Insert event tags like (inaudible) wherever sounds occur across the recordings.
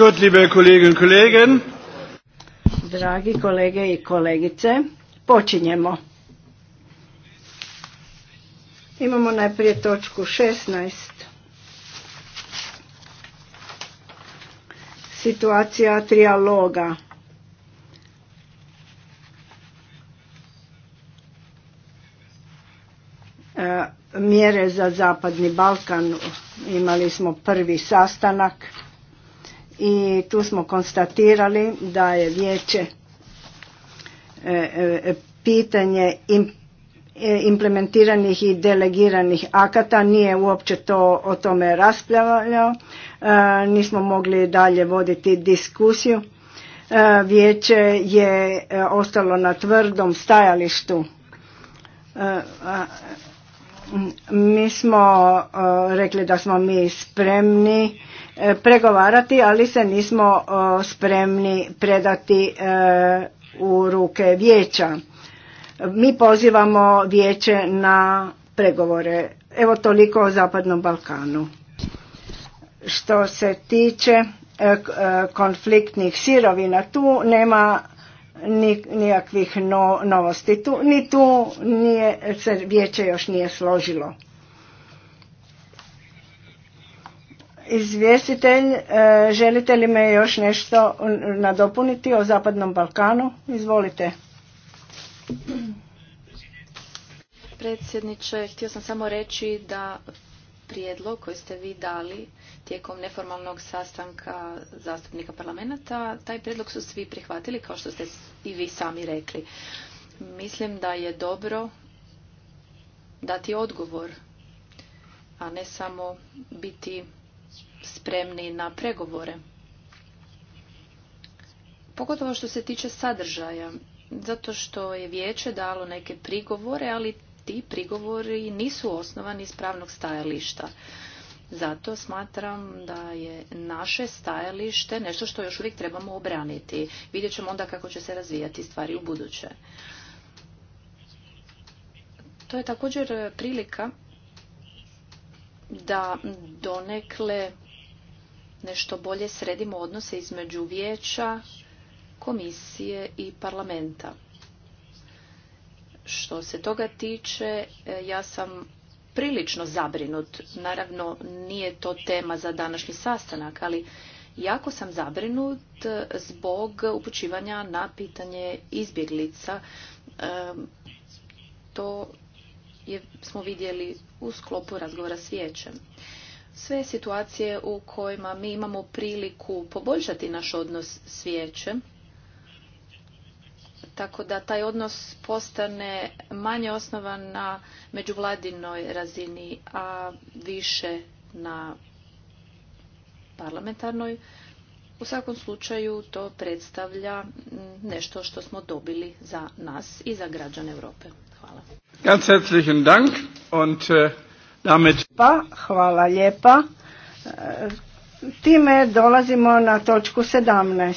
Gut, liebe Kolleginnen und Kollegen. Dragi kolege i kolegice, počinjemo. Imamo najprije točku 16. Situacija trijaloga. E, mjere za Zapadni Balkan. Imali smo prvi sastanak i tu smo konstatirali da je vijeće e, e, pitanje e, implementiranih i delegiranih akata nije uopće to o tome raspravljao nismo mogli dalje voditi diskusiju vijeće je ostalo na tvrdom stajalištu mi smo e, rekli da smo mi spremni e, pregovarati, ali se nismo e, spremni predati u ruke vijeća. Mi pozivamo vijeće na pregovore. Evo toliko o Zapadnom Balkanu. Što se tiče konfliktnih sirovina, tu nema nikakvih no, novosti tu, ni tu nije, se vijeće još nije složilo. Izvjestitelj, e, želite li me još nešto nadopuniti o Zapadnom Balkanu? Izvolite. Predsjedniče, htio sam samo reći da prijedlog koji ste vi dali tijekom neformalnog sastanka zastupnika parlamenta. Taj prijedlog su svi prihvatili, kao što ste i vi sami rekli. Mislim da je dobro dati odgovor, a ne samo biti spremni na pregovore. Pogotovo što se tiče sadržaja, zato što je vijeće dalo neke prigovore, ali ti prigovori nisu osnovani iz pravnog stajališta. Zato smatram da je naše stajalište nešto što još uvijek trebamo obraniti. Vidjet ćemo onda kako će se razvijati stvari u buduće. To je također prilika da donekle nešto bolje sredimo odnose između vijeća, komisije i parlamenta. Što se toga tiče, ja sam prilično zabrinut. Naravno, nije to tema za današnji sastanak, ali jako sam zabrinut zbog upućivanja na pitanje izbjeglica. to je, smo vidjeli u sklopu razgovora s vijećem. Sve situacije u kojima mi imamo priliku poboljšati naš odnos s vijećem, tako da taj odnos postane manje osnovan na međuvladinoj razini, a više na parlamentarnoj. U svakom slučaju to predstavlja nešto što smo dobili za nas i za građane Europe. Hvala. Äh, pa, hvala lijepa. E, time dolazimo na točku 17.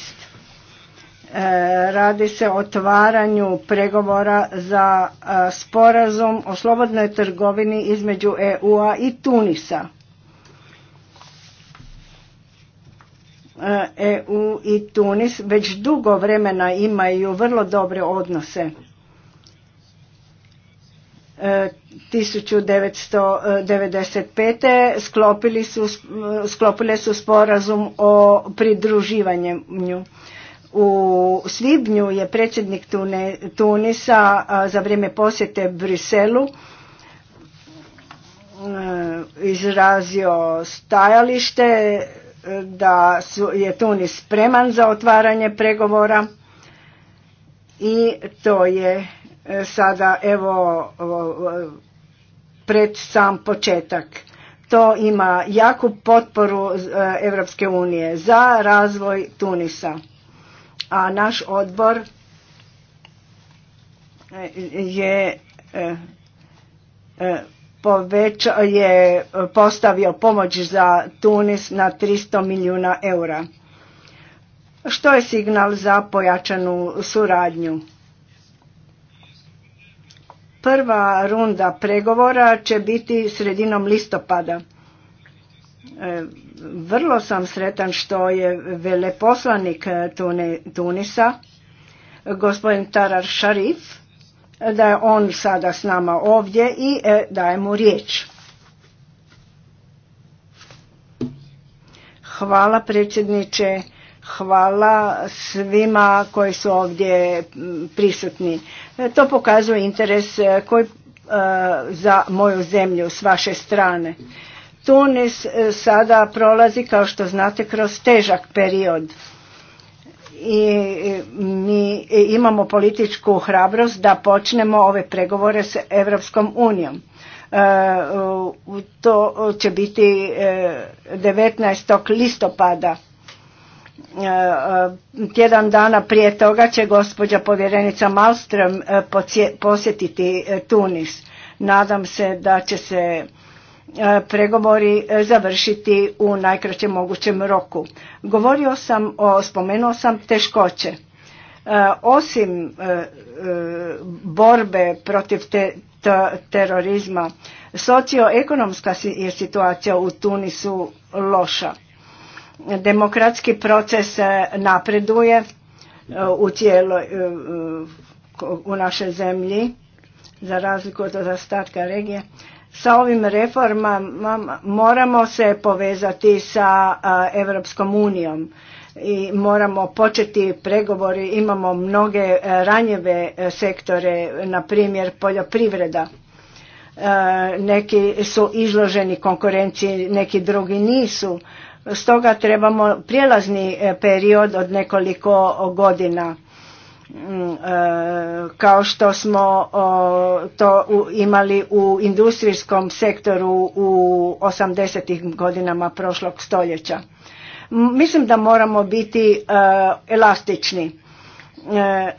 E, radi se o otvaranju pregovora za e, sporazum o slobodnoj trgovini između EU-a i Tunisa. EU e i Tunis već dugo vremena imaju vrlo dobre odnose. 1995. Sklopili su, sklopile su sporazum o pridruživanju. U svibnju je predsjednik Tunisa za vrijeme posjete Briselu e, izrazio stajalište e, da je Tunis spreman za otvaranje pregovora i to je e, sada evo pred sam početak. To ima jaku potporu Europske unije za razvoj Tunisa a naš odbor je e, e, povećao je postavio pomoć za Tunis na 300 milijuna eura. Što je signal za pojačanu suradnju? Prva runda pregovora će biti sredinom listopada. E, vrlo sam sretan što je veleposlanik e, Tunisa, gospodin Tarar Šarif, da je on sada s nama ovdje i e, daje mu riječ. Hvala predsjedniče, hvala svima koji su ovdje prisutni. E, to pokazuje interes koji za moju zemlju s vaše strane. Tunis e, sada prolazi, kao što znate, kroz težak period. I e, mi e, imamo političku hrabrost da počnemo ove pregovore s Europskom unijom. To će biti 19. listopada tjedan dana prije toga će gospođa povjerenica Malström posjetiti Tunis. Nadam se da će se E, pregovori e, završiti u najkraćem mogućem roku. Govorio sam, o, spomenuo sam teškoće. E, osim borbe protiv terorizma, socioekonomska je situacija u Tunisu loša. Demokratski proces napreduje u tijelo u našoj zemlji za razliku od ostatka regije sa ovim reformama moramo se povezati sa Europskom unijom i moramo početi pregovori, imamo mnoge e, ranjive e, sektore, na primjer poljoprivreda. E, neki su izloženi konkurenciji, neki drugi nisu. Stoga trebamo prijelazni period od nekoliko godina Mm, e, kao što smo to imali u industrijskom sektoru u 80. godinama prošlog stoljeća. Mislim da moramo biti e, elastični. E,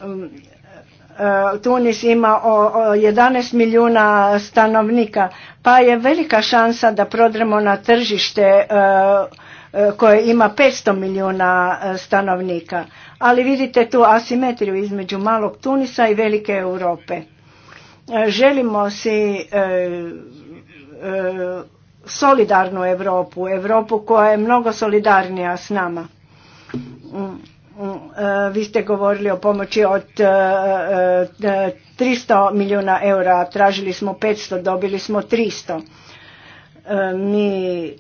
Tunis ima 11 milijuna stanovnika, pa je velika šansa da prodremo na tržište koje ima 500 milijuna stanovnika ali vidite tu asimetriju između malog Tunisa i velike Europe. E, želimo si e, e, solidarnu Europu, Europu koja je mnogo solidarnija s nama. Mm, mm, vi ste govorili o pomoći od 300 milijuna eura, tražili smo 500, dobili smo 300. Mi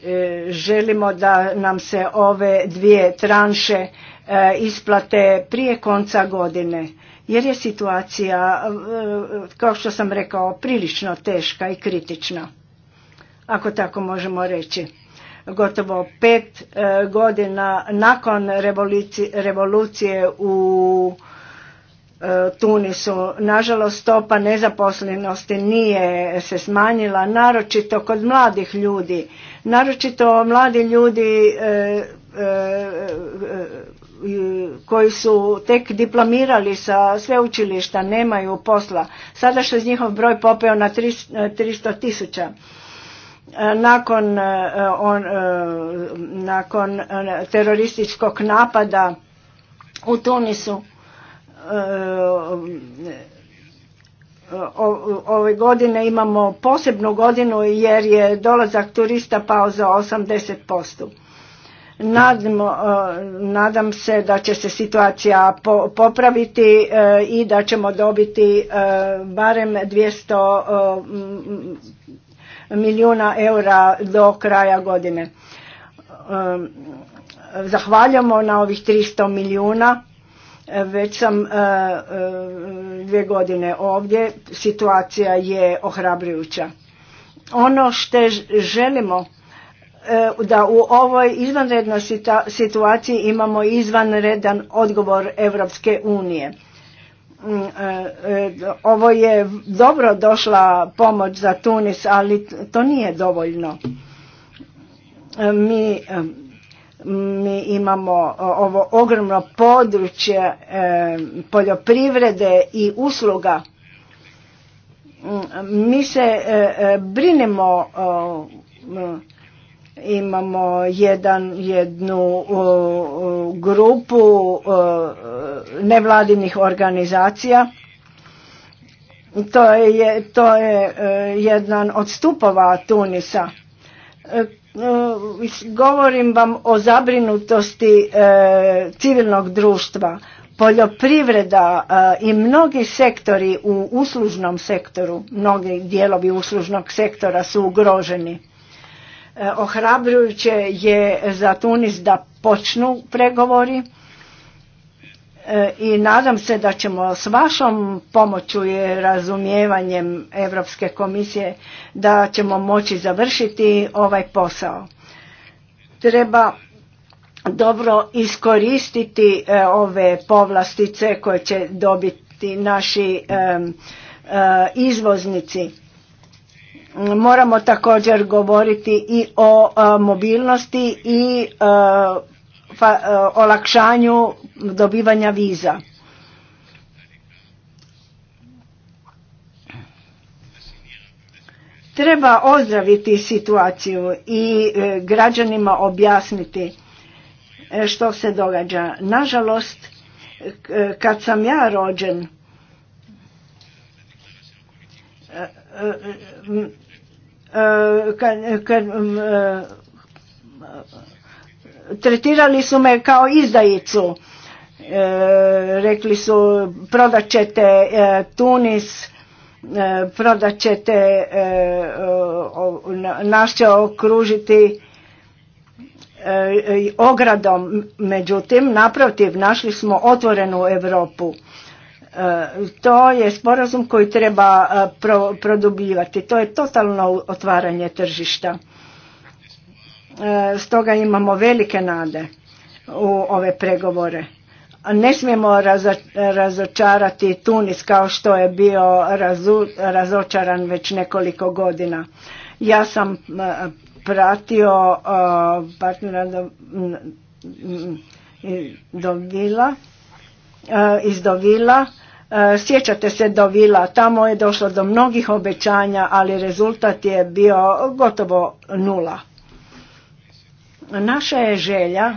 želimo da nam se ove dvije tranše E, isplate prije konca godine jer je situacija, e, kao što sam rekao, prilično teška i kritična, ako tako možemo reći. Gotovo pet e, godina nakon revolucije u Tunisu, nažalost, stopa nezaposlenosti nije se smanjila, naročito kod mladih ljudi. Naročito mladi ljudi koji su tek diplomirali sa sveučilišta, nemaju posla. Sada što je njihov broj popeo na 300 tisuća. Nakon, e, on, e, nakon e, terorističkog napada u Tunisu ove godine imamo posebnu godinu jer je dolazak turista pao za 80%. Nadimo, e, nadam se da će se situacija popraviti e, i da ćemo dobiti e, barem 200 milijuna eura do kraja godine. Zahvaljamo na ovih 300 milijuna. Već sam dvije godine ovdje. Situacija je ohrabrujuća. Ono što želimo E, da u ovoj izvanrednoj situaciji imamo izvanredan odgovor Europske unije. Mm, e, e, ovo je dobro došla pomoć za Tunis, ali to nije dovoljno. Mi, mi imamo ovo ogromno područje poljoprivrede i usluga. Mm, mi se brinemo imamo jedan, jednu grupu nevladinih organizacija. To je, to je e, jedan od stupova Tunisa. E, e, govorim vam o zabrinutosti civilnog društva, poljoprivreda i mnogi sektori u uslužnom sektoru, mnogi dijelovi uslužnog sektora su ugroženi Eh, ohrabrujuće je za Tunis da počnu pregovori eh, i nadam se da ćemo s vašom pomoću i razumijevanjem Europske komisije da ćemo moći završiti ovaj posao. Treba dobro iskoristiti eh, ove povlastice koje će dobiti naši izvoznici Moramo također govoriti i o mobilnosti i olakšanju dobivanja viza. Treba ozdraviti situaciju i e, građanima objasniti e, što se događa. Nažalost, e, kad sam ja rođen, E, tretirali su me kao izdajicu. E, rekli su prodat ćete e, Tunis, prodat ćete, nas će okružiti ogradom. Međutim, naprotiv, našli smo otvorenu Europu E, to je sporazum koji treba e, produbivati. To je totalno otvaranje tržišta. E, stoga imamo velike nade u ove pregovore. Ne smijemo razočarati Tunis kao što je bio razočaran već nekoliko godina. Ja sam pratio partnera do, Vila, iz Dovila E, sjećate se do Vila, tamo je došlo do mnogih obećanja, ali rezultat je bio gotovo nula. Naša je želja, e,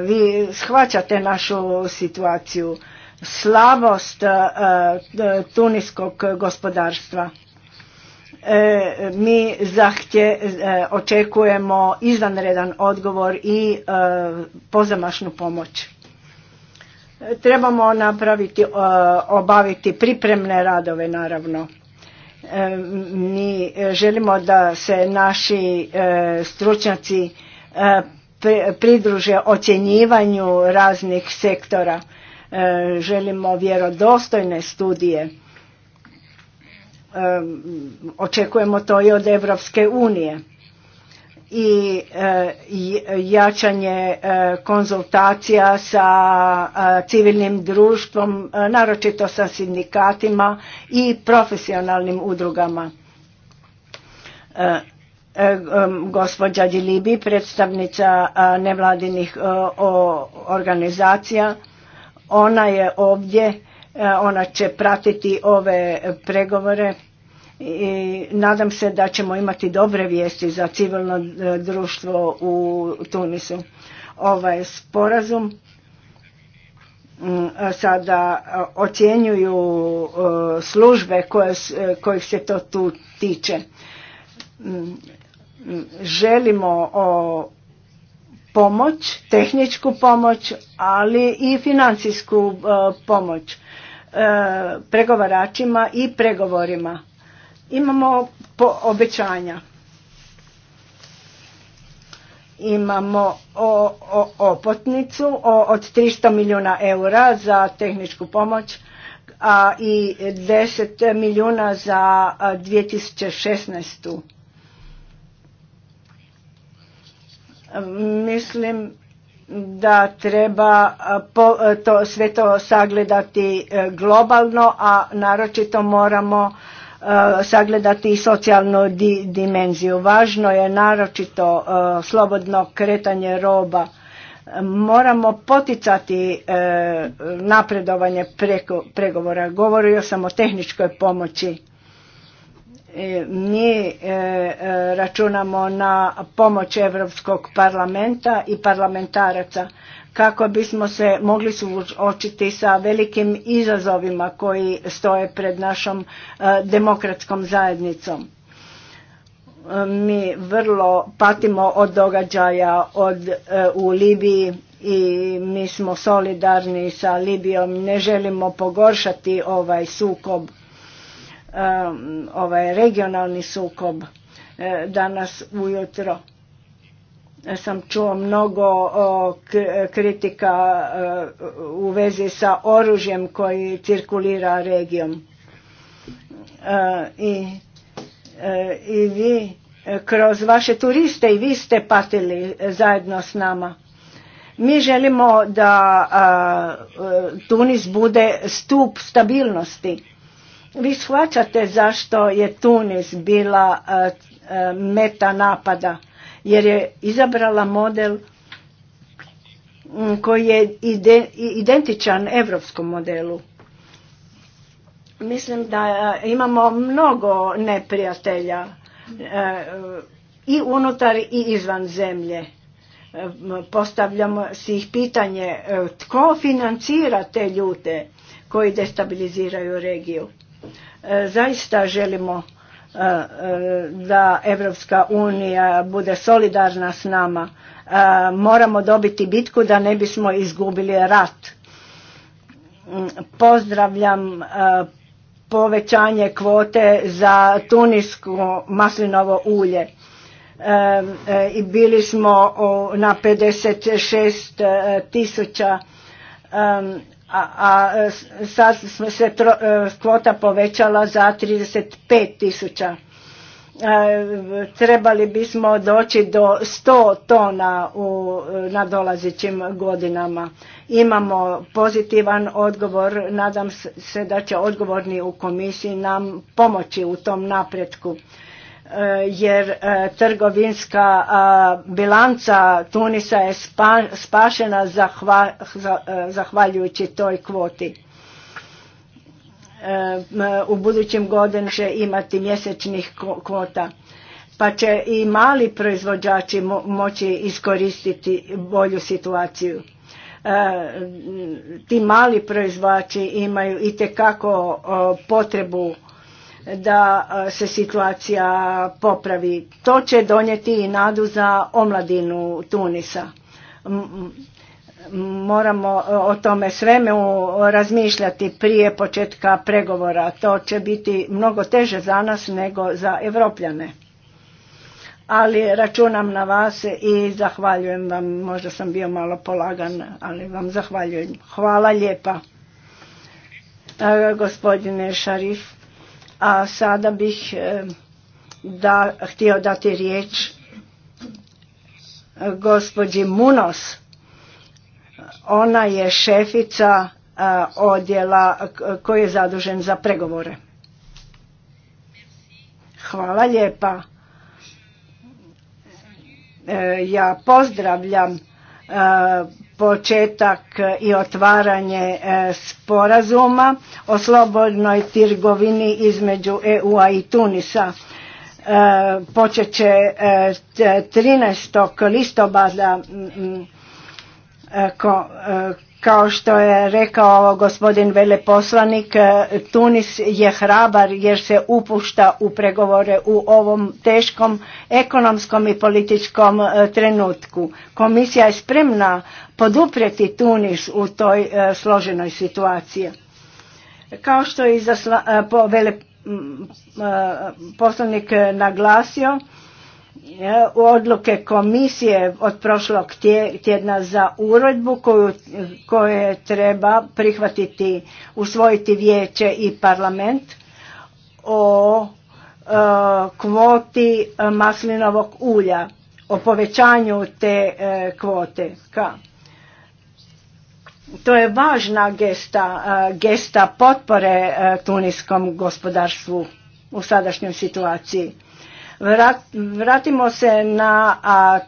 vi shvaćate našu situaciju, slabost e, tuniskog gospodarstva. Mi zahtje, očekujemo izvanredan odgovor i pozamašnu pomoć. Trebamo napraviti, e, obaviti pripremne radove naravno. E, mi želimo da se naši e, stručnjaci pridruže ocjenjivanju raznih sektora. Želimo vjerodostojne studije. Očekujemo to i od Evropske unije E, i jačanje e, konzultacija sa e, civilnim društvom, naročito sa sindikatima i profesionalnim udrugama. Gospođa Djilibi, predstavnica nevladinih organizacija, ona je ovdje, ona će pratiti ove pregovore i nadam se da ćemo imati dobre vijesti za civilno e, društvo u Tunisu. Ovaj sporazum mm, sada ocjenjuju e, službe e, kojih se to tu tiče. Mm, mm, želimo pomoć, tehničku pomoć, ali i financijsku pomoć pregovaračima i pregovorima Imamo obećanja. Imamo o, opotnicu od 300 milijuna eura za tehničku pomoć a i 10 milijuna za 2016. Mislim da treba to, sve to sagledati e, globalno, a naročito moramo Eh, sagledati i socijalnu dimenziju. Važno je naročito eh, slobodno kretanje roba. Moramo poticati eh, napredovanje preko pregovora. Govorio sam o tehničkoj pomoći. E, mi računamo na pomoć Europskog parlamenta i parlamentaraca kako bismo se mogli suočiti sa velikim izazovima koji stoje pred našom e, demokratskom zajednicom. E, mi vrlo patimo od događaja od, e, u Libiji i mi smo solidarni sa Libijom, ne želimo pogoršati ovaj sukob, ovaj regionalni sukob danas ujutro sam čuo mnogo kritika e, u vezi sa oružjem koji cirkulira regijom. E, I, e, i vi kroz vaše turiste i vi ste patili zajedno s nama. Mi želimo da Tunis bude stup stabilnosti. Vi shvaćate zašto je Tunis bila meta napada jer je izabrala model mm, koji je identičan evropskom modelu. Mislim da e, imamo mnogo neprijatelja e, i unutar i izvan zemlje. E, postavljamo si ih pitanje tko financira te ljude koji destabiliziraju regiju. Zaista želimo Eh, da Evropska unija bude solidarna s nama. Eh, moramo dobiti bitku da ne bismo izgubili rat. Mm, pozdravljam eh, povećanje kvote za tunisko maslinovo ulje. I bili smo na 56 tisuća a, a sad se e, kvota povećala za 35 tisuća. E, trebali bismo doći do 100 tona u nadolazećim godinama. Imamo pozitivan odgovor, nadam se da će odgovorni u komisiji nam pomoći u tom napretku. Eh, jer eh, trgovinska eh, bilanca Tunisa je spašena zahvaljujući toj kvoti. U budućim godinu će imati mjesečnih kvota pa će i mali proizvođači moći iskoristiti bolju situaciju. Ti mali proizvođači imaju i tekako potrebu da se situacija popravi. To će donijeti i nadu za omladinu Tunisa. Moramo e, o tome svemu razmišljati prije početka pregovora. To će biti mnogo teže za nas nego za Evropljane. Ali računam na vas i zahvaljujem vam. Možda sam bio malo polagan, ali vam zahvaljujem. Hvala lijepa. E, gospodine Šarif a sada bih e, da, htio dati riječ e, gospođi Munos. Ona je šefica e, odjela koji je zadužen za pregovore. Hvala lijepa. Ja pozdravljam početak i otvaranje e, sporazuma o slobodnoj trgovini između EU-a i Tunisa. E, počet će 13. E, listopada kao što je rekao gospodin veleposlanik, e, Tunis je hrabar jer se upušta u pregovore u ovom teškom ekonomskom i političkom e, trenutku. Komisija je spremna poduprijeti Tunis u toj e, složenoj situaciji. Kao što je veleposlanik naglasio, u e, odluke komisije od prošlog tjedna za uredbu koju, koje treba prihvatiti, usvojiti vijeće i parlament o e, kvoti maslinovog ulja, o povećanju te e, kvote. Ka? To je važna gesta, gesta potpore tuniskom gospodarstvu u sadašnjoj situaciji Vratimo se na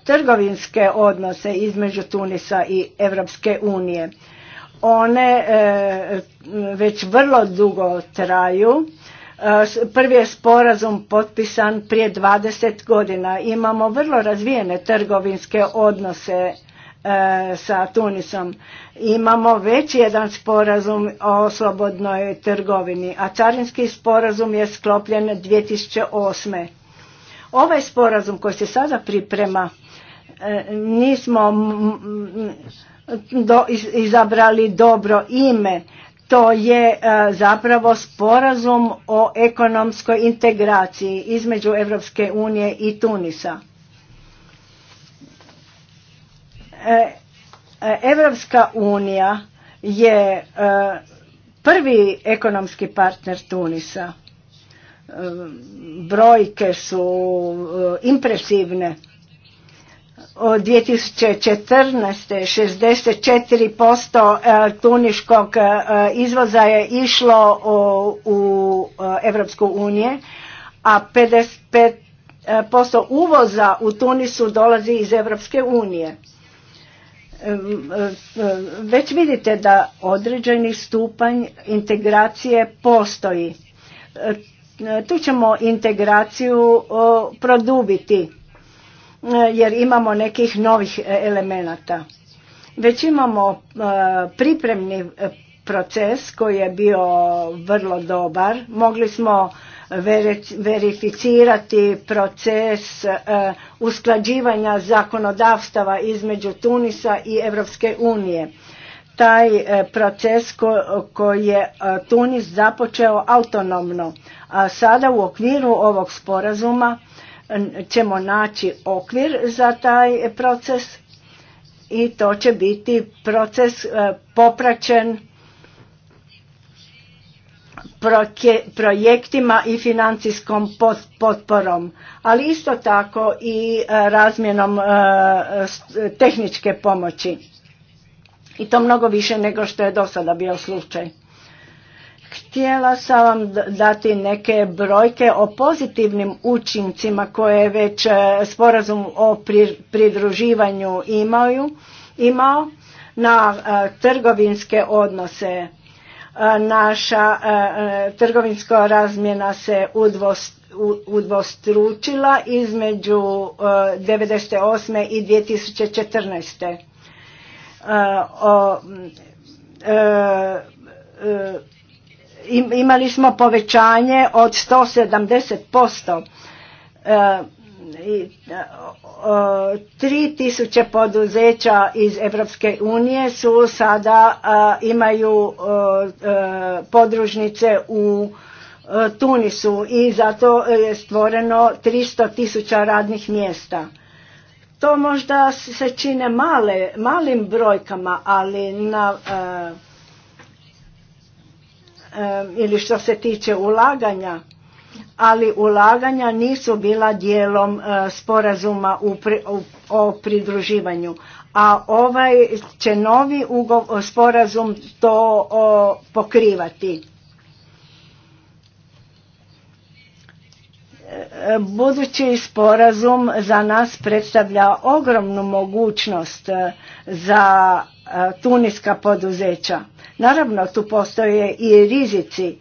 trgovinske odnose između Tunisa i Europske unije. One e, već vrlo dugo traju. E, prvi je sporazum potpisan prije 20 godina. Imamo vrlo razvijene trgovinske odnose e, sa Tunisom. Imamo već jedan sporazum o slobodnoj trgovini, a carinski sporazum je sklopljen 2008. Ovaj sporazum koji se sada priprema e, nismo izabrali dobro ime. To je e, zapravo sporazum o ekonomskoj integraciji između Europske unije i Tunisa. Europska e, unija je prvi ekonomski partner Tunisa brojke su e, impresivne. Od 2014. 64% e, tuniškog e, izvoza je išlo u Evropsku uniju, a 55% uvoza u Tunisu dolazi iz Evropske unije. Već vidite da određeni stupanj integracije postoji E, tu ćemo integraciju e, produbiti e, jer imamo nekih novih elemenata. Već imamo pripremni proces koji je bio vrlo dobar. Mogli smo verificirati proces usklađivanja zakonodavstava između Tunisa i Europske unije. Taj proces koji je Tunis započeo autonomno a sada u okviru ovog sporazuma ćemo naći okvir za taj proces i to će biti proces e, popraćen projektima i financijskom potporom, ali isto tako i e, razmjenom e, tehničke pomoći. I to mnogo više nego što je do sada bio slučaj. Htjela sam vam dati neke brojke o pozitivnim učincima koje već e, sporazum o pridruživanju imaju, imao na e, trgovinske odnose. E, naša trgovinska razmjena se udvostručila između 1998. i 2014. o, imali smo povećanje od 170%. 3000 e, e, poduzeća iz Europske unije su sada imaju e, podružnice u Tunisu i zato je stvoreno 300 tisuća radnih mjesta. To možda se čine malim brojkama, ali na Eh, ili što se tiče ulaganja, ali ulaganja nisu bila dijelom eh, sporazuma o pridruživanju, a ovaj će novi sporazum to pokrivati. Eh, budući sporazum za nas predstavlja ogromnu mogućnost za tuniska poduzeća Naravno, tu postoje i rizici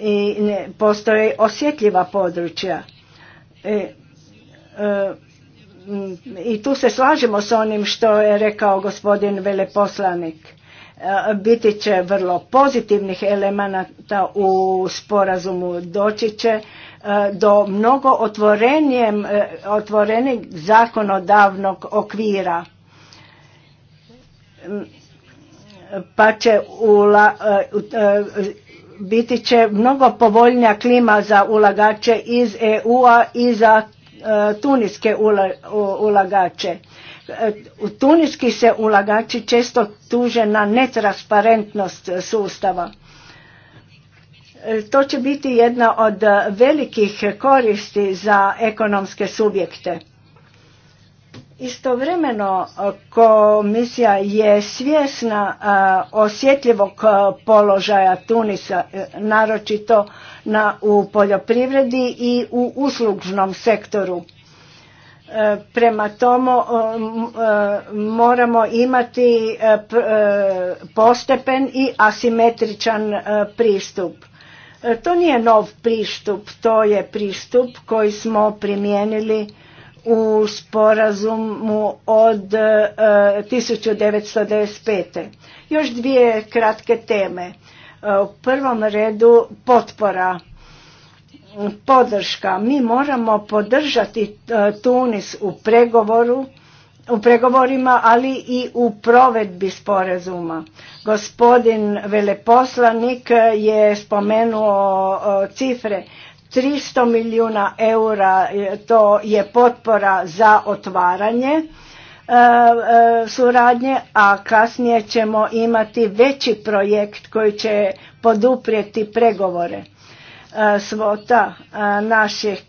i postoje osjetljiva područja. E, e, mm, I tu se slažemo s onim što je rekao gospodin veleposlanik. E, biti će vrlo pozitivnih elemenata u sporazumu. Doći će do mnogo otvorenijeg zakonodavnog okvira mm, pa će e, e, biti će mnogo povoljnija klima za ulagače iz EU-a i za e, tuniske ulagače. Tuniski se ulagači često tuže na netransparentnost sustava. To će biti jedna od velikih koristi za ekonomske subjekte. Istovremeno e, komisija je svjesna e, osjetljivog e, položaja Tunisa, naročito u poljoprivredi i u uslužnom sektoru. Prema tomu moramo imati postepen i asimetričan pristup. To nije nov pristup, to je pristup koji smo primijenili u sporazumu od 1995. E, Još dvije kratke teme. E, u prvom redu potpora, podrška. Mi moramo podržati e, Tunis u pregovoru, u pregovorima, ali i u provedbi sporazuma. Gospodin veleposlanik je spomenuo cifre 300 milijuna eura to je potpora za otvaranje e, e, suradnje, a kasnije ćemo imati veći projekt koji će poduprijeti pregovore e, svota naših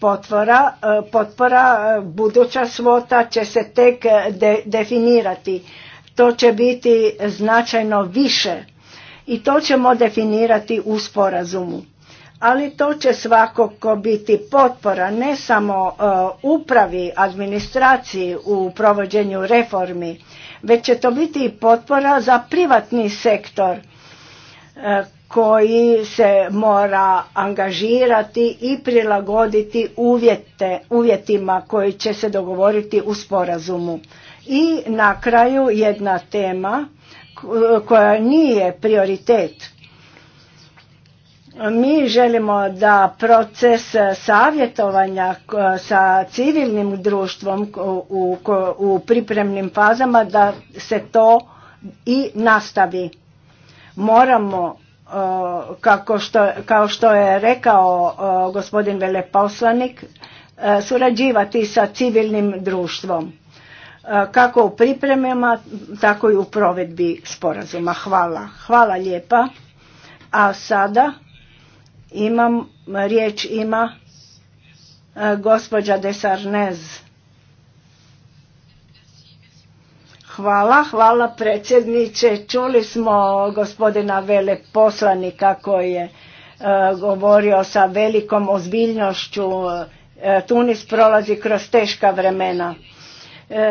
potvora, potpora, buduća svota će se tek definirati. To će biti značajno više i to ćemo definirati u sporazumu ali to će svakako biti potpora ne samo e, upravi, administraciji u provođenju reformi, već će to biti i potpora za privatni sektor e, koji se mora angažirati i prilagoditi uvjete, uvjetima koji će se dogovoriti u sporazumu. I na kraju jedna tema e, koja nije prioritet mi želimo da proces savjetovanja eh, sa civilnim društvom u, pripremnim fazama da se to i nastavi. Moramo eh, kako što, kao što je rekao eh, gospodin veleposlanik surađivati sa civilnim društvom kako u pripremama tako i u provedbi sporazuma. Hvala. Hvala lijepa. A sada imam, riječ ima e, gospođa Desarnez. Hvala, hvala predsjedniče. Čuli smo gospodina veleposlanika koji je e, govorio sa velikom ozbiljnošću. E, Tunis prolazi kroz teška vremena.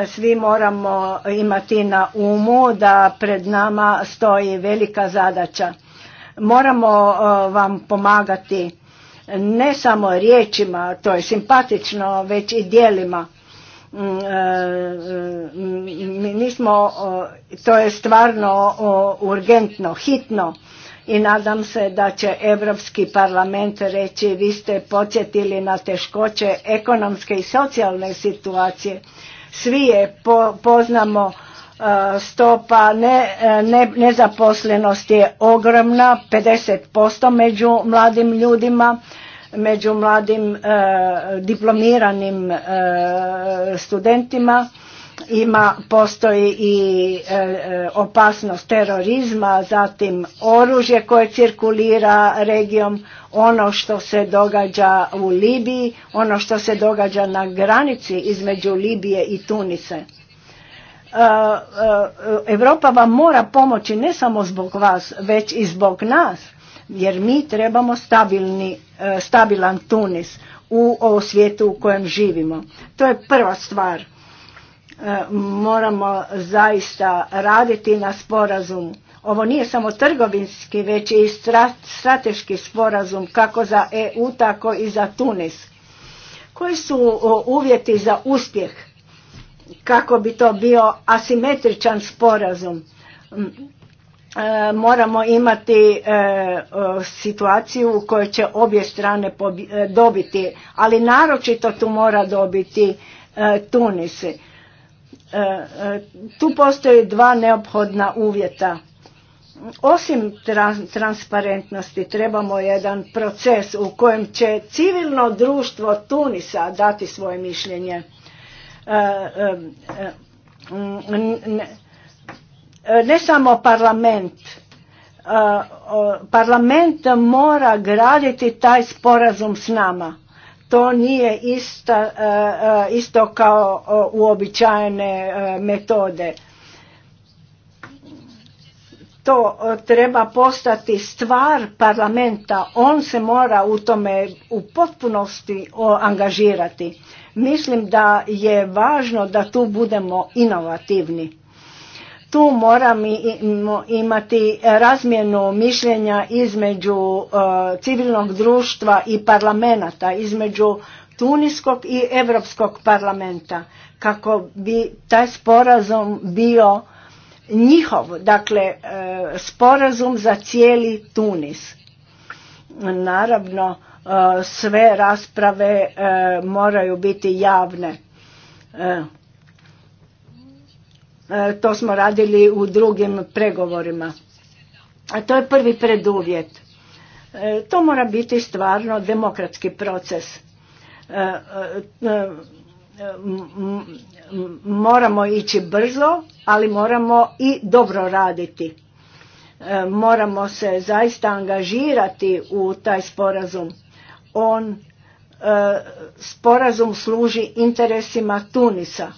svi moramo imati na umu da pred nama stoji velika zadaća. Moramo vam pomagati ne samo riječima, to je simpatično, već i dijelima. Mm, e, e, mi to je stvarno urgentno, hitno i nadam se da će Europski parlament reći vi ste podsjetili na teškoće ekonomske i socijalne situacije. Svi je poznamo E, stopa ne, e, je ogromna, 50% među mladim ljudima, među mladim e, diplomiranim studentima. Ima, postoji i opasnost terorizma, zatim oružje koje cirkulira regijom, ono što se događa u Libiji, ono što se događa na granici između Libije i Tunise E, e, Europa vam mora pomoći ne samo zbog vas, već i zbog nas, jer mi trebamo stabilni, e, stabilan Tunis u ovom svijetu u kojem živimo. To je prva stvar. Moramo zaista raditi na sporazumu. Ovo nije samo trgovinski, već i strateški sporazum kako za EU, tako i za Tunis. Koji su uvjeti za uspjeh? kako bi to bio asimetričan sporazum mm, e, moramo imati e, e, situaciju u kojoj će obje strane dobiti, ali naročito tu mora dobiti Tunis. Tu postoje dva neophodna uvjeta. Osim transparentnosti trebamo jedan proces u kojem će civilno društvo Tunisa dati svoje mišljenje Eh, eh, eh, mm, ne samo parlament parlament mora graditi taj sporazum s nama to nije isto kao uobičajene metode to treba postati stvar parlamenta on se mora u tome u potpunosti angažirati Mislim da je važno da tu budemo inovativni. Tu moramo imati razmjenu mišljenja između e, civilnog društva i parlamenta, između Tuniskog i Europskog parlamenta, kako bi taj sporazum bio njihov, dakle e, sporazum za cijeli Tunis. Naravno, E, sve rasprave e, moraju biti javne. E, to smo radili u drugim pregovorima. A to je prvi preduvjet. To mora biti stvarno demokratski proces. Moramo ići brzo, ali moramo i dobro raditi. Moramo se zaista angažirati u taj sporazum on e, sporazum služi interesima Tunisa.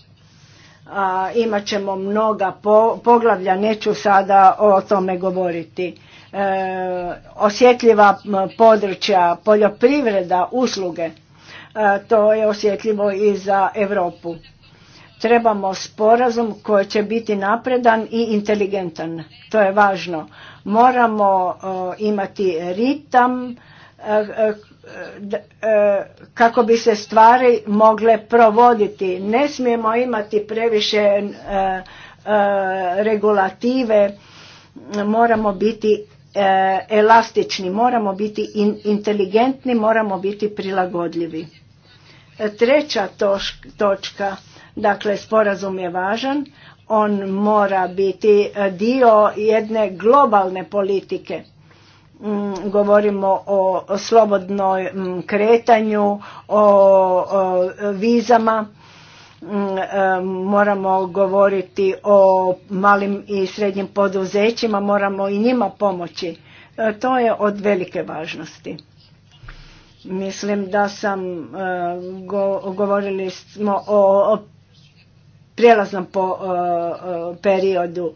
A, imat ćemo mnoga poglavlja, neću sada o tome govoriti. E, osjetljiva područja, poljoprivreda, usluge, e, to je osjetljivo i za Europu. Trebamo sporazum koji će biti napredan i inteligentan, to je važno. Moramo imati ritam E, kako bi se stvari mogle provoditi. Ne smijemo imati previše e, e, regulative, moramo biti elastični, moramo biti inteligentni, moramo biti prilagodljivi. Treća točka, dakle sporazum je važan, on mora biti dio jedne globalne politike Mm, govorimo o, slobodnoj mm, kretanju, o, vizama, mm, moramo govoriti o malim i srednjim poduzećima, moramo i njima pomoći. E, to je od velike važnosti. Mislim da sam govorili smo o, prijelaznom e, e, periodu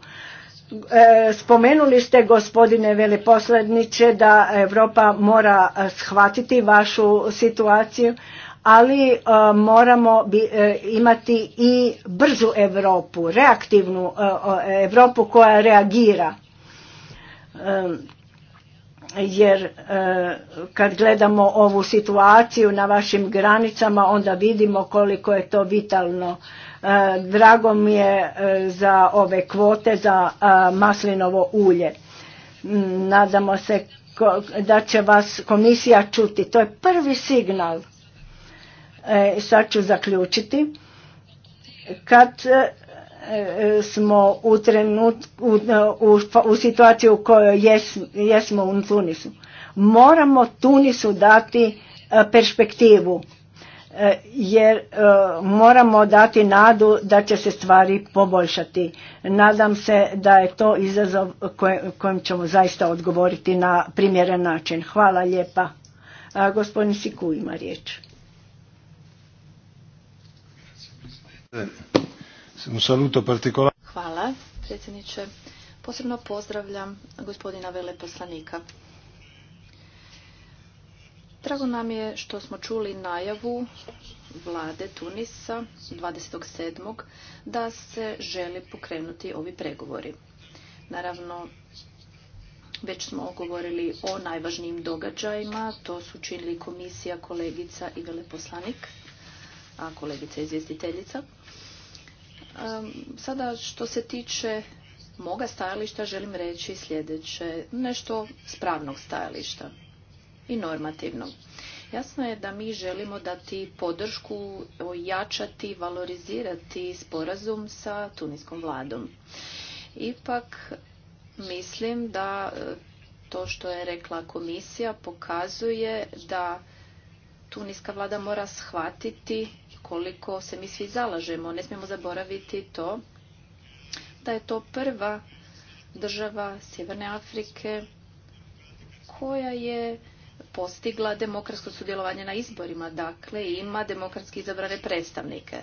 E, spomenuli ste gospodine veleposledniče da Europa mora e, shvatiti vašu situaciju, ali e, moramo imati i brzu Europu, reaktivnu Europu koja reagira. Jer kad gledamo ovu situaciju na vašim granicama onda vidimo koliko je to vitalno E, drago mi je e, za ove kvote za e, maslinovo ulje. Mm, nadamo se da će vas komisija čuti. To je prvi signal. Sad ću zaključiti. Kad smo u, trenut, u, u, u situaciji u kojoj jesmo u Tunisu. Moramo Tunisu dati perspektivu E, jer e, moramo dati nadu da će se stvari poboljšati. Nadam se da je to izazov kojim ćemo zaista odgovoriti na primjeren način. Hvala lijepa. E, gospodin Siku ima riječ. Hvala predsjedniče. Posebno pozdravljam gospodina veleposlanika. Drago nam je što smo čuli najavu vlade Tunisa 27. da se želi pokrenuti ovi pregovori. Naravno, već smo govorili o najvažnijim događajima. To su činili komisija, kolegica i veleposlanik, a kolegica izvjestiteljica. Sada što se tiče moga stajališta želim reći sljedeće, nešto spravnog stajališta i normativno. Jasno je da mi želimo dati podršku, ojačati, valorizirati sporazum sa tuniskom vladom. Ipak mislim da e, to što je rekla komisija pokazuje da tuniska vlada mora shvatiti koliko se mi svi zalažemo. Ne smijemo zaboraviti to da je to prva država Sjeverne Afrike koja je postigla demokratsko sudjelovanje na izborima, dakle ima demokratski izabrane predstavnike.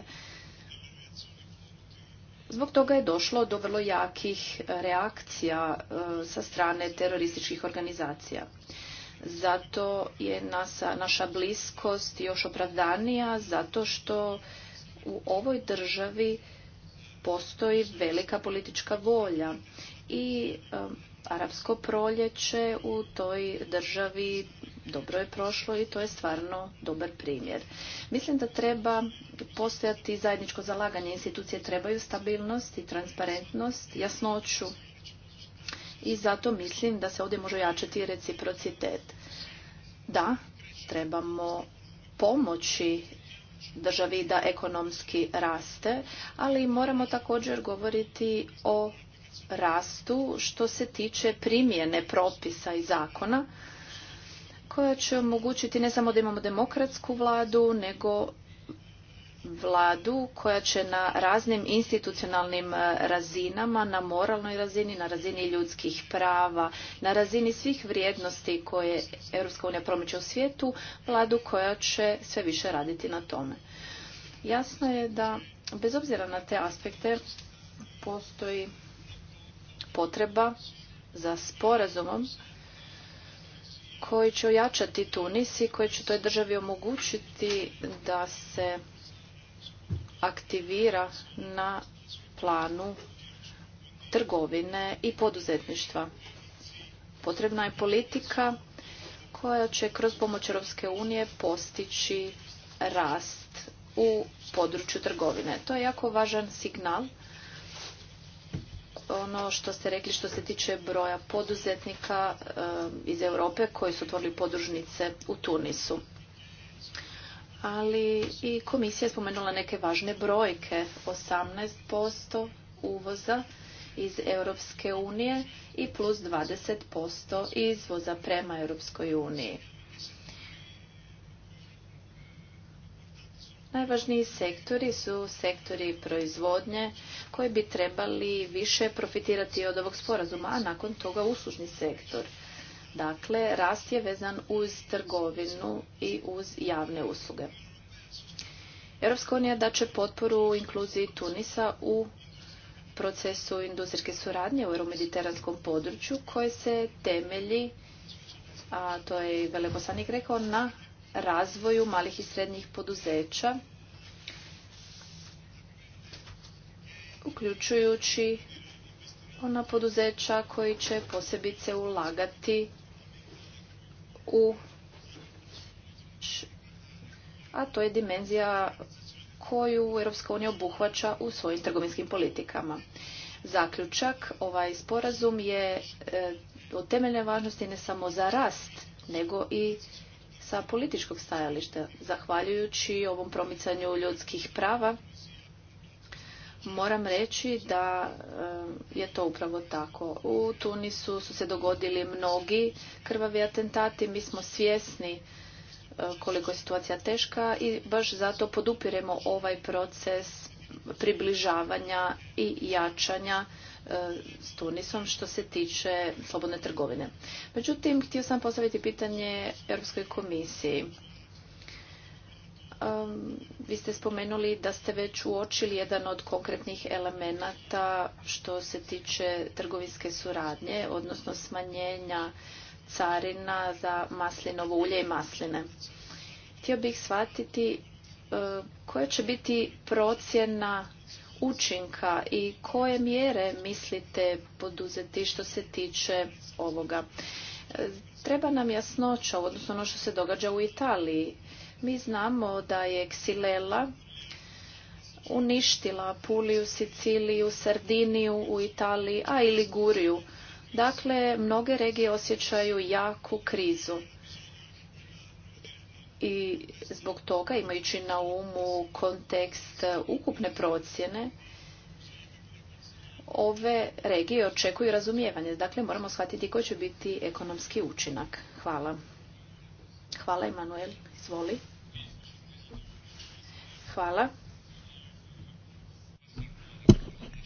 Zbog toga je došlo do vrlo jakih reakcija e, sa strane terorističkih organizacija. Zato je naša bliskost još opravdanija, zato što u ovoj državi postoji velika politička volja i e, arapsko proljeće u toj državi dobro je prošlo i to je stvarno dobar primjer. Mislim da treba postojati zajedničko zalaganje. Institucije trebaju stabilnost i transparentnost, jasnoću i zato mislim da se ovdje može jačati reciprocitet. Da, trebamo pomoći državi da ekonomski raste, ali moramo također govoriti o rastu što se tiče primjene propisa i zakona koja će omogućiti ne samo da imamo demokratsku vladu, nego vladu koja će na raznim institucionalnim e, razinama, na moralnoj razini, na razini ljudskih prava, na razini svih vrijednosti koje EU promiče u svijetu, vladu koja će sve više raditi na tome. Jasno je da, bez obzira na te aspekte, postoji potreba za sporazumom koji će ojačati Tunis i koji će toj državi omogućiti da se aktivira na planu trgovine i poduzetništva. Potrebna je politika koja će kroz pomoć Europske unije postići rast u području trgovine. To je jako važan signal ono što ste rekli što se tiče broja poduzetnika iz Europe koji su otvorili podružnice u Tunisu. Ali i komisija je spomenula neke važne brojke. 18% uvoza iz Europske unije i plus 20% izvoza prema Europskoj uniji. Najvažniji sektori su sektori proizvodnje koji bi trebali više profitirati od ovog sporazuma, a nakon toga uslužni sektor. Dakle, rast je vezan uz trgovinu i uz javne usluge. Europska unija daće potporu inkluziji Tunisa u procesu industrijske suradnje u euromediteranskom području koje se temelji, a to je i veleposlanik rekao, na razvoju malih i srednjih poduzeća, uključujući ona poduzeća koji će posebice ulagati u a to je dimenzija koju Europska unija obuhvaća u svojim trgovinskim politikama. Zaključak, ovaj sporazum je e, od temeljne važnosti ne samo za rast, nego i sa političkog stajališta. Zahvaljujući ovom promicanju ljudskih prava, moram reći da eh, je to upravo tako. U Tunisu su se dogodili mnogi krvavi atentati. Mi smo svjesni eh, koliko je situacija teška i baš zato podupiremo ovaj proces približavanja i jačanja E, s Tunisom što se tiče slobodne trgovine. Međutim, htio sam postaviti pitanje Europskoj komisiji. vi ste spomenuli da ste već uočili jedan od konkretnih elemenata što se tiče trgovinske suradnje, odnosno smanjenja carina za maslinovo ulje i masline. Htio bih shvatiti e, koja će biti procjena učinka i koje mjere mislite poduzeti što se tiče ovoga? Treba nam jasnoća, odnosno ono što se događa u Italiji. Mi znamo da je Xilela uništila Puliju, Siciliju, Sardiniju u Italiji, a i Liguriju. Dakle, mnoge regije osjećaju jaku krizu i zbog toga, imajući na umu kontekst ukupne procjene, ove regije očekuju razumijevanje. Dakle, moramo shvatiti koji će biti ekonomski učinak. Hvala. Hvala, Emanuel. Izvoli. Hvala.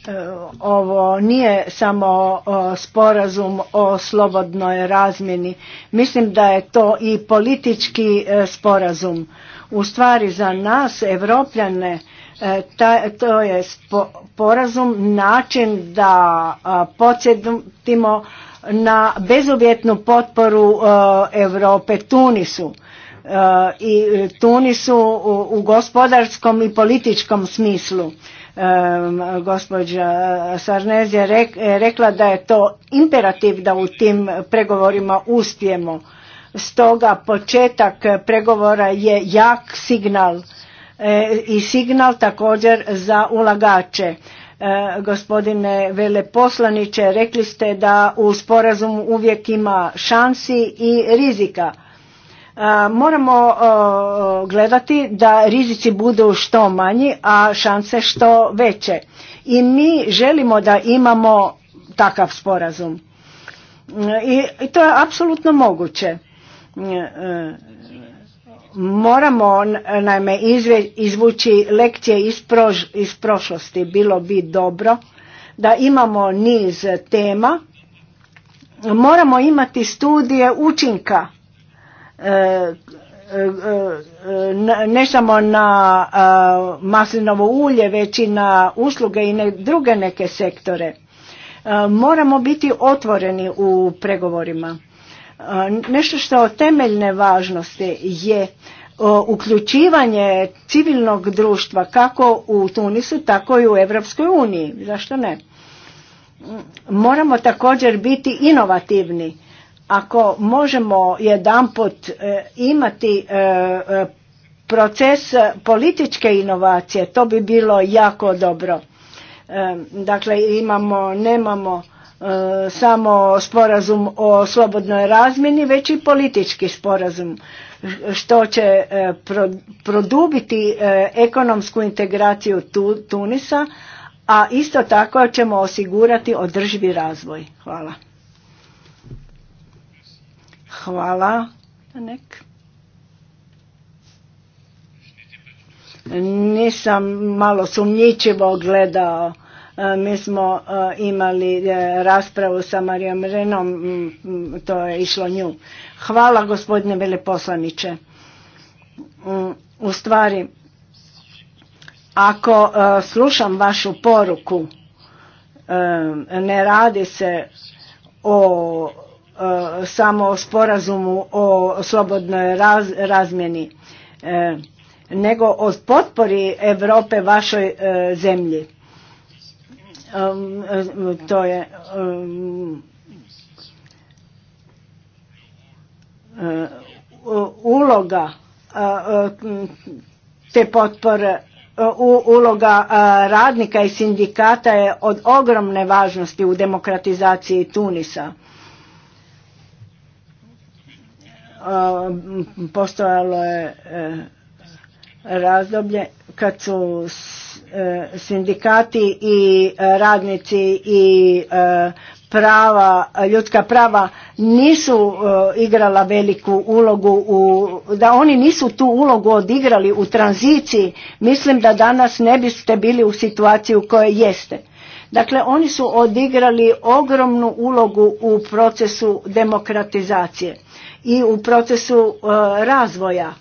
E, ovo nije samo sporazum o slobodnoj razmjeni. Mislim da je to i politički e, sporazum. U stvari za nas, Evropljane, e, to je sporazum, način da podsjetimo na bezuvjetnu potporu Europe Tunisu i Tunisu u gospodarskom i političkom smislu gospođa Sarnez je rekla da je to imperativ da u tim pregovorima uspijemo. Stoga početak pregovora je jak signal e, i signal također za ulagače. E, gospodine veleposlaniće, rekli ste da u sporazumu uvijek ima šansi i rizika Moramo gledati da rizici budu što manji, a šanse što veće. I mi želimo da imamo takav sporazum. I to je apsolutno moguće. E, moramo naime izvući lekcije iz, iz prošlosti. Bilo bi dobro da imamo niz tema. Moramo imati studije učinka E, e, e, ne samo na maslinovo ulje, već i na usluge i druge neke sektore. Moramo biti otvoreni u pregovorima. Nešto što je od temeljne važnosti je uključivanje civilnog društva kako u Tunisu, tako i u Europskoj uniji. Zašto ne? Moramo također biti inovativni ako možemo jedanput e, imati e, e, proces političke inovacije, to bi bilo jako dobro. Dakle, imamo, nemamo samo sporazum o slobodnoj razmjeni, već i politički sporazum što će produbiti ekonomsku integraciju Tunisa, a isto tako ćemo osigurati održivi razvoj. Hvala. Hvala. Nek. Nisam malo sumnjičivo gledao. E, mi smo e, imali e, raspravu sa Marijom Renom, to je išlo nju. Hvala gospodine veleposlaniče. Mm, u stvari, ako slušam vašu poruku, ne radi se o E, samo o sporazumu o slobodnoj razmjeni, e, nego o potpori Europe vašoj e, zemlji. To je uloga te potpore uloga radnika i sindikata je od ogromne važnosti u demokratizaciji Tunisa postojalo je e, razdoblje kad su e, sindikati i e, radnici i prava, ljudska prava nisu igrala veliku ulogu, u, da oni nisu tu ulogu odigrali u tranziciji, mislim da danas ne biste bili u situaciji u kojoj jeste. Dakle, oni su odigrali ogromnu ulogu u procesu demokratizacije i u procesu e, razvoja.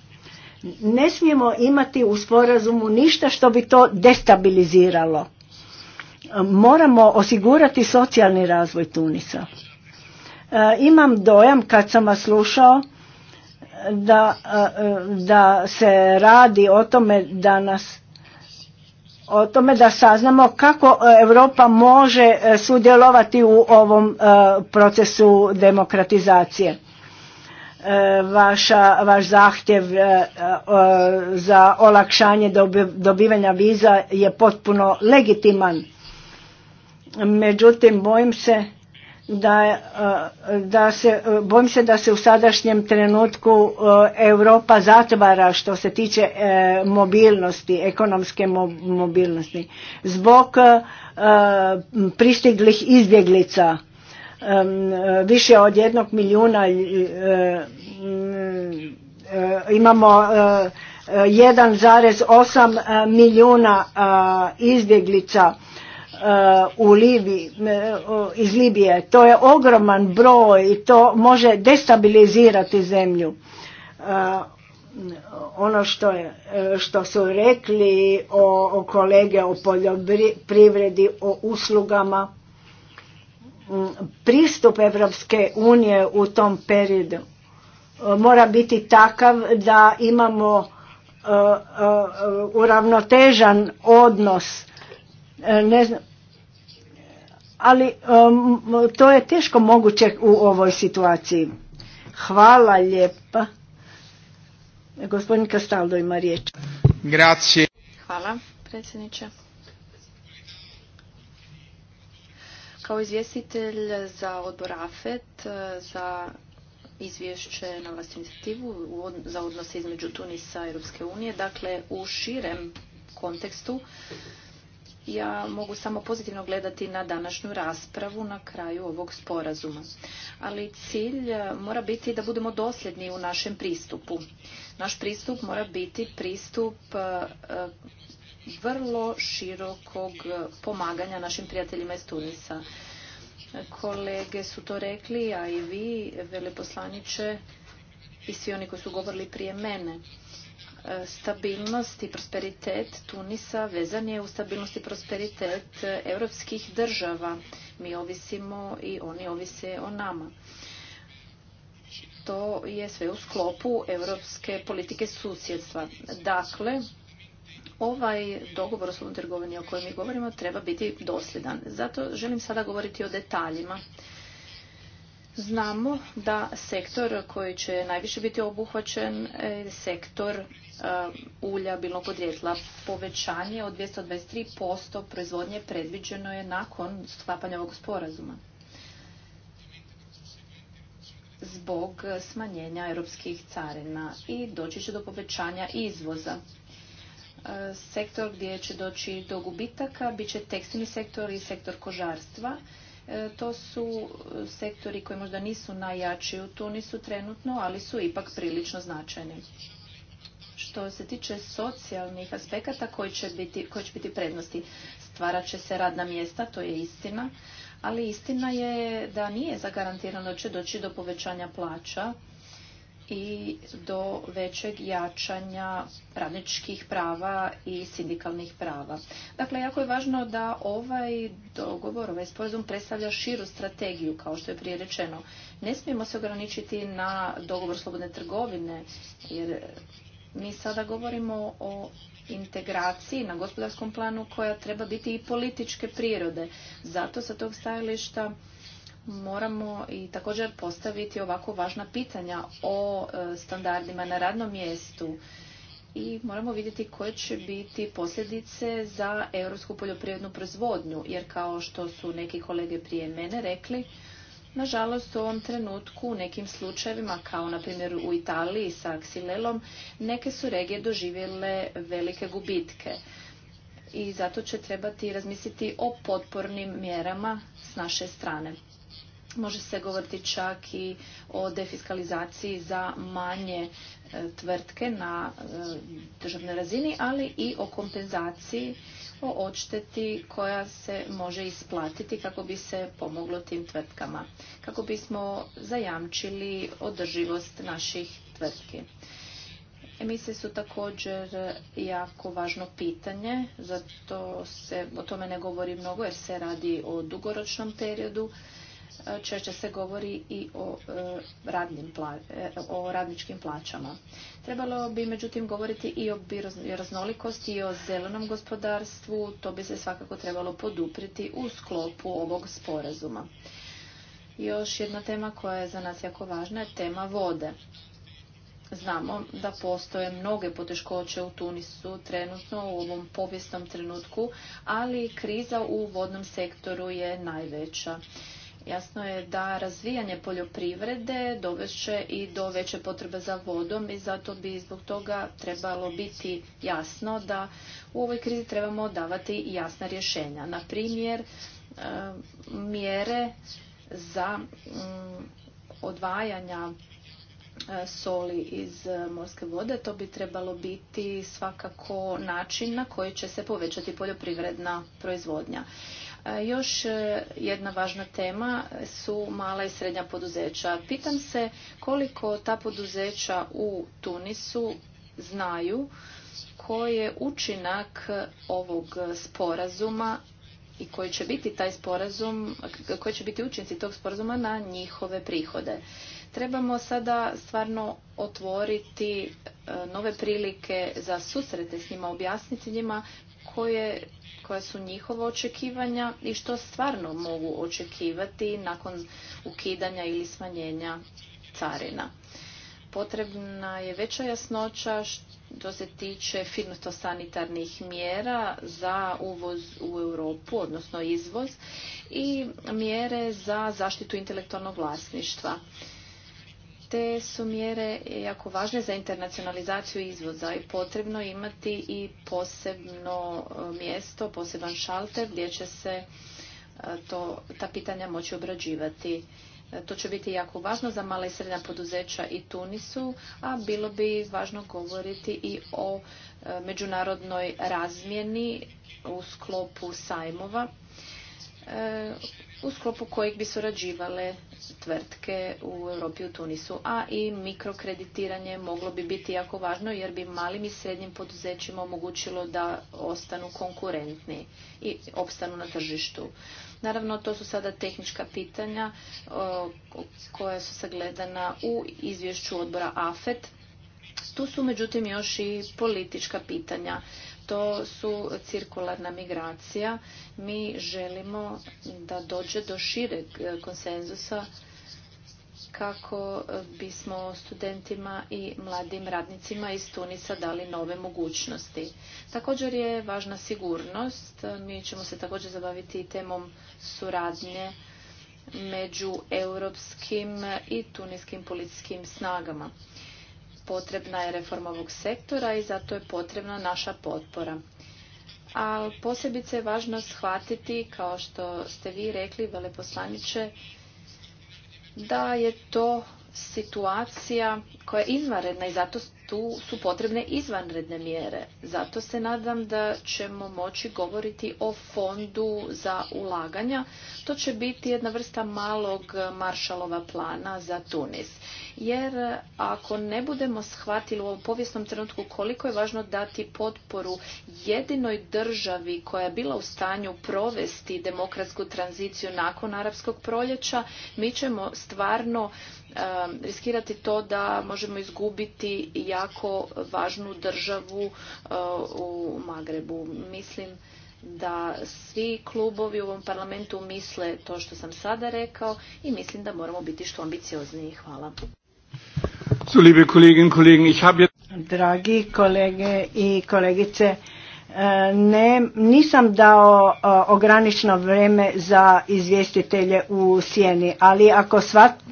Ne smijemo imati u sporazumu ništa što bi to destabiliziralo. Moramo osigurati socijalni razvoj Tunisa. E, imam dojam kad sam vas slušao da, e, da se radi o tome da nas o tome da saznamo kako Europa može sudjelovati u ovom procesu demokratizacije. E, vaša, vaš zahtjev e, e, za olakšanje dobivanja viza je potpuno legitiman. Međutim, bojim se da, da se, bojim se da se u sadašnjem trenutku Europa zatvara što se tiče mobilnosti, ekonomske mobilnosti. Zbog pristiglih izbjeglica više od jednog milijuna e, e, imamo 1,8 e, milijuna izbjeglica u Libiji, iz Libije. To je ogroman broj i to može destabilizirati zemlju. Ono što, je, što su rekli o, kolege o poljoprivredi, o uslugama, pristup Evropske unije u tom periodu e, mora biti takav da imamo e, e, uravnotežan odnos ne znam ali to je teško moguće u ovoj situaciji hvala lijepa gospodin Kastaldo ima riječ Grazie. hvala predsjedniče Kao izvjestitelj za odbor AFET, e, za izvješće na vlast inicijativu za odnose između Tunisa i Europske unije, dakle u širem kontekstu, ja mogu samo pozitivno gledati na današnju raspravu na kraju ovog sporazuma. Ali cilj e, mora biti da budemo dosljedni u našem pristupu. Naš pristup mora biti pristup e, vrlo širokog pomaganja našim prijateljima iz Tunisa. Kolege su to rekli, a i vi, veleposlaniče, i svi oni koji su govorili prije mene. Stabilnost i prosperitet Tunisa vezan je u stabilnost i prosperitet europskih država. Mi ovisimo i oni ovise o nama. To je sve u sklopu europske politike susjedstva. Dakle, Ovaj dogovor o slobodnoj trgovini o kojem mi govorimo treba biti dosljedan. Zato želim sada govoriti o detaljima. Znamo da sektor koji će najviše biti obuhvaćen je sektor eh, ulja bilnog podrijetla. Povećanje od 223% proizvodnje predviđeno je nakon sklapanja ovog sporazuma zbog smanjenja europskih carina i doći će do povećanja izvoza sektor gdje će doći do gubitaka bit će tekstilni sektor i sektor kožarstva. E, to su sektori koji možda nisu najjači u Tunisu trenutno, ali su ipak prilično značajni. Što se tiče socijalnih aspekata koji će biti, koji će biti prednosti, stvarat će se radna mjesta, to je istina, ali istina je da nije zagarantirano da će doći do povećanja plaća i do većeg jačanja radničkih prava i sindikalnih prava. Dakle, jako je važno da ovaj dogovor, ovaj sporazum predstavlja širu strategiju, kao što je prije rečeno. Ne smijemo se ograničiti na dogovor slobodne trgovine, jer mi sada govorimo o integraciji na gospodarskom planu koja treba biti i političke prirode. Zato sa tog stajališta moramo i također postaviti ovako važna pitanja o e, standardima na radnom mjestu i moramo vidjeti koje će biti posljedice za europsku poljoprivrednu proizvodnju, jer kao što su neki kolege prije mene rekli, Nažalost, u ovom trenutku u nekim slučajevima, kao na primjer u Italiji sa aksilelom, neke su regije doživjele velike gubitke. I zato će trebati razmisliti o potpornim mjerama s naše strane. Može se govoriti čak i o defiskalizaciji za manje e, tvrtke na e, državnoj razini, ali i o kompenzaciji, o odšteti koja se može isplatiti kako bi se pomoglo tim tvrtkama, kako bismo zajamčili održivost naših tvrtki. Emisije su također jako važno pitanje, zato se o tome ne govori mnogo jer se radi o dugoročnom periodu, češće se govori i o, e, radnim e, o radničkim plaćama. Trebalo bi međutim govoriti i o raznolikosti i o zelenom gospodarstvu, to bi se svakako trebalo podupriti u sklopu ovog sporazuma. Još jedna tema koja je za nas jako važna je tema vode. Znamo da postoje mnoge poteškoće u Tunisu trenutno u ovom povijesnom trenutku, ali kriza u vodnom sektoru je najveća. Jasno je da razvijanje poljoprivrede doveće i do veće potrebe za vodom i zato bi zbog toga trebalo biti jasno da u ovoj krizi trebamo davati jasna rješenja. Na primjer, eh, mjere za mm, odvajanja eh, soli iz morske vode, to bi trebalo biti svakako način na koji će se povećati poljoprivredna proizvodnja. E, još e, jedna važna tema su mala i srednja poduzeća. Pitam se koliko ta poduzeća u Tunisu znaju koji je učinak ovog sporazuma i koji će biti taj sporazum, koji će biti učinci tog sporazuma na njihove prihode. Trebamo sada stvarno otvoriti e, nove prilike za susrete s njima, objasniti njima koje, koja su njihova očekivanja i što stvarno mogu očekivati nakon ukidanja ili smanjenja carina. Potrebna je veća jasnoća što se tiče fitosanitarnih mjera za uvoz u Europu, odnosno izvoz, i mjere za zaštitu intelektualnog vlasništva. Te su mjere jako važne za internacionalizaciju izvoza i potrebno imati i posebno e, mjesto, poseban šalter gdje će se e, to, ta pitanja moći obrađivati. E, to će biti jako važno za mala i srednja poduzeća i Tunisu, a bilo bi važno govoriti i o međunarodnoj razmjeni u sklopu sajmova u sklopu kojih bi surađivale tvrtke u Europi u Tunisu. A i mikrokreditiranje moglo bi biti jako važno jer bi malim i srednjim poduzećima omogućilo da ostanu konkurentni i opstanu na tržištu. Naravno, to su sada tehnička pitanja koja su sagledana u izvješću odbora AFET. Tu su međutim još i politička pitanja to su cirkularna migracija. Mi želimo da dođe do šireg konsenzusa kako bismo studentima i mladim radnicima iz Tunisa dali nove mogućnosti. Također je važna sigurnost. Mi ćemo se također zabaviti temom suradnje među europskim i tuniskim policijskim snagama potrebna je reforma ovog sektora i zato je potrebna naša potpora. A posebice je važno shvatiti, kao što ste vi rekli, veleposlaniče, da je to situacija koja je izvanredna i zato tu su potrebne izvanredne mjere. Zato se nadam da ćemo moći govoriti o fondu za ulaganja. To će biti jedna vrsta malog maršalova plana za Tunis. Jer ako ne budemo shvatili u ovom povijesnom trenutku koliko je važno dati potporu jedinoj državi koja je bila u stanju provesti demokratsku tranziciju nakon arapskog proljeća, mi ćemo stvarno riskirati to da možemo izgubiti jako važnu državu e, u Magrebu. Mislim da svi klubovi u ovom parlamentu misle to što sam sada rekao i mislim da moramo biti što ambiciozniji. Hvala. Dragi kolege i kolegice, ne, nisam dao ograničeno vrijeme za izvjestitelje u sjeni, ali ako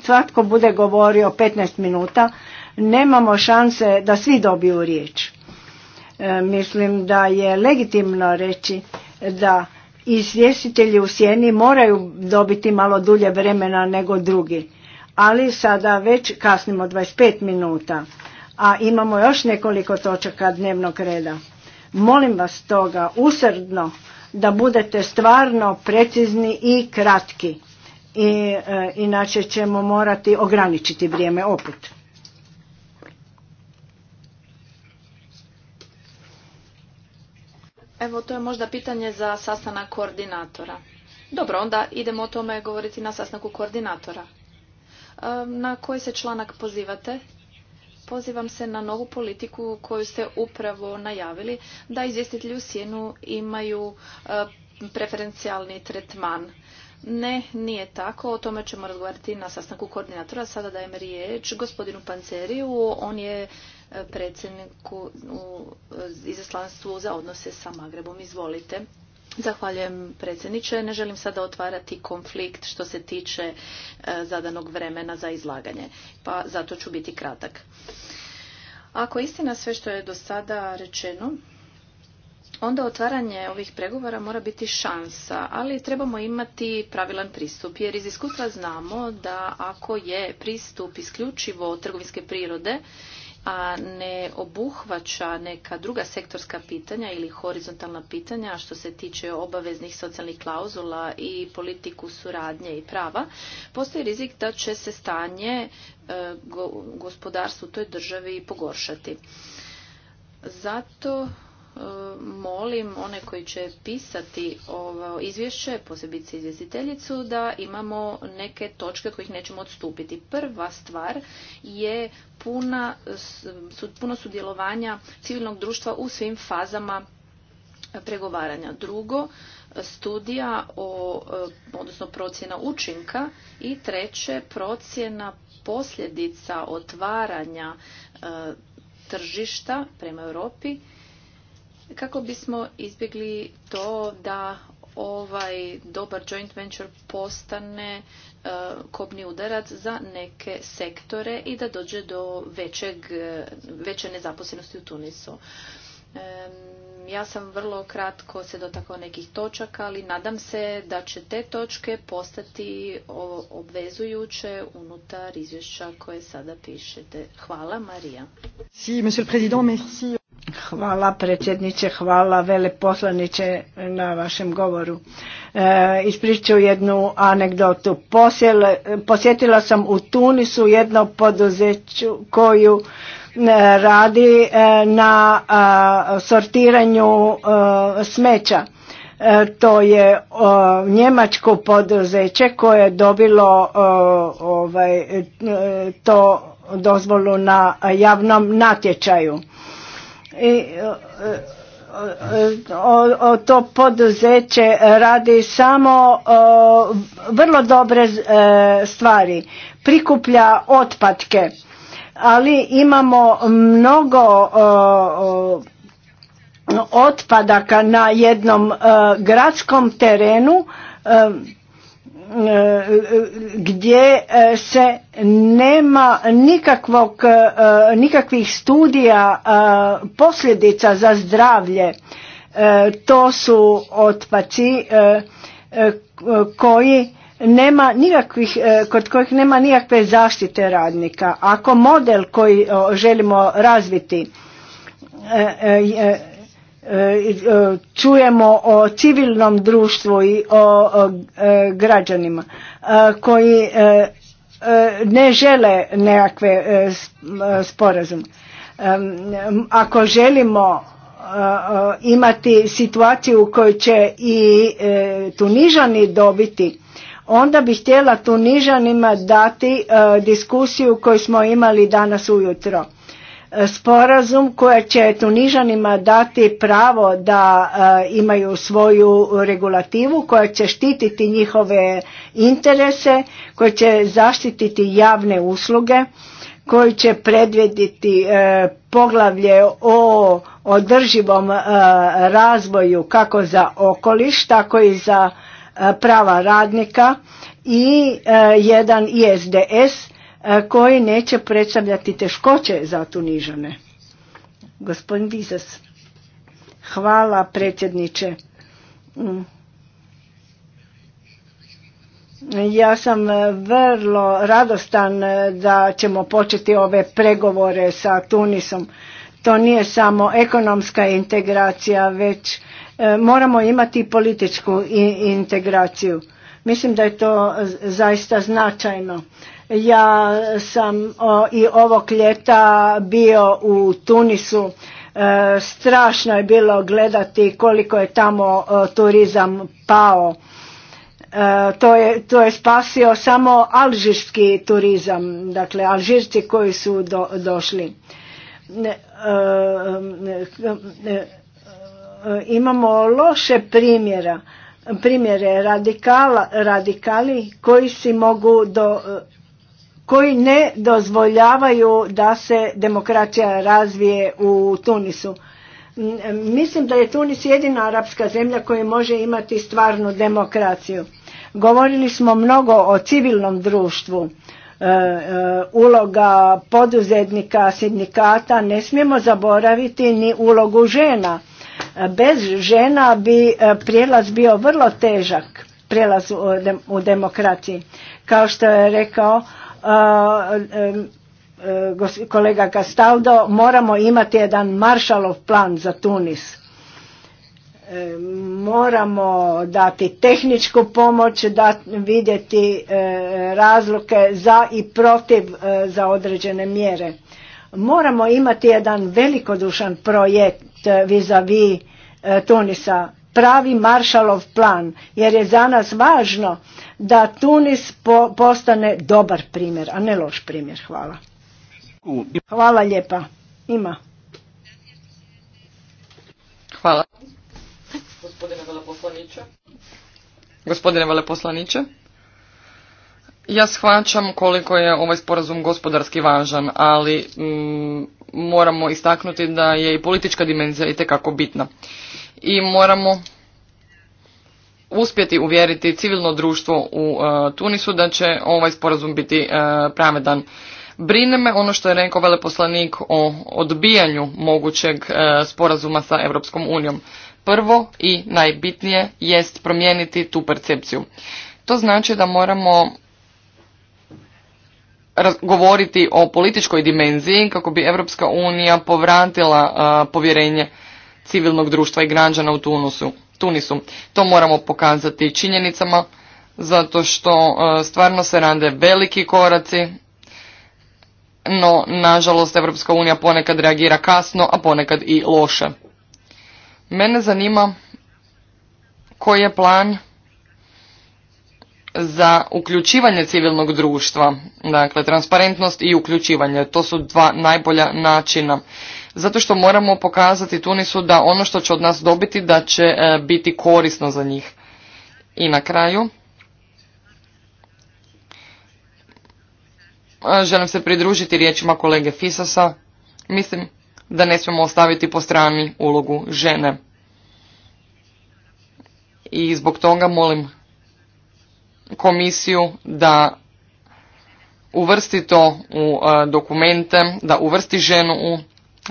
svatko bude govorio 15 minuta, nemamo šanse da svi dobiju riječ. E, mislim da je legitimno reći da izvjestitelji u sjeni moraju dobiti malo dulje vremena nego drugi, ali sada već kasnimo 25 minuta, a imamo još nekoliko točaka dnevnog reda. Molim vas toga usrdno da budete stvarno precizni i kratki. I, e, inače ćemo morati ograničiti vrijeme oput. Evo, to je možda pitanje za sastanak koordinatora. Dobro, onda idemo o tome govoriti na sastanku koordinatora. E, na koji se članak pozivate? pozivam se na novu politiku koju ste upravo najavili, da izvjestitelji u sjenu imaju e, preferencijalni tretman. Ne, nije tako. O tome ćemo razgovarati na sastanku koordinatora. Sada dajem riječ gospodinu Panceriju. On je e, predsjednik u e, izaslanstvu za odnose sa Magrebom. Izvolite. Zahvaljujem predsjedniče. Ne želim sada otvarati konflikt što se tiče e, zadanog vremena za izlaganje, pa zato ću biti kratak. Ako je istina sve što je do sada rečeno, onda otvaranje ovih pregovora mora biti šansa, ali trebamo imati pravilan pristup, jer iz iskustva znamo da ako je pristup isključivo trgovinske prirode a ne obuhvaća neka druga sektorska pitanja ili horizontalna pitanja što se tiče obaveznih socijalnih klauzula i politiku suradnje i prava, postoji rizik da će se stanje e, gospodarstvu u toj državi pogoršati. Zato molim one koji će pisati ovo izvješće, posebice izvjestiteljicu, da imamo neke točke od kojih nećemo odstupiti. Prva stvar je puna, puno sudjelovanja civilnog društva u svim fazama pregovaranja. Drugo, studija o, odnosno procjena učinka i treće, procjena posljedica otvaranja e, tržišta prema Europi kako bismo izbjegli to da ovaj dobar joint venture postane e, kobni udarac za neke sektore i da dođe do većeg, e, veće nezaposlenosti u Tunisu. Ja sam vrlo kratko se dotakao nekih točaka, ali nadam se da će te točke postati obvezujuće unutar izvješća koje sada pišete. Hvala, Marija. Si, Hvala predsjedniče, hvala veleposlaniče na vašem govoru. E, ispriču jednu anegdotu. posjetila sam u Tunisu jedno poduzeću koju e, radi e, na sortiranju e, smeća. To je njemačko poduzeće koje je dobilo ovaj, to dozvolu na javnom natječaju o, o to poduzeće radi samo vrlo dobre e, stvari prikuplja otpadke ali imamo mnogo o, otpadaka na jednom e, gradskom terenu e, gdje e, se nema nikakvog, e, nikakvih studija e, posljedica za zdravlje. To su otpaci koji nema nikakvih, kod kojih nema nikakve zaštite radnika. Ako model koji želimo razviti E, čujemo o civilnom društvu i o e, građanima e, koji ne žele nekakve sporazume. Ako želimo imati situaciju u kojoj će i Tunižani dobiti, onda bih htjela Tunižanima dati diskusiju koju smo imali danas ujutro E, sporazum koja će Tunižanima dati pravo da e, imaju svoju regulativu koja će štititi njihove interese, koja će zaštititi javne usluge, koji će predvidjeti e, poglavlje o održivom razvoju kako za okoliš, tako i za prava radnika i jedan ISDS E, koji neće predstavljati teškoće za Tunižane. Gospodin Vizas, hvala predsjedniče. Mm. Ja sam vrlo radostan e, da ćemo početi ove pregovore sa Tunisom. To nije samo ekonomska integracija, već e, moramo imati političku integraciju Mislim da je to e, zaista značajno. Ja sam i ovog ljeta bio u Tunisu. E, strašno je bilo gledati koliko je tamo turizam pao. E, to je, to je spasio samo alžirski turizam, dakle alžirci koji su došli. Imamo loše primjera primjere radikala, radikali koji si mogu do, koji ne dozvoljavaju da se demokracija razvije u Tunisu. Mislim da je Tunis jedina arapska zemlja koja može imati stvarnu demokraciju. Govorili smo mnogo o civilnom društvu, e, e, uloga poduzetnika, sindikata, ne smijemo zaboraviti ni ulogu žena Bez žena bi e, prijelaz bio vrlo težak, prijelaz u demokraciji. Kao što je rekao e, e, kolega Castaldo, moramo imati jedan maršalov plan za Tunis moramo dati tehničku pomoć, vidjeti razluke za i protiv za određene mjere. Moramo imati jedan velikodušan projekt, E, vis-a-vis e, Tunisa, pravi maršalov plan, jer je za nas važno da Tunis postane dobar primjer, a ne loš primjer. Hvala. Hvala lijepa. Ima. Hvala. Gospodine veleposlaniče. Gospodine Ja shvaćam koliko je ovaj sporazum gospodarski važan, ali mm, moramo istaknuti da je i politička dimenzija itekako bitna. I moramo uspjeti uvjeriti civilno društvo u e, Tunisu da će ovaj sporazum biti e, pravedan. Brine me ono što je rekao veleposlanik o odbijanju mogućeg e, sporazuma sa Europskom unijom. Prvo i najbitnije jest promijeniti tu percepciju. To znači da moramo govoriti o političkoj dimenziji kako bi Europska unija povratila povjerenje civilnog društva i građana u Tunusu. Tunisu. To moramo pokazati činjenicama zato što stvarno se rade veliki koraci, no nažalost Europska unija ponekad reagira kasno, a ponekad i loše. Mene zanima koji je plan za uključivanje civilnog društva, dakle transparentnost i uključivanje. To su dva najbolja načina. Zato što moramo pokazati Tunisu da ono što će od nas dobiti da će e, biti korisno za njih. I na kraju e, želim se pridružiti riječima kolege Fisasa. Mislim da ne smijemo ostaviti po strani ulogu žene. I zbog toga molim komisiju da uvrsti to u e, dokumente, da uvrsti ženu u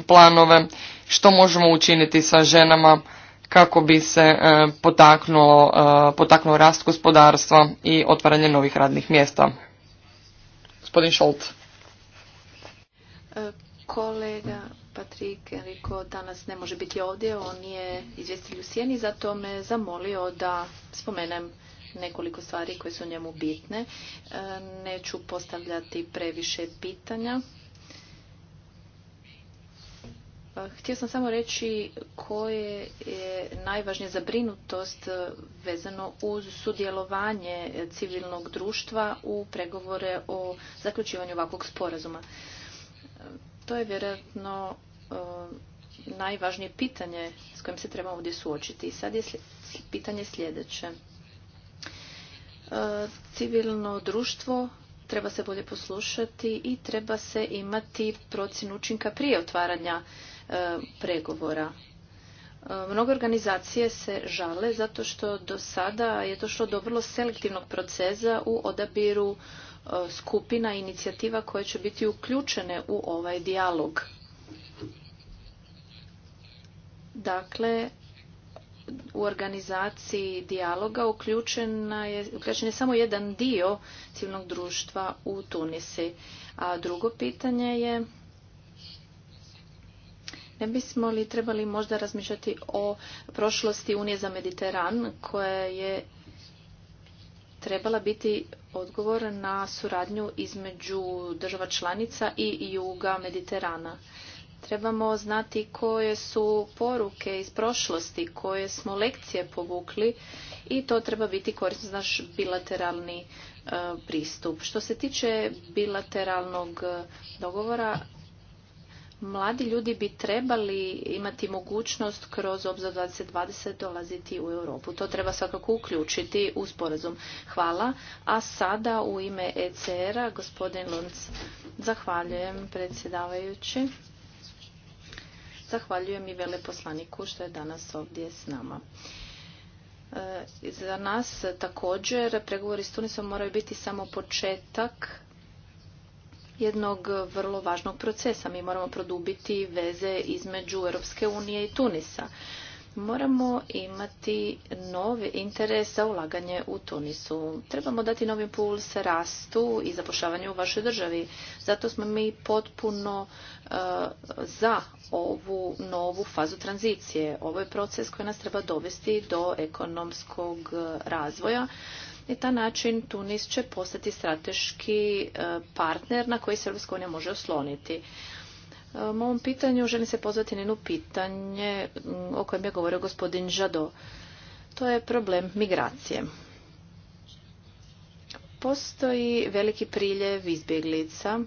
planove, što možemo učiniti sa ženama kako bi se e, potaknulo, e, potaknuo rast gospodarstva i otvaranje novih radnih mjesta. Gospodin Šolt. Kolega Patrik Enrico danas ne može biti ovdje, on je izvjestitelj u Sjeni, zato me zamolio da spomenem nekoliko stvari koje su njemu bitne. E, neću postavljati previše pitanja. E, htio sam samo reći koje je najvažnija zabrinutost vezano uz sudjelovanje civilnog društva u pregovore o zaključivanju ovakvog sporazuma. E, to je vjerojatno najvažnije pitanje s kojim se trebamo ovdje suočiti. I sad je pitanje sljedeće. E, civilno društvo treba se bolje poslušati i treba se imati procjenu učinka prije otvaranja e, pregovora. E, mnoge organizacije se žale zato što do sada je došlo do vrlo selektivnog procesa u odabiru skupina inicijativa koje će biti uključene u ovaj dijalog. Dakle, u organizaciji dijaloga uključen je, je samo jedan dio civilnog društva u Tunisi. A drugo pitanje je ne bismo li trebali možda razmišljati o prošlosti Unije za Mediteran koja je trebala biti odgovor na suradnju između država članica i juga Mediterana. Trebamo znati koje su poruke iz prošlosti, koje smo lekcije povukli i to treba biti korisno naš bilateralni e, pristup. Što se tiče bilateralnog e, dogovora, mladi ljudi bi trebali imati mogućnost kroz obzor 2020 dolaziti u Europu. To treba svakako uključiti u sporazum. Hvala. A sada u ime ECR-a gospodin Lunc. Zahvaljujem predsjedavajući. Zahvaljujem i veleposlaniku što je danas ovdje s nama. E, za nas također pregovori s Tunisom moraju biti samo početak jednog vrlo važnog procesa. Mi moramo produbiti veze između Europske unije i Tunisa. Moramo imati novi interes za ulaganje u Tunisu. Trebamo dati novi puls rastu i zapošljavanju u vašoj državi. Zato smo mi potpuno e, za ovu novu fazu tranzicije. Ovo je proces koji nas treba dovesti do ekonomskog razvoja i ta način Tunis će postati strateški e, partner na koji se Europska može osloniti. E, mom pitanju želim se pozvati na jedno pitanje o kojem je govorio gospodin Žado. To je problem migracije. Postoji veliki priljev izbjeglica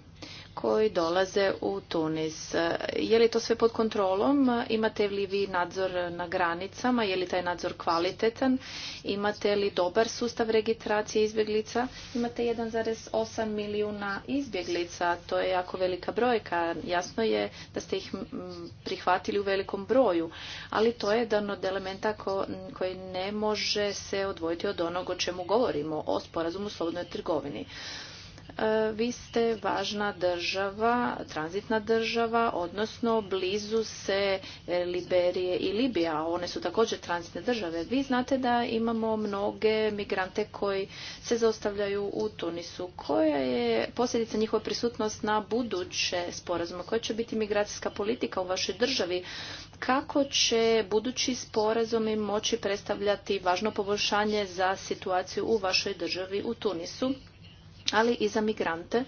koji dolaze u Tunis. Je li to sve pod kontrolom? Imate li vi nadzor na granicama? Je li taj nadzor kvalitetan? Imate li dobar sustav registracije izbjeglica? Imate 1,8 milijuna izbjeglica. To je jako velika brojka. Jasno je da ste ih prihvatili u velikom broju. Ali to je jedan od elementa koji ne može se odvojiti od onog o čemu govorimo, o sporazumu slobodnoj trgovini. E, vi ste važna država, tranzitna država, odnosno blizu se e, Liberije i Libija, one su također tranzitne države. Vi znate da imamo mnoge migrante koji se zaostavljaju u Tunisu. Koja je posljedica njihova prisutnost na buduće sporazume? Koja će biti migracijska politika u vašoj državi? Kako će budući sporazumi moći predstavljati važno poboljšanje za situaciju u vašoj državi u Tunisu? ali i za migrante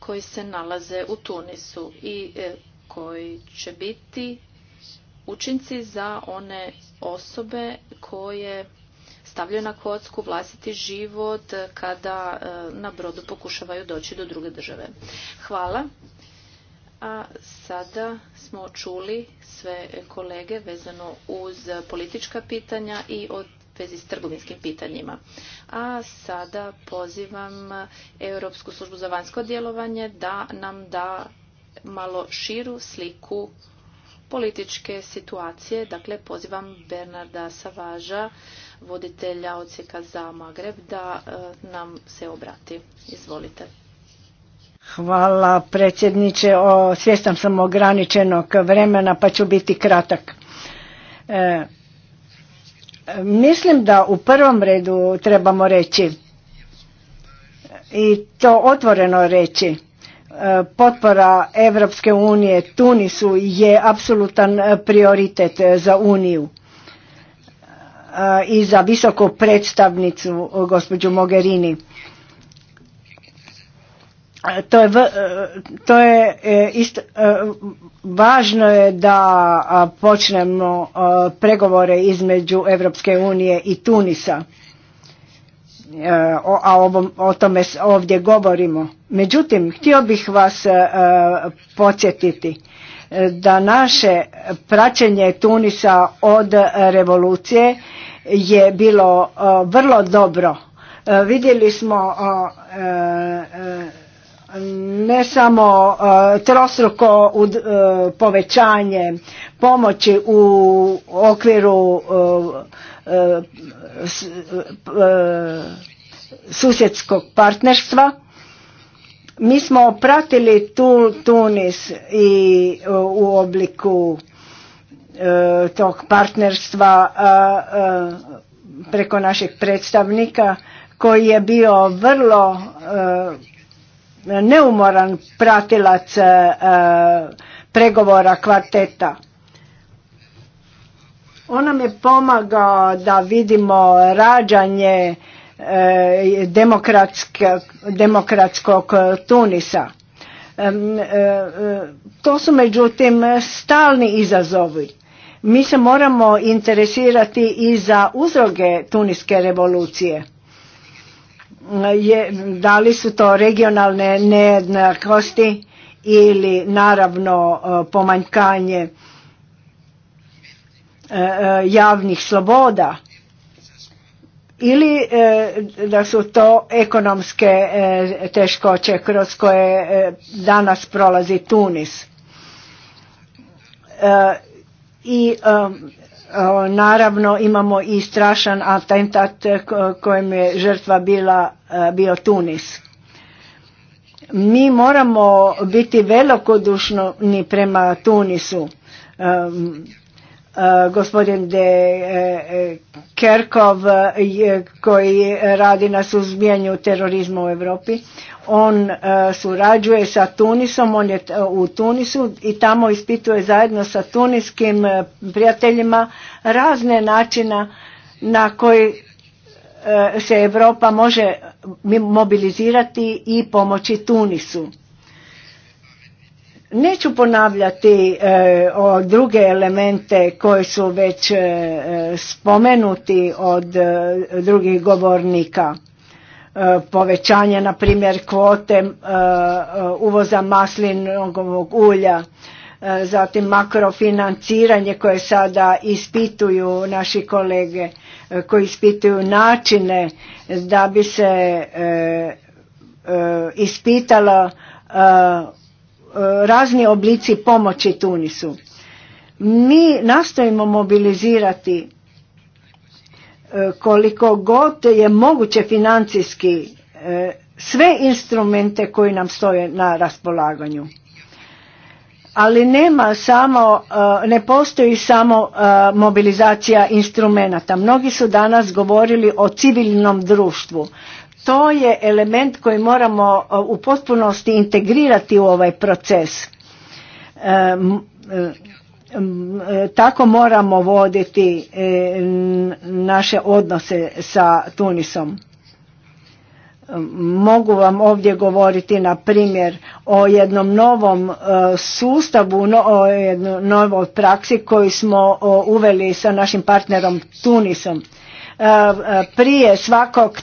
koji se nalaze u Tunisu i e, koji će biti učinci za one osobe koje stavljaju na kocku vlastiti život kada e, na brodu pokušavaju doći do druge države. Hvala. A sada smo čuli sve kolege vezano uz politička pitanja i od vezi s trgovinskim pitanjima. A sada pozivam Europsku službu za vanjsko djelovanje da nam da malo širu sliku političke situacije. Dakle, pozivam Bernarda Savaža, voditelja odsjeka za Magreb, da e, nam se obrati. Izvolite. Hvala predsjedniče. svjestan sam ograničenog vremena pa ću biti kratak. E, Mislim da u prvom redu trebamo reći i to otvoreno reći e, potpora Europske unije Tunisu je apsolutan prioritet za uniju e, i za visoku predstavnicu gospođu Mogherini to je, e, to je e, e, važno je da počnemo pregovore između Europske unije i Tunisa. O, a o tome ovdje govorimo. Međutim, htio bih vas podsjetiti da naše praćenje Tunisa od revolucije je bilo vrlo dobro. Vidjeli smo ne samo e, trostruko e, povećanje pomoći u okviru e, susjedskog partnerstva mi smo pratili tu Tunis i u obliku tog partnerstva preko našeg predstavnika koji je bio vrlo neumoran pratilac e, e, pregovora kvarteta. Ona mi je pomagao da vidimo rađanje e, demokratskog Tunisa. To su međutim stalni izazovi. Mi se moramo interesirati i za uzroge tuniske revolucije da li su to regionalne nejednakosti ili naravno e, pomanjkanje e, e, javnih sloboda ili da su to ekonomske teškoće kroz koje danas prolazi Tunis. I Naravno imamo i strašan atentat e, kojem je žrtva bila, e, bio Tunis. Mi moramo biti velokodušni prema Tunisu. E, Eh, gospodin De eh, eh, Kerkov koji radi na suzbijanju terorizma u Europi, on surađuje sa Tunisom, on je u Tunisu i tamo ispituje zajedno sa tuniskim prijateljima razne načina na koji se Europa može mobilizirati i pomoći Tunisu Neću ponavljati e, o druge elemente koji su već e, spomenuti od e, drugih govornika. Povećanje, na primjer, kvote uvoza maslinovog ulja, zatim makrofinanciranje koje sada ispituju naši kolege, koji ispituju načine da bi se ispitala E, razni oblici pomoći Tunisu. Mi nastojimo mobilizirati e, koliko god je moguće financijski e, sve instrumente koji nam stoje na raspolaganju. Ali nema samo, ne postoji samo mobilizacija instrumenata. Mnogi su danas govorili o civilnom društvu to je element koji moramo e, u potpunosti integrirati u ovaj proces. E, e, tako moramo voditi naše odnose sa Tunisom. Mogu vam ovdje govoriti na primjer o jednom novom sustavu, o jednoj novoj praksi koju smo uveli sa našim partnerom Tunisom E, prije svakog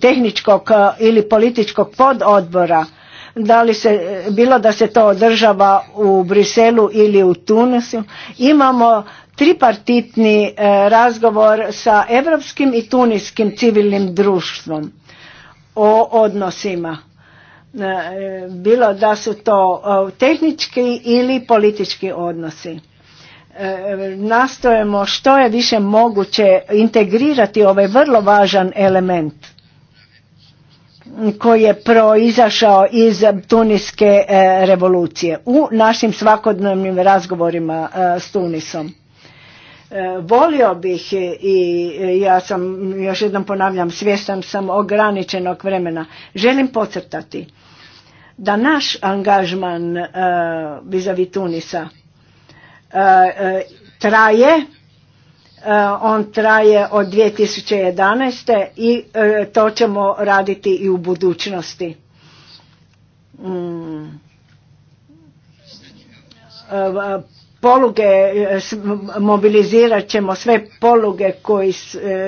tehničkog e, ili političkog pododbora da li se, bilo da se to održava u Briselu ili u Tunisu, imamo tripartitni e, razgovor sa europskim i tuniskim civilnim društvom o odnosima. Bilo da su to tehnički ili politički odnosi nastojemo što je više moguće integrirati ovaj vrlo važan element koji je proizašao iz tuniske e, revolucije u našim svakodnevnim razgovorima e, s Tunisom. E, volio bih i ja sam, još jednom ponavljam, svjestan sam ograničenog vremena. Želim pocrtati da naš angažman vis-a-vis Tunisa E, e, traje, e, on traje od 2011. i to ćemo raditi i u budućnosti. Mm. Poluge, mobilizirat ćemo sve poluge koji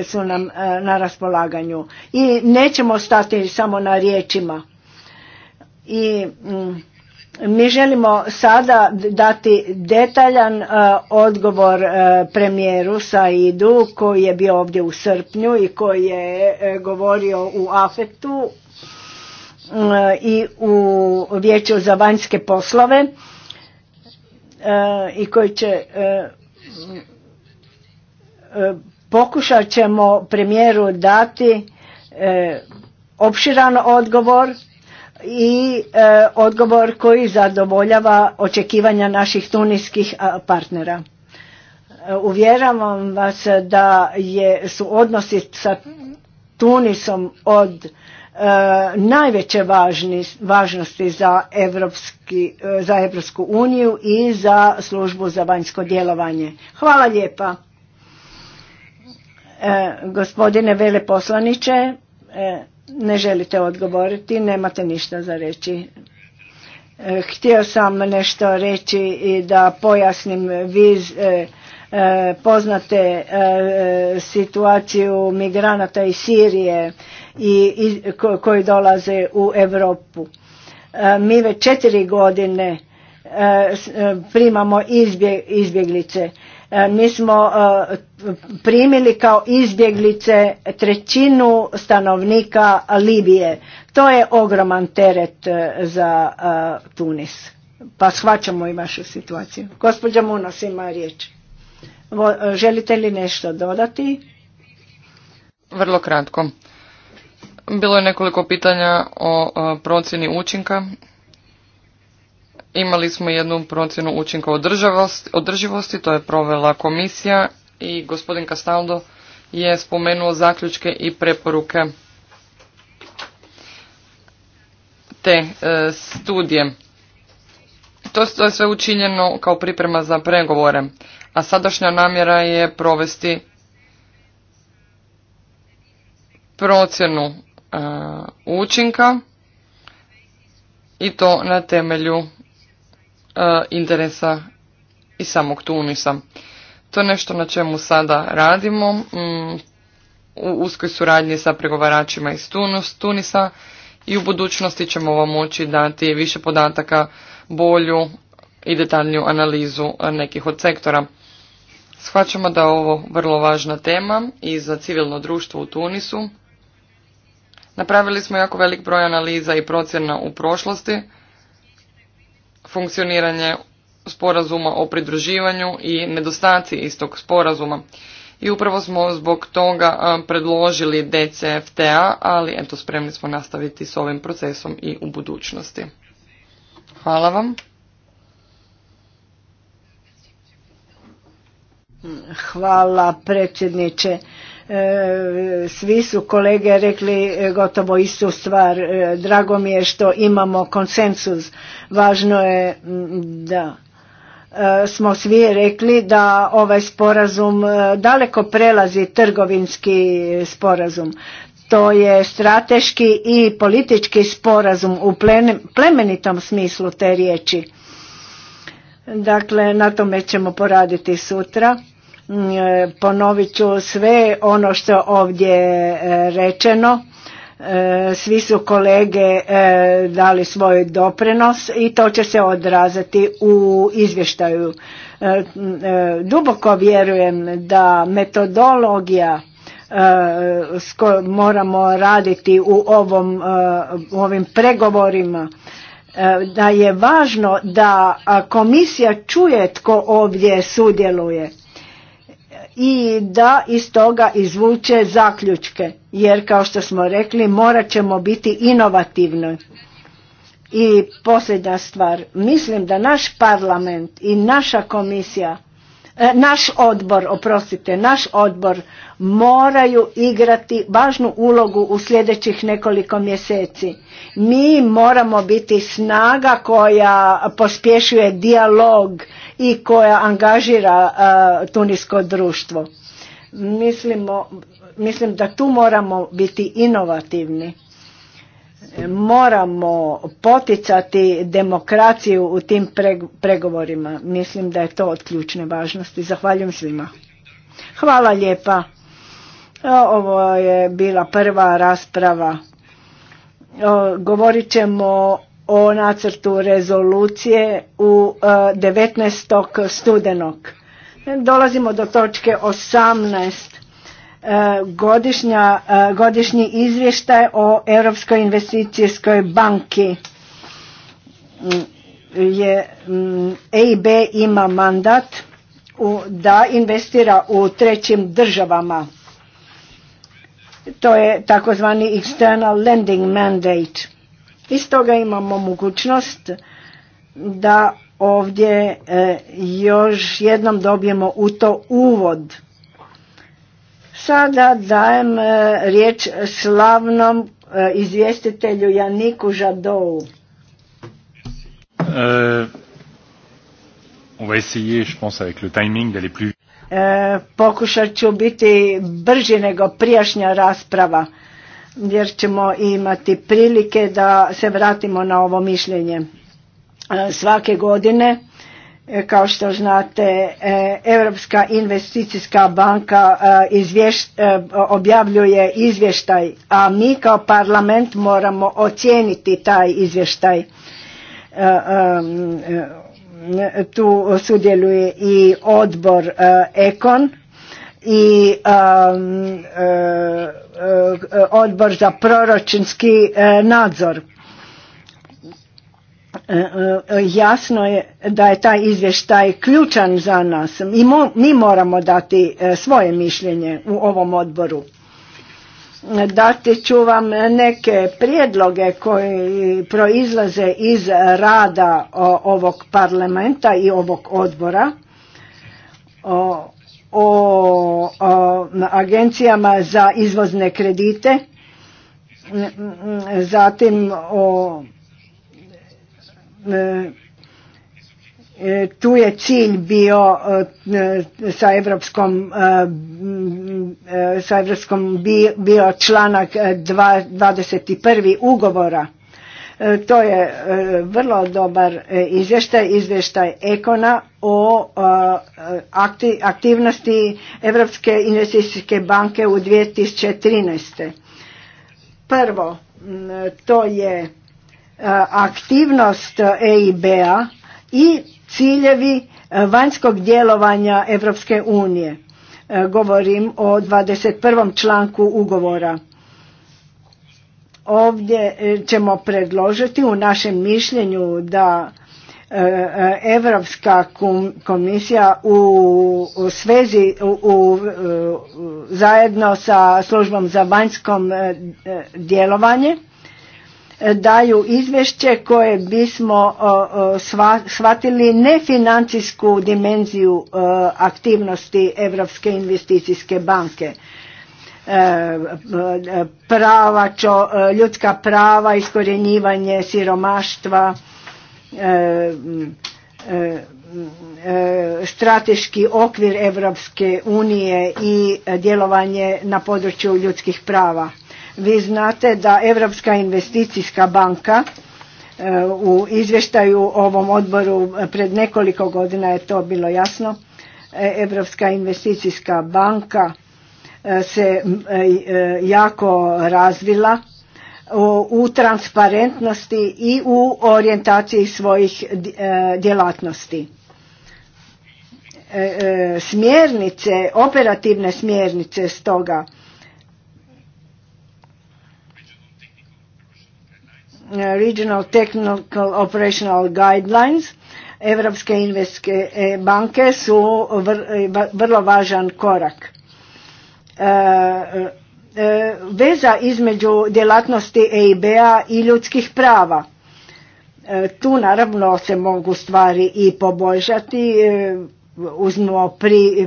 su nam na raspolaganju i nećemo stati samo na riječima i mm, mi želimo sada dati detaljan e, odgovor e, premijeru Saidu koji je bio ovdje u srpnju i koji je e, govorio u afetu i u vijeću za vanjske poslove i koji će pokušat ćemo premijeru dati opširan odgovor i e, odgovor koji zadovoljava očekivanja naših tuniskih partnera. E, uvjeravam vas da je, su odnosi sa Tunisom od e, najveće važnosti za, Evropski, za Evropsku uniju i za službu za vanjsko djelovanje. Hvala lijepa. Gospodine veleposlaniče, ne želite odgovoriti, nemate ništa za reći. E, htio sam nešto reći i da pojasnim Vi e, e, poznate situaciju migranata iz Sirije i, koji dolaze u Europu. Mi već četiri godine primamo izbjeglice E, mi smo e, primili kao izbjeglice trećinu stanovnika Libije. To je ogroman teret e, za Tunis. Pa shvaćamo i vašu situaciju. Gospođa Munos ima riječ. Želite li nešto dodati? Vrlo kratko. Bilo je nekoliko pitanja o procjeni učinka Imali smo jednu procjenu učinka održivosti, to je provela komisija i gospodin Castaldo je spomenuo zaključke i preporuke te e, studije. To, je sve učinjeno kao priprema za pregovore, a sadašnja namjera je provesti procjenu e, učinka i to na temelju E, interesa i samog Tunisa. To je nešto na čemu sada radimo mm, u uskoj suradnji sa pregovaračima iz Tunisa i u budućnosti ćemo vam moći dati više podataka, bolju i detaljniju analizu nekih od sektora. Shvaćamo da je ovo vrlo važna tema i za civilno društvo u Tunisu. Napravili smo jako velik broj analiza i procjena u prošlosti funkcioniranje sporazuma o pridruživanju i nedostaci istog sporazuma. I upravo smo zbog toga predložili DCFTA, ali eto spremni smo nastaviti s ovim procesom i u budućnosti. Hvala vam. Hvala predsjedniče. E, svi su kolege rekli e, gotovo istu stvar. E, drago mi je što imamo konsensus. Važno je da smo svi rekli da ovaj sporazum daleko prelazi trgovinski sporazum. To je strateški i politički sporazum u plemenitom smislu te riječi. Dakle, na tome ćemo poraditi sutra. Mm, e, ponovit ću sve ono što je ovdje e, rečeno. E, svi su kolege dali svoj doprinos i to će se odraziti u izvještaju. Duboko vjerujem da metodologija s kojom moramo raditi u, ovom, u ovim pregovorima da je važno da komisija čuje tko ovdje sudjeluje i da iz toga izvuče zaključke jer kao što smo rekli morat ćemo biti inovativni. I posljednja stvar, mislim da naš parlament i naša komisija, e, naš odbor, oprostite, naš odbor moraju igrati važnu ulogu u sljedećih nekoliko mjeseci. Mi moramo biti snaga koja pospješuje dijalog i koja angažira tunisko društvo. Mislimo, mislim da tu moramo biti inovativni. Moramo poticati demokraciju u tim pregovorima. Mislim da je to od ključne važnosti. Zahvaljujem svima. Hvala lijepa. Ovo je bila prva rasprava. Govorit ćemo o nacrtu rezolucije u 19. E, studenog. Dolazimo do točke 18. E, e, godišnji izvještaj o Europskoj investicijskoj banki mm, je EIB mm, ima mandat da investira u trećim državama. To je takozvani external lending mandate iz toga imamo mogućnost da ovdje e, još jednom dobijemo u to uvod. Sada dajem e, riječ slavnom e, izvjestitelju Janiku Žadovu. on va essayer, je pense, avec le timing d'aller plus... pokušat ću biti brži nego prijašnja rasprava jer ćemo imati prilike da se vratimo na ovo mišljenje. E, svake godine, e, kao što znate, e, Europska investicijska banka objavljuje izvještaj, a mi kao parlament moramo ocijeniti taj izvještaj. Tu sudjeluje i odbor Ekon i um, e, e, odbor za proračunski e, nadzor. Jasno je da je taj izvještaj ključan za nas i mi moramo dati svoje mišljenje u ovom odboru. Dati ću vam neke prijedloge koji proizlaze iz rada ovog parlamenta i ovog odbora. O, o, o agencijama za izvozne kredite, zatim o e, tu je cilj bio e, sa evropskom e, sa evropskom bio članak 21. ugovora E, to je e, vrlo dobar e, izvještaj, izvještaj Ekona o aktivnosti Europske investicijske banke u 2013. Prvo, to je aktivnost EIB-a i ciljevi vanjskog djelovanja Europske unije. Govorim o 21. članku ugovora Ovdje e, ćemo predložiti u našem mišljenju da Europska e, komisija u svezi u, e, zajedno sa službom za vanjskom djelovanje daju izvješće koje bismo shvatili nefinancijsku dimenziju aktivnosti Europske investicijske banke prava, ljudska prava, iskorjenjivanje siromaštva, e, e, e, strateški okvir Evropske unije i djelovanje na području ljudskih prava. Vi znate da Europska investicijska banka u izvještaju ovom odboru pred nekoliko godina je to bilo jasno. Europska investicijska banka se e, e, jako razvila u transparentnosti i u orijentaciji svojih e, djelatnosti. Smjernice, operativne smjernice stoga Regional Technical Operational Guidelines Evropske investske banke su vrlo važan korak E, e, veza između djelatnosti EIB-a i ljudskih prava. E, tu naravno se mogu stvari i poboljšati, uzmo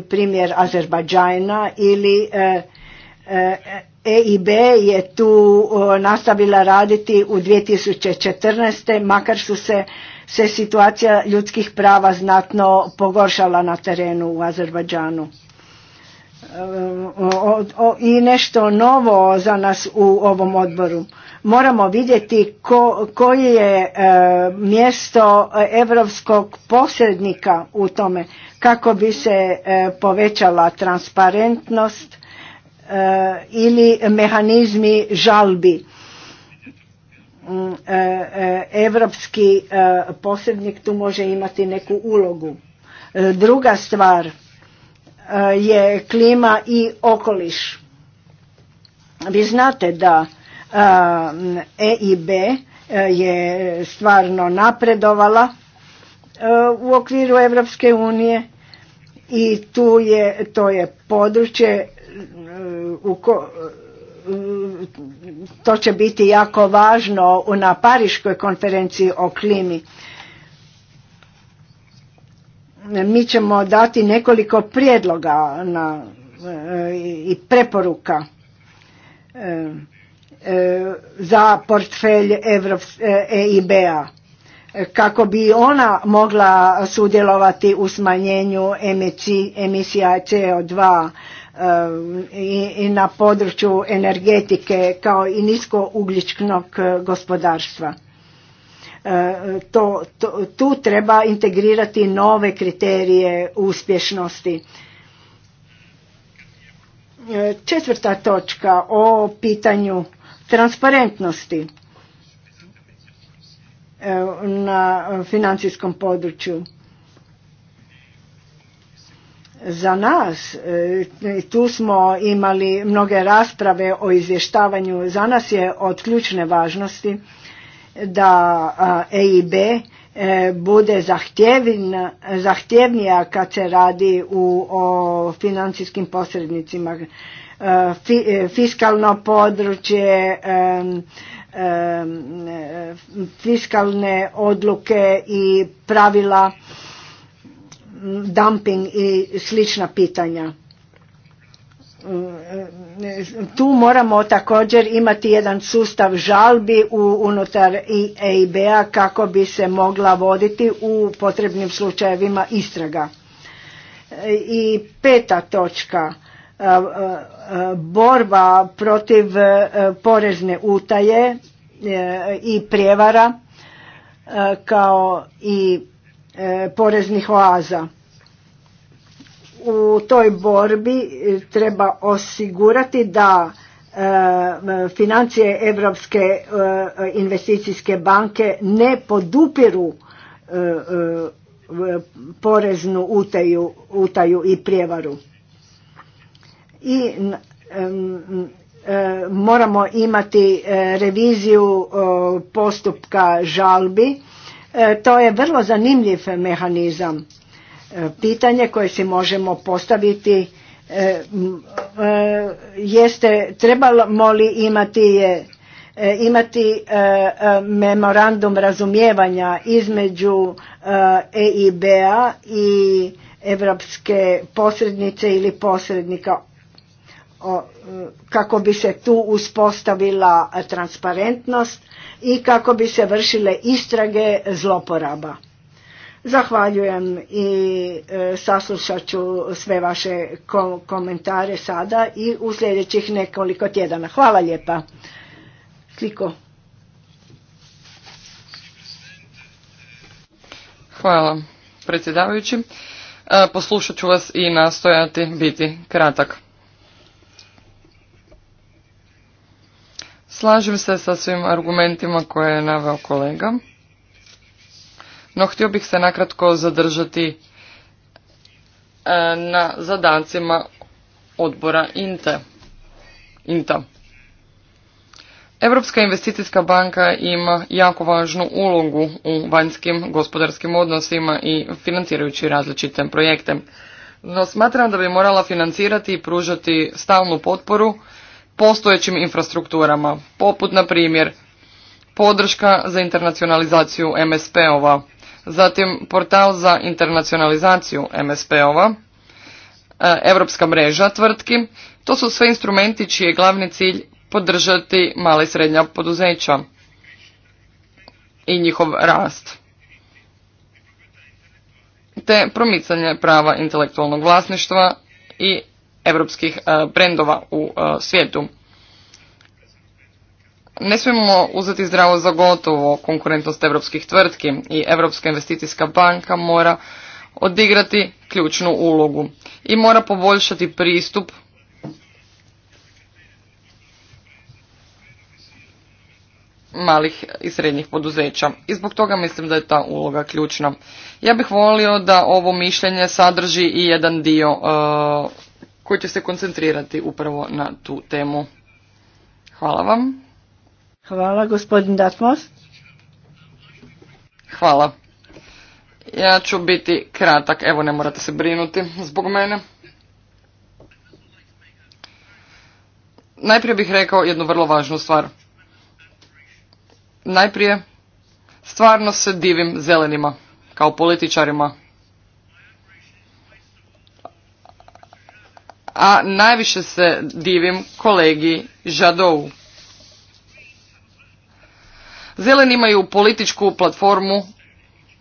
primjer Azerbajdžana ili EIB je tu nastavila raditi u 2014. makar su se, se situacija ljudskih prava znatno pogoršala na terenu u Azerbajdžanu i nešto novo za nas u ovom odboru. Moramo vidjeti koje je e, mjesto europskog posrednika u tome kako bi se e, povećala transparentnost e, ili mehanizmi žalbi. Mm, evropski posrednik tu može imati neku ulogu. Druga stvar Eh, je klima i okoliš. Vi znate da EIB eh, e eh, je stvarno napredovala u okviru Europske unije i tu je, to je područje u to će biti jako važno na Pariškoj konferenciji o klimi mi ćemo dati nekoliko prijedloga na, e, i preporuka e, e, za portfelj EIB-a kako bi ona mogla sudjelovati u smanjenju emisija CO2 i na području energetike kao i niskougljičnog gospodarstva to, tu treba integrirati nove kriterije uspješnosti. E, četvrta točka o pitanju transparentnosti e, na financijskom području. Za nas, e, tu smo imali mnoge rasprave o izvještavanju, za nas je od ključne važnosti da EIB e, bude zahtjevnija kad se radi u, o financijskim posrednicima. E, e, fiskalno područje, fiskalne odluke i pravila dumping i slična pitanja tu moramo također imati jedan sustav žalbi unutar EIB-a kako bi se mogla voditi u potrebnim slučajevima istraga. I peta točka, e, e, borba protiv e, porezne utaje i prijevara kao i poreznih oaza u toj borbi e, treba osigurati da e, financije Europske e, investicijske banke ne podupiru poreznu utaju, utaju i prijevaru. I moramo imati reviziju postupka žalbi. To je vrlo zanimljiv mehanizam Pitanje koje si možemo postaviti e, e, jeste trebamo li imati je e, imati memorandum razumijevanja između EIB-a i evropske posrednice ili posrednika kako bi se tu uspostavila transparentnost i kako bi se vršile istrage zloporaba. Zahvaljujem i e, saslušat ću sve vaše komentare sada i u sljedećih nekoliko tjedana. Hvala lijepa. Kliko. Hvala predsjedavajući. E, poslušat ću vas i nastojati biti kratak. Slažem se sa svim argumentima koje je naveo kolega no htio bih se nakratko zadržati e, na zadancima odbora INTE. INTA. Europska investicijska banka ima jako važnu ulogu u vanjskim gospodarskim odnosima i financirajući različite projekte. No smatram da bi morala financirati i pružati stalnu potporu postojećim infrastrukturama, poput na primjer podrška za internacionalizaciju MSP-ova, zatim portal za internacionalizaciju MSP-ova, Europska mreža tvrtki. To su sve instrumenti čiji je glavni cilj podržati mala i srednja poduzeća i njihov rast te promicanje prava intelektualnog vlasništva i europskih e, brendova u e, svijetu ne smijemo uzeti zdravo za gotovo konkurentnost europskih tvrtki i Europska investicijska banka mora odigrati ključnu ulogu i mora poboljšati pristup malih i srednjih poduzeća. I zbog toga mislim da je ta uloga ključna. Ja bih volio da ovo mišljenje sadrži i jedan dio e, koji će se koncentrirati upravo na tu temu. Hvala vam. Hvala, gospodin Datmos. Hvala. Ja ću biti kratak, evo ne morate se brinuti zbog mene. Najprije bih rekao jednu vrlo važnu stvar. Najprije, stvarno se divim zelenima, kao političarima. A najviše se divim kolegi Žadovu. Zeleni imaju političku platformu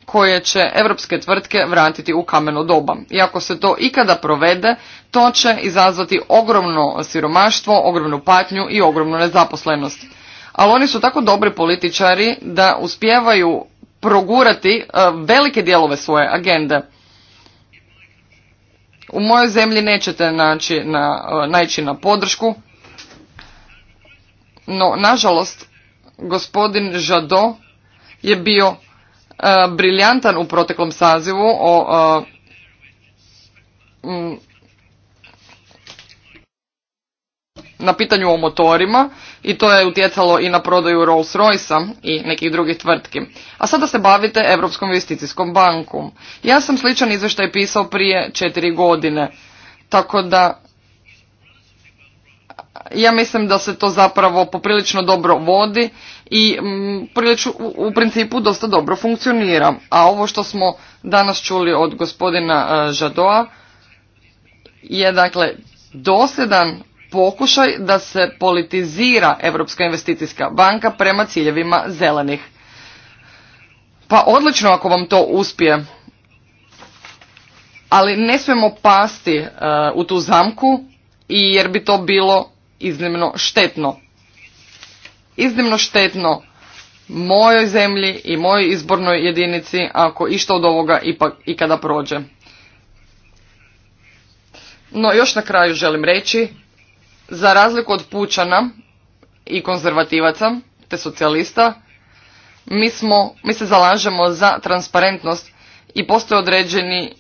koje će europske tvrtke vratiti u kameno doba. I ako se to ikada provede, to će izazvati ogromno siromaštvo, ogromnu patnju i ogromnu nezaposlenost. Ali oni su tako dobri političari da uspijevaju progurati e, velike dijelove svoje agende. U mojoj zemlji nećete naći na, e, naići na podršku, no nažalost Gospodin Žado je bio e, briljantan u proteklom sazivu o e, na pitanju o motorima i to je utjecalo i na prodaju Rolls-Royce i nekih drugih tvrtki. A sada se bavite Europskom investicijskom bankom. Ja sam sličan izvještaj pisao prije četiri godine, tako da ja mislim da se to zapravo poprilično dobro vodi i mm, u, principu dosta dobro funkcionira. A ovo što smo danas čuli od gospodina e, Žadoa je dakle dosljedan pokušaj da se politizira Europska investicijska banka prema ciljevima zelenih. Pa odlično ako vam to uspije, ali ne smijemo pasti e, u tu zamku jer bi to bilo iznimno štetno. Iznimno štetno mojoj zemlji i mojoj izbornoj jedinici ako išta od ovoga ipak ikada prođe. No još na kraju želim reći, za razliku od pučana i konzervativaca te socijalista, mi, smo, mi se zalažemo za transparentnost i postoje određeni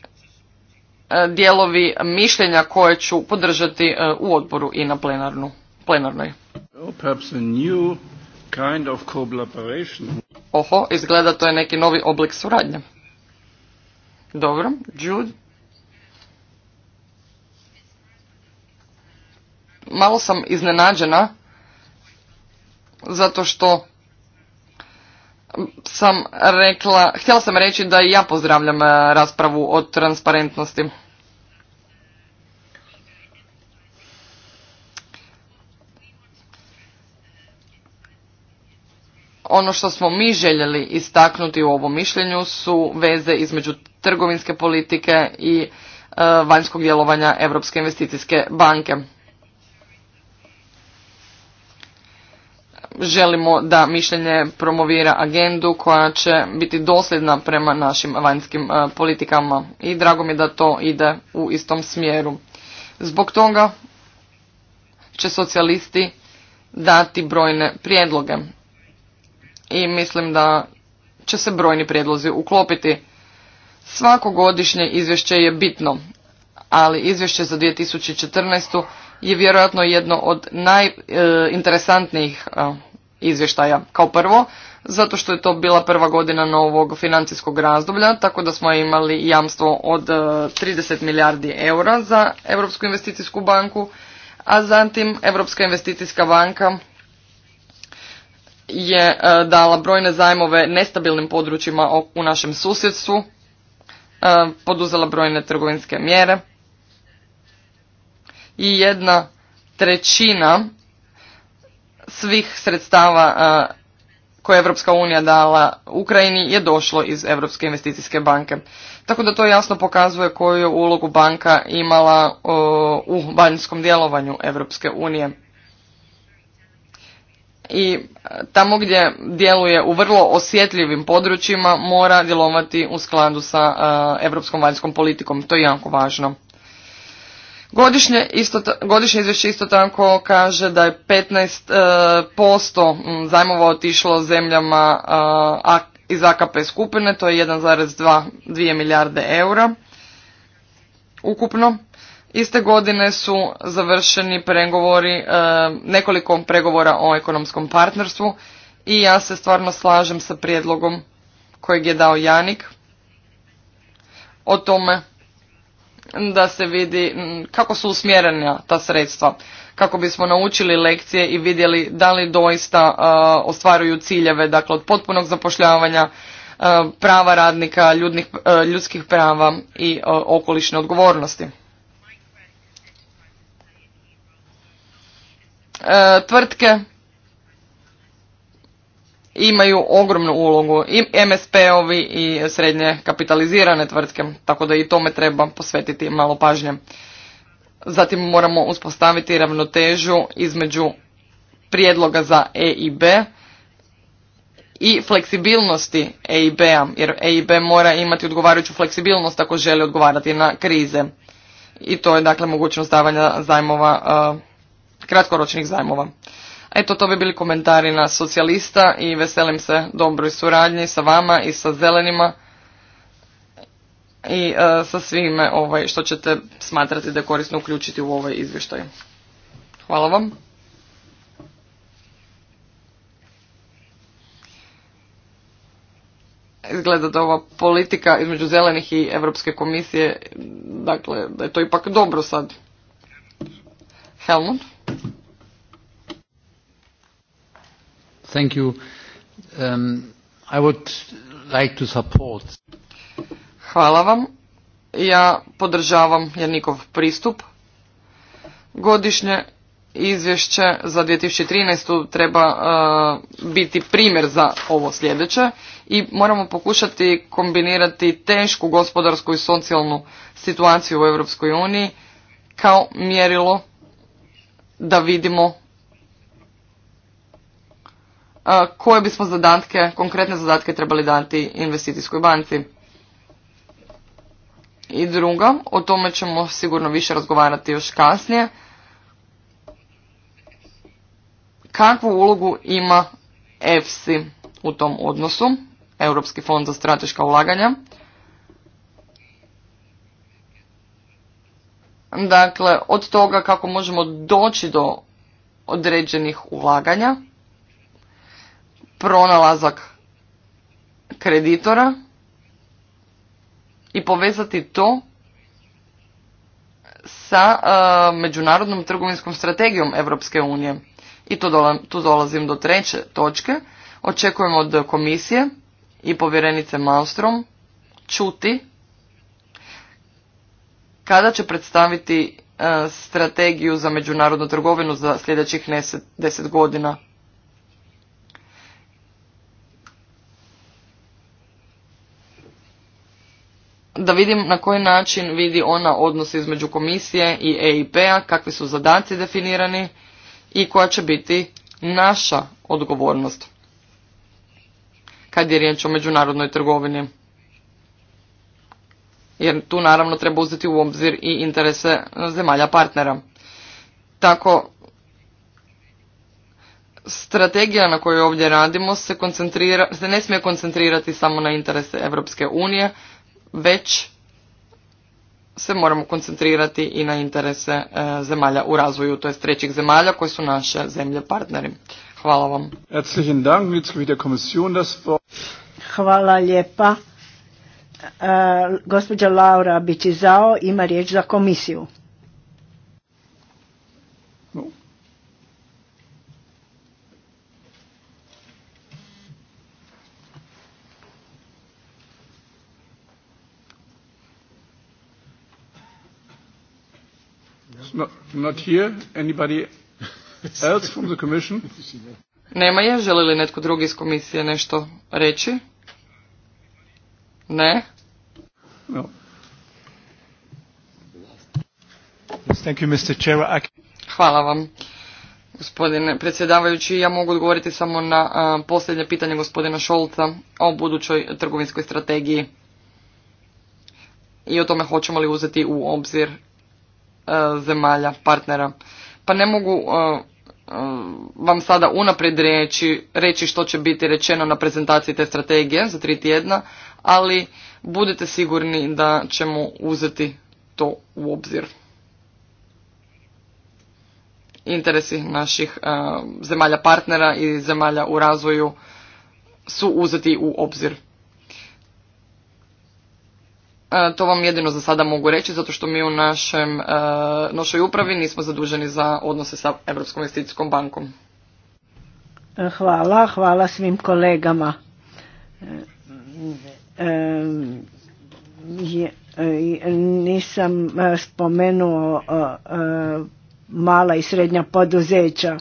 E, dijelovi mišljenja koje ću podržati e, u odboru i na plenarnoj. Oho, izgleda to je neki novi oblik suradnje. Dobro, Jude. Malo sam iznenađena zato što sam rekla, htjela sam reći da i ja pozdravljam e, raspravu o transparentnosti. Ono što smo mi željeli istaknuti u ovom mišljenju su veze između trgovinske politike i e, vanjskog djelovanja Europske investicijske banke. Želimo da mišljenje promovira agendu koja će biti dosljedna prema našim vanjskim e, politikama i drago mi da to ide u istom smjeru. Zbog toga će socijalisti dati brojne prijedloge i mislim da će se brojni prijedlozi uklopiti. Svako godišnje izvješće je bitno, ali izvješće za 2014. je vjerojatno jedno od najinteresantnijih e, izvještaja. Kao prvo, zato što je to bila prva godina novog financijskog razdoblja, tako da smo imali jamstvo od 30 e, milijardi eura za Europsku investicijsku banku, a zatim Europska investicijska banka je e, dala brojne zajmove nestabilnim područjima u našem susjedstvu, e, poduzela brojne trgovinske mjere i jedna trećina svih sredstava e, koje je Evropska unija dala Ukrajini je došlo iz Europske investicijske banke. Tako da to jasno pokazuje koju je ulogu banka imala u vanjskom djelovanju Europske unije i tamo gdje djeluje u vrlo osjetljivim područjima mora djelovati u skladu sa europskom vanjskom politikom. To je jako važno. Godišnje, godišnje izvješće isto tako kaže da je 15% e, zajmova otišlo zemljama e, iz AKP skupine, to je 1,2 milijarde eura ukupno. Iste godine su završeni pregovori, e, nekoliko pregovora o ekonomskom partnerstvu i ja se stvarno slažem sa prijedlogom kojeg je dao Janik o tome da se vidi kako su usmjerena ta sredstva, kako bismo naučili lekcije i vidjeli da li doista e, ostvaruju ciljeve, dakle od potpunog zapošljavanja, e, prava radnika, ljudskih prava i okolišne odgovornosti. E, tvrtke imaju ogromnu ulogu i MSP-ovi i srednje kapitalizirane tvrtke, tako da i tome treba posvetiti malo pažnje. Zatim moramo uspostaviti ravnotežu između prijedloga za EIB i fleksibilnosti EIB-a, jer EIB mora imati odgovarajuću fleksibilnost ako želi odgovarati na krize. I to je dakle mogućnost davanja zajmova e, kratkoročnih zajmova. Eto, to bi bili komentari na socijalista i veselim se dobroj suradnji sa vama i sa zelenima i e, sa svime ovaj, što ćete smatrati da je korisno uključiti u ovaj izvještaj. Hvala vam. Izgleda da ova politika između zelenih i Europske komisije, dakle, da je to ipak dobro sad. Helmut? Um, Hvala vam. Ja podržavam Janikov pristup. Godišnje izvješće za 2013. treba uh, biti primjer za ovo sljedeće i moramo pokušati kombinirati tešku gospodarsku i socijalnu situaciju u Europskoj uniji kao mjerilo da vidimo koje bismo zadatke, konkretne zadatke trebali dati investicijskoj banci. I druga, o tome ćemo sigurno više razgovarati još kasnije, kakvu ulogu ima EFSI u tom odnosu, Europski fond za strateška ulaganja. Dakle, od toga kako možemo doći do određenih ulaganja, pronalazak kreditora i povezati to sa e, međunarodnom trgovinskom strategijom Europske unije. I tu dolazim do treće točke. Očekujem od komisije i povjerenice Malstrom čuti kada će predstaviti e, strategiju za međunarodnu trgovinu za sljedećih deset godina. da vidim na koji način vidi ona odnose između komisije i EIP-a, kakvi su zadaci definirani i koja će biti naša odgovornost kad je riječ o međunarodnoj trgovini. Jer tu naravno treba uzeti u obzir i interese zemalja partnera. Tako, strategija na kojoj ovdje radimo se, ne smije koncentrirati samo na interese Europske unije, već se moramo koncentrirati i na interese e, zemalja u razvoju, to jest trećih zemalja koji su naše zemlje partneri. Hvala vam. Hvala lijepa. E, gospođa Laura Bicizao ima riječ za komisiju. Nema je. Želi li netko drugi iz komisije nešto reći? Ne? Hvala vam. Gospodine predsjedavajući, ja mogu odgovoriti samo na posljednje pitanje gospodina Šolca o budućoj trgovinskoj strategiji i o tome hoćemo li uzeti u obzir E, zemalja partnera. Pa ne mogu e, e, vam sada unaprijed reći, reći što će biti rečeno na prezentaciji te strategije za tri tjedna, ali budite sigurni da ćemo uzeti to u obzir. Interesi naših zemalja partnera i zemalja u razvoju su uzeti u obzir. E, to vam jedino za sada mogu reći zato što mi u našem, e, našoj upravi nismo zaduženi za odnose sa Europskom investicijskom bankom. E, hvala, hvala svim kolegama. Nisam spomenuo mala i srednja poduzeća.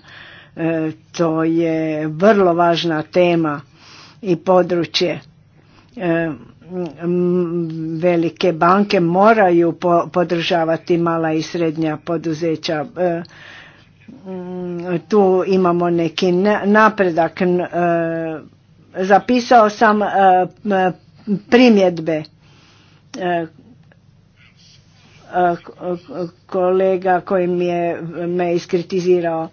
To je vrlo važna tema i područje velike banke moraju podržavati mala i srednja poduzeća. E, tu imamo neki napredak. E, zapisao sam e, primjedbe kolega koji mi je me iskritizirao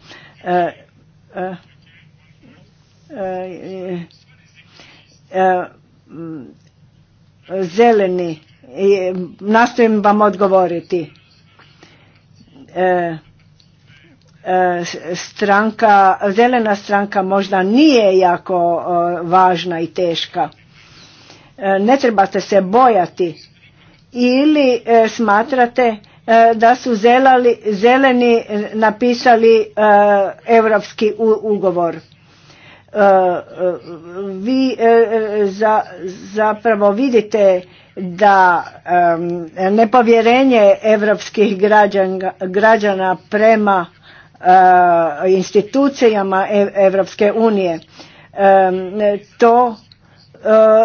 zeleni i nastojim vam odgovoriti. E, e, stranka, zelena stranka možda nije jako e, važna i teška. Ne trebate se bojati ili smatrate da su zeleni napisali europski ugovor E, e, vi e, za, zapravo vidite da nepovjerenje evropskih građana, građana prema institucijama Europske unije to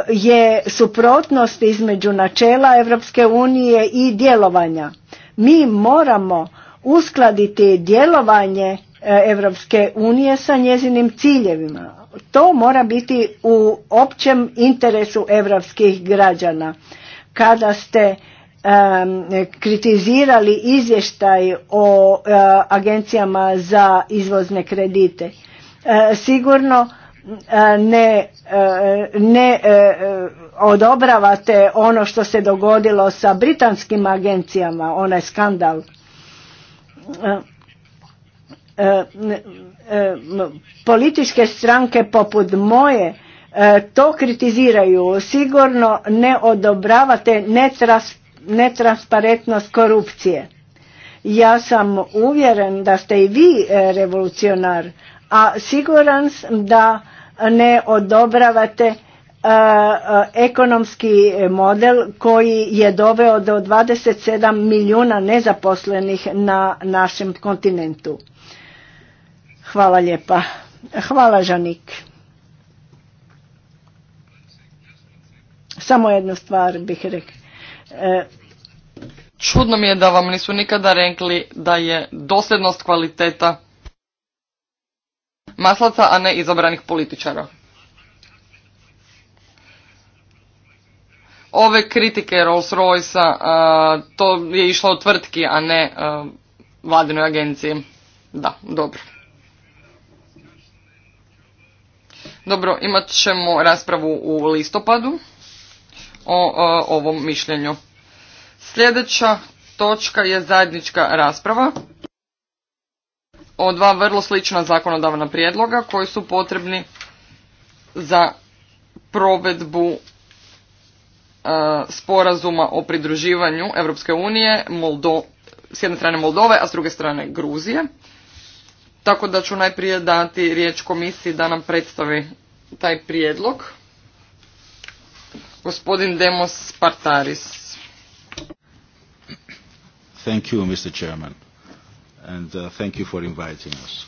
je suprotnost između načela Europske unije i djelovanja. Mi moramo uskladiti djelovanje Europske unije sa njezinim ciljevima. To mora biti u općem interesu europskih građana. Kada ste kritizirali izvještaj o e, agencijama za izvozne kredite, e, sigurno e, ne, ne odobravate ono što se dogodilo sa britanskim agencijama, onaj skandal. E, e, političke stranke poput moje e, to kritiziraju. Sigurno ne odobravate netransparentnost korupcije. Ja sam uvjeren da ste i vi revolucionar, a siguran sam da ne odobravate ekonomski model koji je doveo do 27 milijuna nezaposlenih na našem kontinentu. Hvala lijepa. Hvala Žanik. Samo jednu stvar bih rekla. E, Čudno mi je da vam nisu nikada rekli da je dosljednost kvaliteta maslaca, a ne izabranih političara. Ove kritike Rolls Royce-a, to je išlo od tvrtki, a ne vladinoj agenciji. Da, dobro. Dobro, imat ćemo raspravu u listopadu o, o ovom mišljenju. Sljedeća točka je zajednička rasprava o dva vrlo slična zakonodavna prijedloga koji su potrebni za provedbu e, sporazuma o pridruživanju Europske unije Moldo, s jedne strane Moldove, a s druge strane Gruzije. Tako da ću najprije dati riječ komisiji da nam predstavi taj prijedlog. Gospodin Demos Spartaris. Thank you, Mr. Chairman, and uh, thank you for inviting us.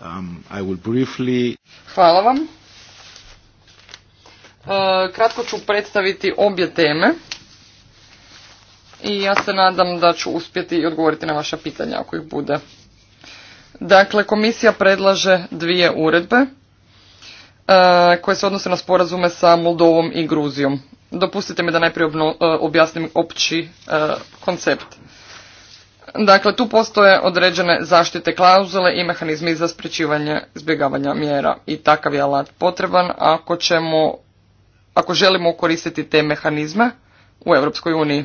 Um, I will briefly... Hvala vam. Uh, kratko ću predstaviti obje teme i ja se nadam da ću uspjeti odgovoriti na vaša pitanja ako ih bude. Dakle, komisija predlaže dvije uredbe e, koje se odnose na sporazume sa Moldovom i Gruzijom. Dopustite mi da najprije e, objasnim opći e, koncept. Dakle, tu postoje određene zaštite klauzule i mehanizmi za sprečivanje izbjegavanja mjera i takav je alat potreban ako, ćemo, ako želimo koristiti te mehanizme u Europskoj uniji.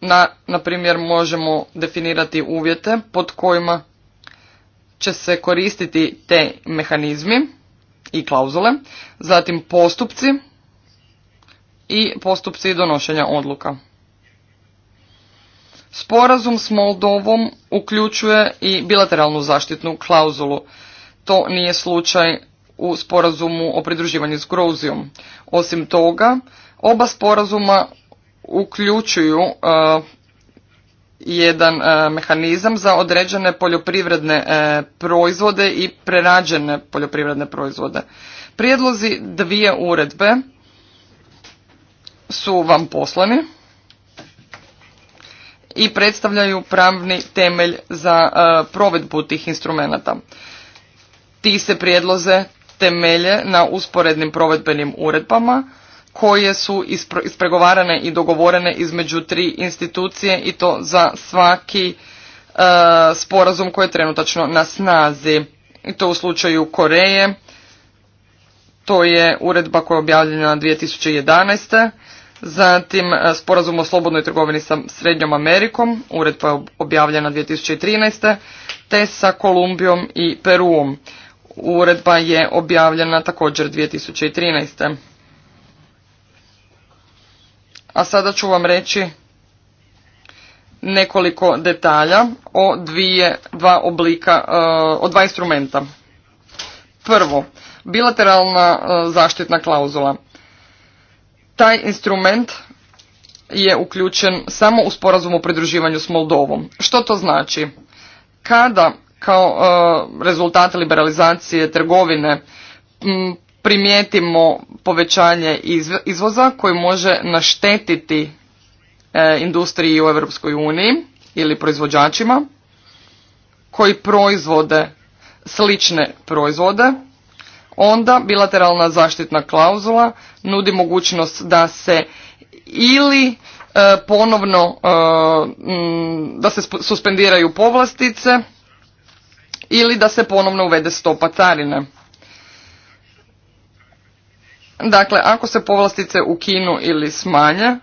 Na, na primjer, možemo definirati uvjete pod kojima će se koristiti te mehanizmi i klauzule, zatim postupci i postupci donošenja odluka. Sporazum s Moldovom uključuje i bilateralnu zaštitnu klauzulu. To nije slučaj u sporazumu o pridruživanju s Grozijom. Osim toga, oba sporazuma uključuju e, jedan e, mehanizam za određene poljoprivredne e, proizvode i prerađene poljoprivredne proizvode. Prijedlozi dvije uredbe su vam poslani i predstavljaju pravni temelj za provedbu tih instrumenata. Ti se prijedloze temelje na usporednim provedbenim uredbama koje su ispregovarane i dogovorene između tri institucije i to za svaki e, sporazum koji je trenutačno na snazi. I to u slučaju Koreje, to je uredba koja je objavljena 2011. Zatim e, sporazum o slobodnoj trgovini sa Srednjom Amerikom, uredba je objavljena 2013. Te sa Kolumbijom i Peruom. Uredba je objavljena također 2013. A sada ću vam reći nekoliko detalja o dvije, dva oblika, e, o dva instrumenta. Prvo, bilateralna e, zaštitna klauzula. Taj instrument je uključen samo u sporazum o pridruživanju s Moldovom. Što to znači? Kada kao e, rezultat liberalizacije trgovine primijetimo povećanje izvoza koji može naštetiti e, industriji u Europskoj uniji ili proizvođačima koji proizvode slične proizvode, onda bilateralna zaštitna klauzula nudi mogućnost da se ili e, ponovno e, da se suspendiraju povlastice ili da se ponovno uvede stopa carine. Dakle, ako se povlastice ukinu ili smanje,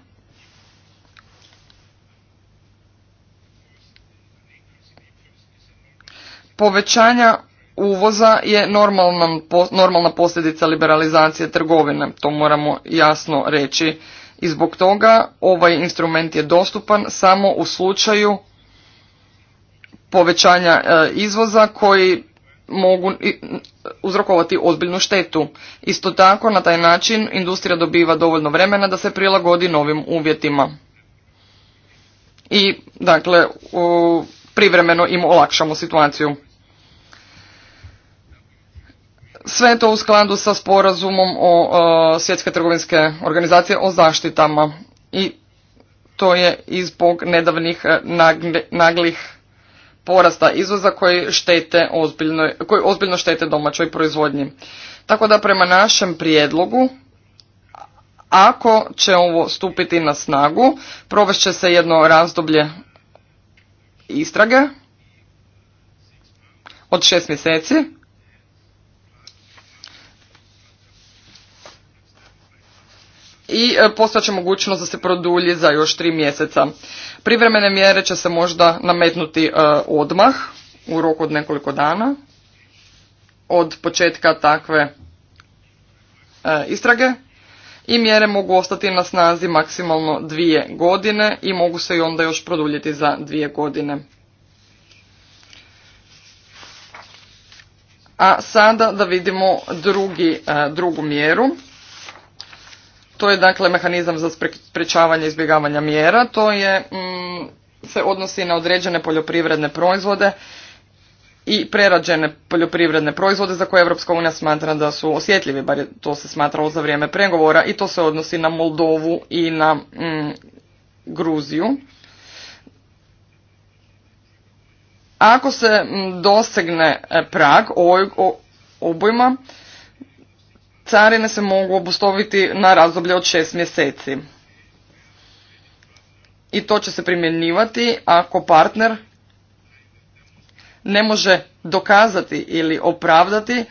povećanja uvoza je normalna, posljedica liberalizacije trgovine, to moramo jasno reći. I zbog toga ovaj instrument je dostupan samo u slučaju povećanja e, izvoza koji mogu uzrokovati ozbiljnu štetu. Isto tako, na taj način industrija dobiva dovoljno vremena da se prilagodi novim uvjetima. I, dakle, privremeno im olakšamo situaciju. Sve to u skladu sa sporazumom o Svjetske trgovinske organizacije o zaštitama. I to je i zbog nedavnih eh, naglih porasta izvoza koji, štete ozbiljno, koji ozbiljno štete domaćoj proizvodnji. Tako da prema našem prijedlogu, ako će ovo stupiti na snagu, provešće se jedno razdoblje istrage od šest mjeseci, i e, će mogućnost da se produlji za još tri mjeseca. Privremene mjere će se možda nametnuti e, odmah u roku od nekoliko dana od početka takve e, istrage i mjere mogu ostati na snazi maksimalno dvije godine i mogu se i onda još produljiti za dvije godine. A sada da vidimo drugi, drugu mjeru to je dakle mehanizam za sprečavanje izbjegavanja mjera, to je mm, se odnosi na određene poljoprivredne proizvode i prerađene poljoprivredne proizvode za koje Europska unija smatra da su osjetljivi, bar je to se smatralo za vrijeme pregovora i to se odnosi na Moldovu i na mm, Gruziju. Ako se mm, dosegne e, prag obojma, carine se mogu obustaviti na razdoblje od šest mjeseci. I to će se primjenjivati ako partner ne može dokazati ili opravdati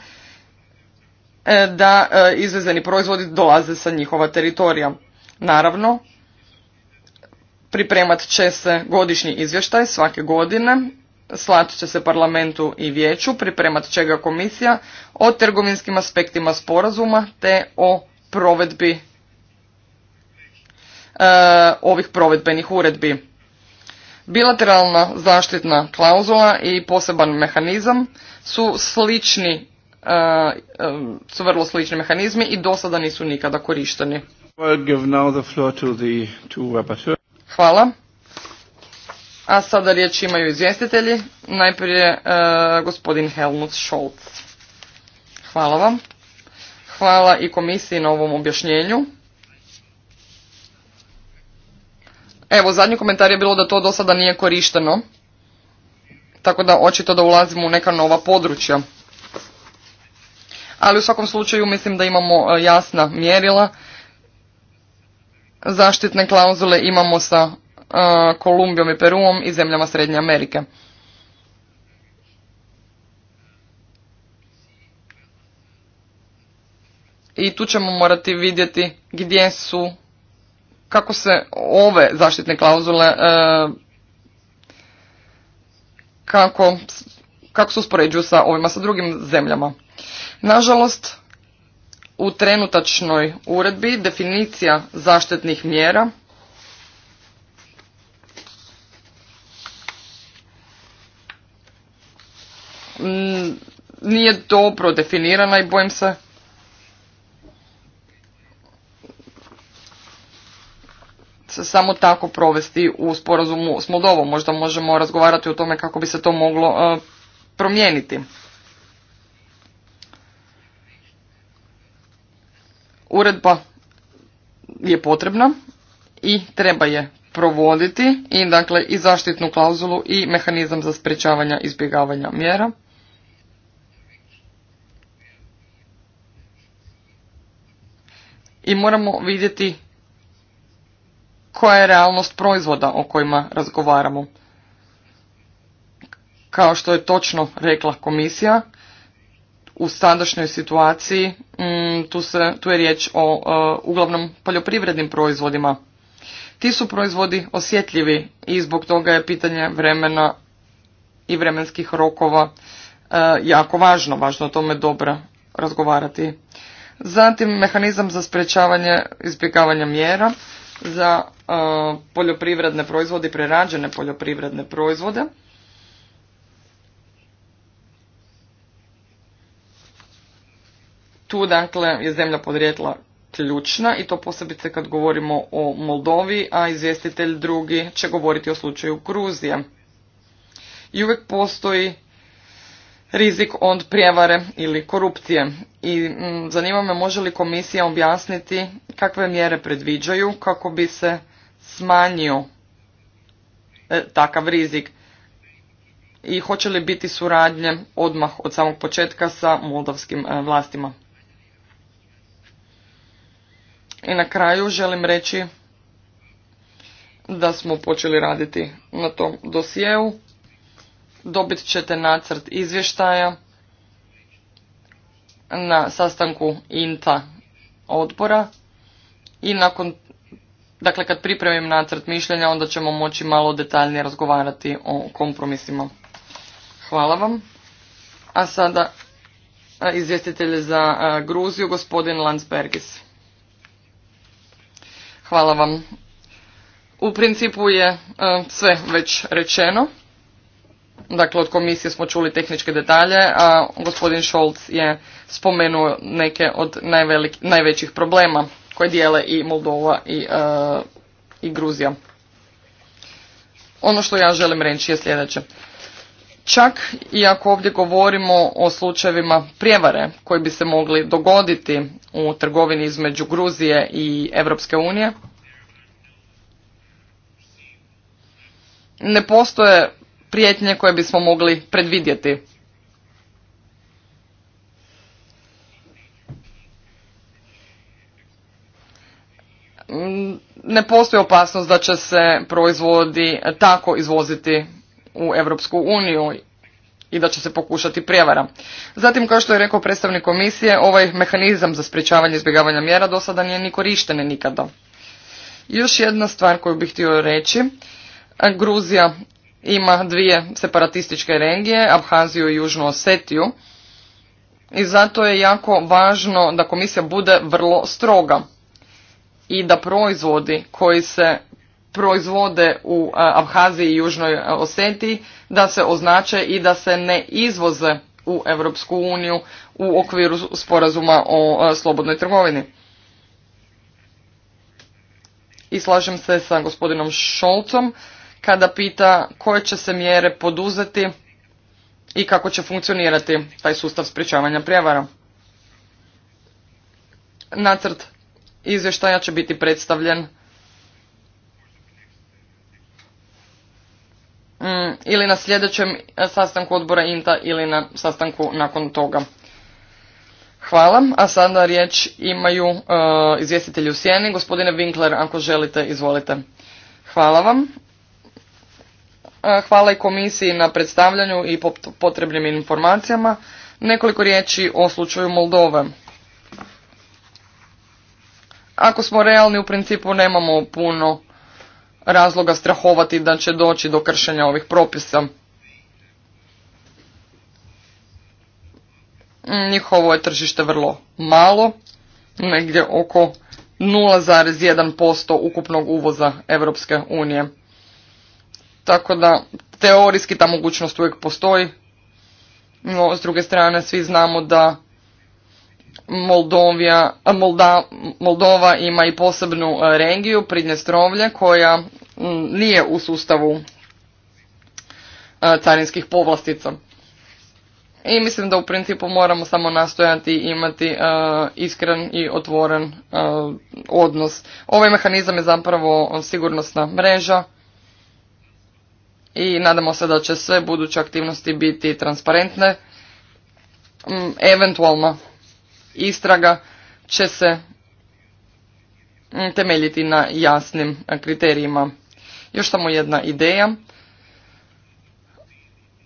e, da e, izvezeni proizvodi dolaze sa njihova teritorija. Naravno, pripremat će se godišnji izvještaj svake godine slat će se parlamentu i vijeću, pripremat će ga komisija o trgovinskim aspektima sporazuma te o provedbi e, ovih provedbenih uredbi. Bilateralna zaštitna klauzula i poseban mehanizam su slični, e, e, su vrlo slični mehanizmi i do sada nisu nikada korišteni. Hvala. A sada riječ imaju izvjestitelji. Najprije e, gospodin Helmut Scholz. Hvala vam. Hvala i komisiji na ovom objašnjenju. Evo, zadnji komentar je bilo da to do sada nije korišteno. Tako da očito da ulazimo u neka nova područja. Ali u svakom slučaju mislim da imamo e, jasna mjerila. Zaštitne klauzule imamo sa Kolumbijom i Peruom i zemljama Srednje Amerike. I tu ćemo morati vidjeti gdje su, kako se ove zaštitne klauzule, e, kako, kako se uspoređuju sa ovima sa drugim zemljama. Nažalost, u trenutačnoj uredbi definicija zaštitnih mjera Mm, nije dobro definirana i bojim se se samo tako provesti u sporazumu s Moldovom. Možda možemo razgovarati o tome kako bi se to moglo e, promijeniti. Uredba je potrebna i treba je provoditi i dakle i zaštitnu klauzulu i mehanizam za sprečavanje izbjegavanja mjera. i moramo vidjeti koja je realnost proizvoda o kojima razgovaramo. Kao što je točno rekla komisija, u sadašnjoj situaciji mm, tu, se, tu je riječ o e, uglavnom poljoprivrednim proizvodima. Ti su proizvodi osjetljivi i zbog toga je pitanje vremena i vremenskih rokova e, jako važno, važno o tome dobro razgovarati zatim mehanizam za sprječavanje izbjegavanja mjera za e, poljoprivredne proizvode i prerađene poljoprivredne proizvode. Tu dakle je zemlja podrijetla ključna i to posebice kad govorimo o Moldovi, a izvjestitelj drugi će govoriti o slučaju Gruzije. I uvijek postoji rizik od prijevare ili korupcije. I mm, zanima me može li komisija objasniti kakve mjere predviđaju kako bi se smanjio e, takav rizik i hoće li biti suradnje odmah od samog početka sa moldavskim e, vlastima. I na kraju želim reći da smo počeli raditi na tom dosjeu dobit ćete nacrt izvještaja na sastanku INTA odbora i nakon, dakle kad pripremim nacrt mišljenja onda ćemo moći malo detaljnije razgovarati o kompromisima. Hvala vam. A sada izvjestitelj za Gruziju, gospodin Landsbergis. Hvala vam. U principu je sve već rečeno. Dakle, od komisije smo čuli tehničke detalje, a gospodin Scholz je spomenuo neke od najvelik, najvećih problema koje dijele i Moldova i, e, i Gruzija. Ono što ja želim reći je sljedeće. Čak i ako ovdje govorimo o slučajevima prijevare koji bi se mogli dogoditi u trgovini između Gruzije i Europske unije, ne postoje prijetnje koje bismo mogli predvidjeti. Mm, ne postoji opasnost da će se proizvodi tako izvoziti u Europsku uniju i da će se pokušati prijevara. Zatim, kao što je rekao predstavnik komisije, ovaj mehanizam za sprječavanje izbjegavanja mjera do sada nije ni korišten nikada. Još jedna stvar koju bih htio reći. Gruzija ima dvije separatističke regije, Abhaziju i Južnu Osetiju. I zato je jako važno da komisija bude vrlo stroga i da proizvodi koji se proizvode u Abhaziji i Južnoj Osetiji da se označe i da se ne izvoze u Europsku uniju u okviru sporazuma o slobodnoj trgovini. I slažem se sa gospodinom Šolcom kada pita koje će se mjere poduzeti i kako će funkcionirati taj sustav sprječavanja prijevara. Nacrt izvještaja će biti predstavljen mm, ili na sljedećem e, sastanku odbora INTA ili na sastanku nakon toga. Hvala, a sada riječ imaju e, izvjestitelji u sjeni. Gospodine Winkler, ako želite, izvolite. Hvala vam. E, hvala i komisiji na predstavljanju i potrebnim informacijama. Nekoliko riječi o slučaju Moldove. Ako smo realni, u principu nemamo puno razloga strahovati da će doći do kršenja ovih propisa. Njihovo je tržište vrlo malo, negdje oko 0,1% ukupnog uvoza Europske unije. Tako da teorijski ta mogućnost uvijek postoji. No, s druge strane svi znamo da Moldovija, Molda, Moldova ima i posebnu e, regiju, Pridnjestrovlje, koja nije u sustavu e, carinskih povlastica. I mislim da u principu moramo samo nastojati imati e, iskren i otvoren odnos. Ovaj mehanizam je zapravo sigurnosna mreža i nadamo se da će sve buduće aktivnosti biti transparentne. Mm, Eventualna istraga će se mm, temeljiti na jasnim e, kriterijima. Još samo jedna ideja.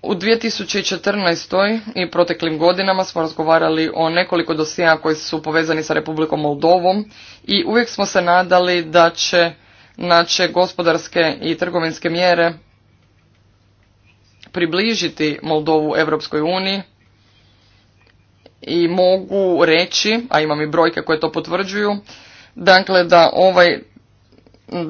U 2014. i proteklim godinama smo razgovarali o nekoliko dosija koji su povezani sa Republikom Moldovom i uvijek smo se nadali da će naše gospodarske i trgovinske mjere približiti Moldovu Europskoj uniji i mogu reći, a imam i brojke koje to potvrđuju, dakle da ovaj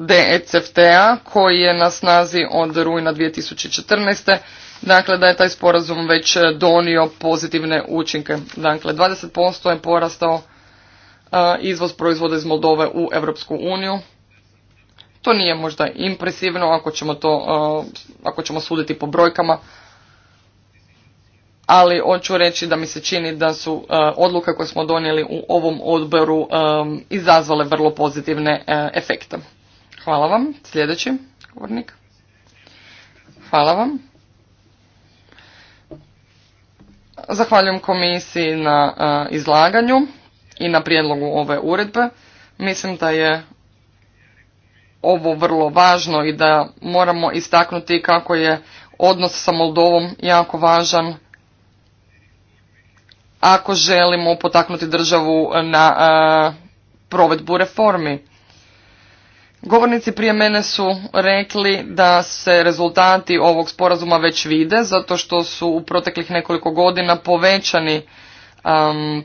DECFTA koji je na snazi od rujna 2014. Dakle, da je taj sporazum već donio pozitivne učinke. Dakle, 20% je porastao izvoz proizvoda iz Moldove u Europsku uniju to nije možda impresivno ako ćemo to, e, ako ćemo suditi po brojkama, ali hoću reći da mi se čini da su e, odluke koje smo donijeli u ovom odboru e, izazvale vrlo pozitivne efekte. Hvala vam. Sljedeći govornik. Hvala vam. Zahvaljujem komisiji na izlaganju i na prijedlogu ove uredbe. Mislim da je ovo vrlo važno i da moramo istaknuti kako je odnos sa Moldovom jako važan ako želimo potaknuti državu na e, provedbu reformi. Govornici prije mene su rekli da se rezultati ovog sporazuma već vide zato što su u proteklih nekoliko godina povećani,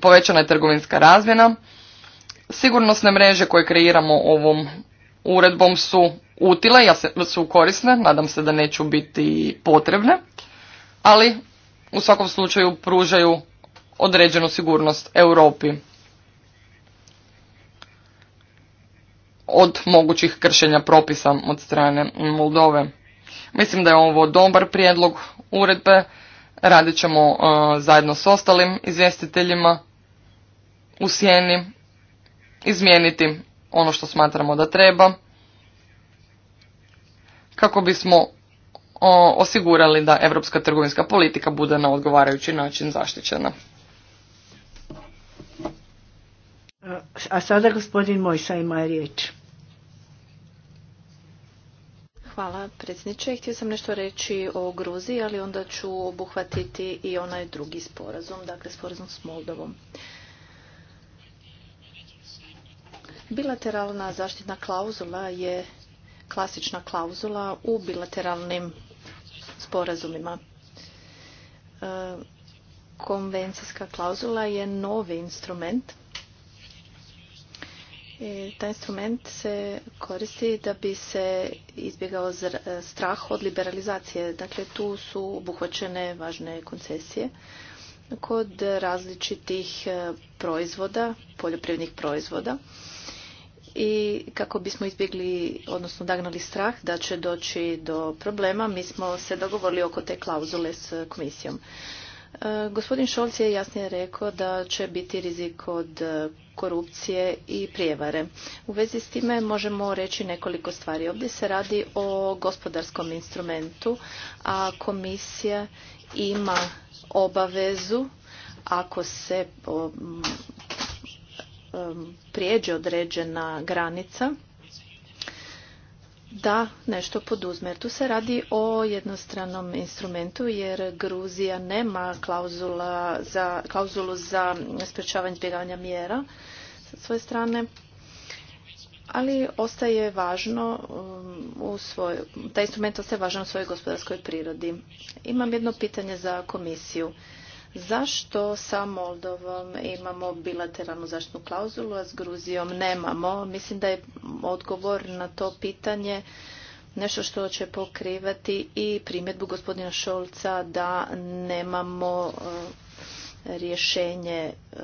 povećana je trgovinska razmjena. Sigurnosne mreže koje kreiramo ovom uredbom su utile, ja se, su korisne, nadam se da neću biti potrebne, ali u svakom slučaju pružaju određenu sigurnost Europi od mogućih kršenja propisa od strane Moldove. Mislim da je ovo dobar prijedlog uredbe, radit ćemo e, zajedno s ostalim izvjestiteljima u sjeni, izmijeniti ono što smatramo da treba kako bismo osigurali da europska trgovinska politika bude na odgovarajući način zaštićena. A sada gospodin Mojsa ima riječ. Hvala predsjedniče. Htio sam nešto reći o Gruziji, ali onda ću obuhvatiti i onaj drugi sporazum, dakle sporazum s Moldovom. Bilateralna zaštitna klauzula je klasična klauzula u bilateralnim sporazumima. E, konvencijska klauzula je novi instrument. I e, taj instrument se koristi da bi se izbjegao strah od liberalizacije. Dakle, tu su obuhvaćene važne koncesije kod različitih e, proizvoda, poljoprivrednih proizvoda i kako bismo izbjegli, odnosno dagnali strah da će doći do problema, mi smo se dogovorili oko te klauzule s komisijom. E, gospodin Šolc je jasnije rekao da će biti rizik od e, korupcije i prijevare. U vezi s time možemo reći nekoliko stvari. Ovdje se radi o gospodarskom instrumentu, a komisija ima obavezu ako se prijeđe određena granica da nešto poduzme. tu se radi o jednostranom instrumentu jer Gruzija nema klauzula za, klauzulu za sprečavanje izbjegavanja mjera sa svoje strane. Ali ostaje važno u svoj, taj instrument ostaje važan u svojoj gospodarskoj prirodi. Imam jedno pitanje za komisiju. Zašto sa Moldovom imamo bilateralnu zaštitnu klauzulu, a s Gruzijom nemamo? Mislim da je odgovor na to pitanje nešto što će pokrivati i primjedbu gospodina Šolca da nemamo e, rješenje e,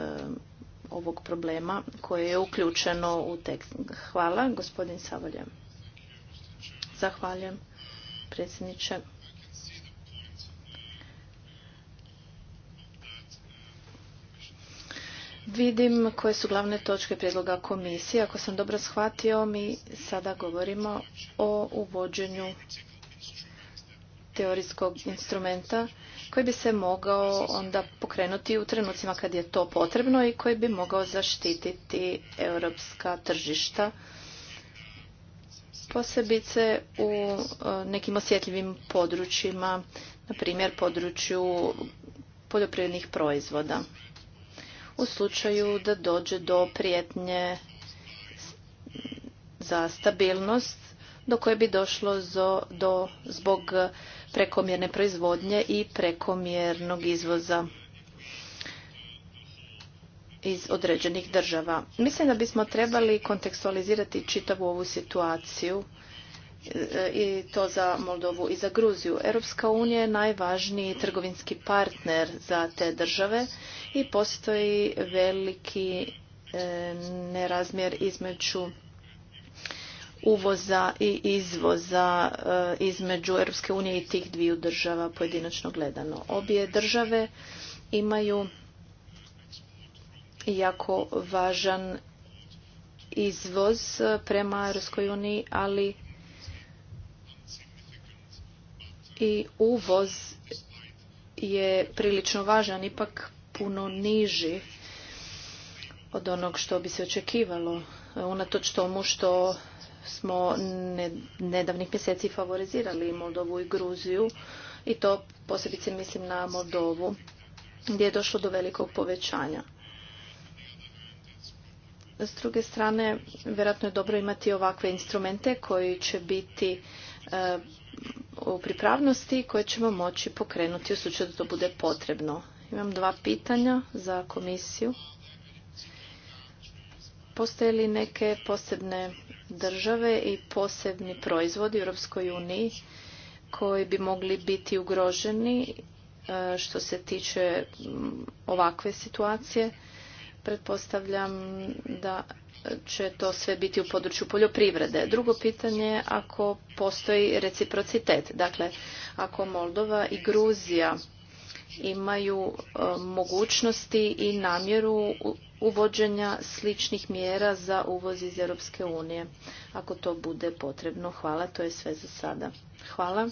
ovog problema koje je uključeno u tekst. Hvala, gospodin savoljem Zahvaljujem, predsjedniče. Vidim koje su glavne točke prijedloga komisije. Ako sam dobro shvatio, mi sada govorimo o uvođenju teorijskog instrumenta koji bi se mogao onda pokrenuti u trenucima kad je to potrebno i koji bi mogao zaštititi europska tržišta posebice u e, nekim osjetljivim područjima, na primjer području poljoprivrednih proizvoda u slučaju da dođe do prijetnje za stabilnost do koje bi došlo do, zbog prekomjerne proizvodnje i prekomjernog izvoza iz određenih država. Mislim da bismo trebali kontekstualizirati čitavu ovu situaciju e, i to za Moldovu i za Gruziju. Europska unija je najvažniji trgovinski partner za te države i postoji veliki e, nerazmjer između uvoza i izvoza e, između Europske unije i tih dviju država pojedinačno gledano. Obje države imaju jako važan izvoz e, prema Europskoj uniji, ali i uvoz je prilično važan ipak puno niži od onog što bi se očekivalo, unatoč tomu što smo nedavnih mjeseci favorizirali Moldovu i Gruziju i to posebice mislim na Moldovu gdje je došlo do velikog povećanja. S druge strane, vjerojatno je dobro imati ovakve instrumente koji će biti e, u pripravnosti koje ćemo moći pokrenuti u slučaju da to bude potrebno. Imam dva pitanja za komisiju. Postoje li neke posebne države i posebni proizvodi u Europskoj uniji koji bi mogli biti ugroženi e, što se tiče mm, ovakve situacije? Pretpostavljam da će to sve biti u području poljoprivrede. Drugo pitanje je ako postoji reciprocitet. Dakle, ako Moldova i Gruzija imaju e, mogućnosti i namjeru uvođenja sličnih mjera za uvoz iz Europske unije, ako to bude potrebno. Hvala, to je sve za sada. Hvala.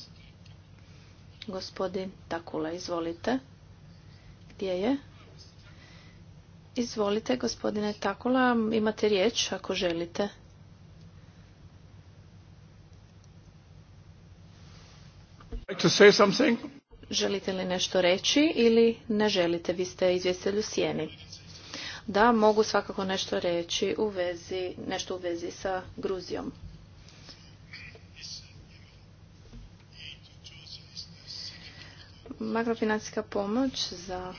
Gospodin Takula, izvolite. Gdje je? Izvolite, gospodine Takula, imate riječ ako želite. Like to say Želite li nešto reći ili ne želite? Vi ste izvjestitelj u sjeni. Da, mogu svakako nešto reći u vezi, nešto u vezi sa Gruzijom. Makrofinansijska pomoć za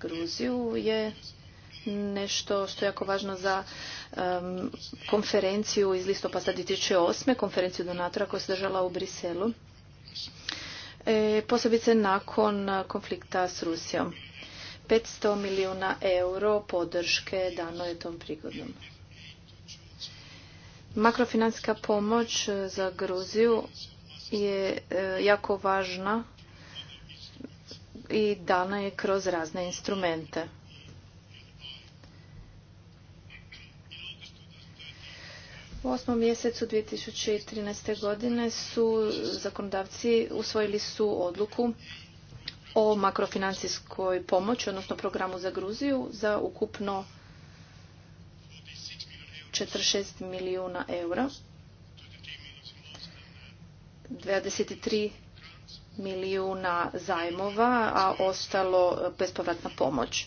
Gruziju je nešto što je jako važno za konferenciju iz listopada 2008. konferenciju donatora koja se držala u Briselu E, posebice nakon konflikta s Rusijom. 500 milijuna euro podrške dano je tom prigodom. Makrofinanska pomoć za Gruziju je e, jako važna i dana je kroz razne instrumente. U osmom mjesecu 2013. godine su zakonodavci usvojili su odluku o makrofinancijskoj pomoći, odnosno programu za Gruziju za ukupno 46 milijuna eura. 23 milijuna zajmova, a ostalo bespovratna pomoć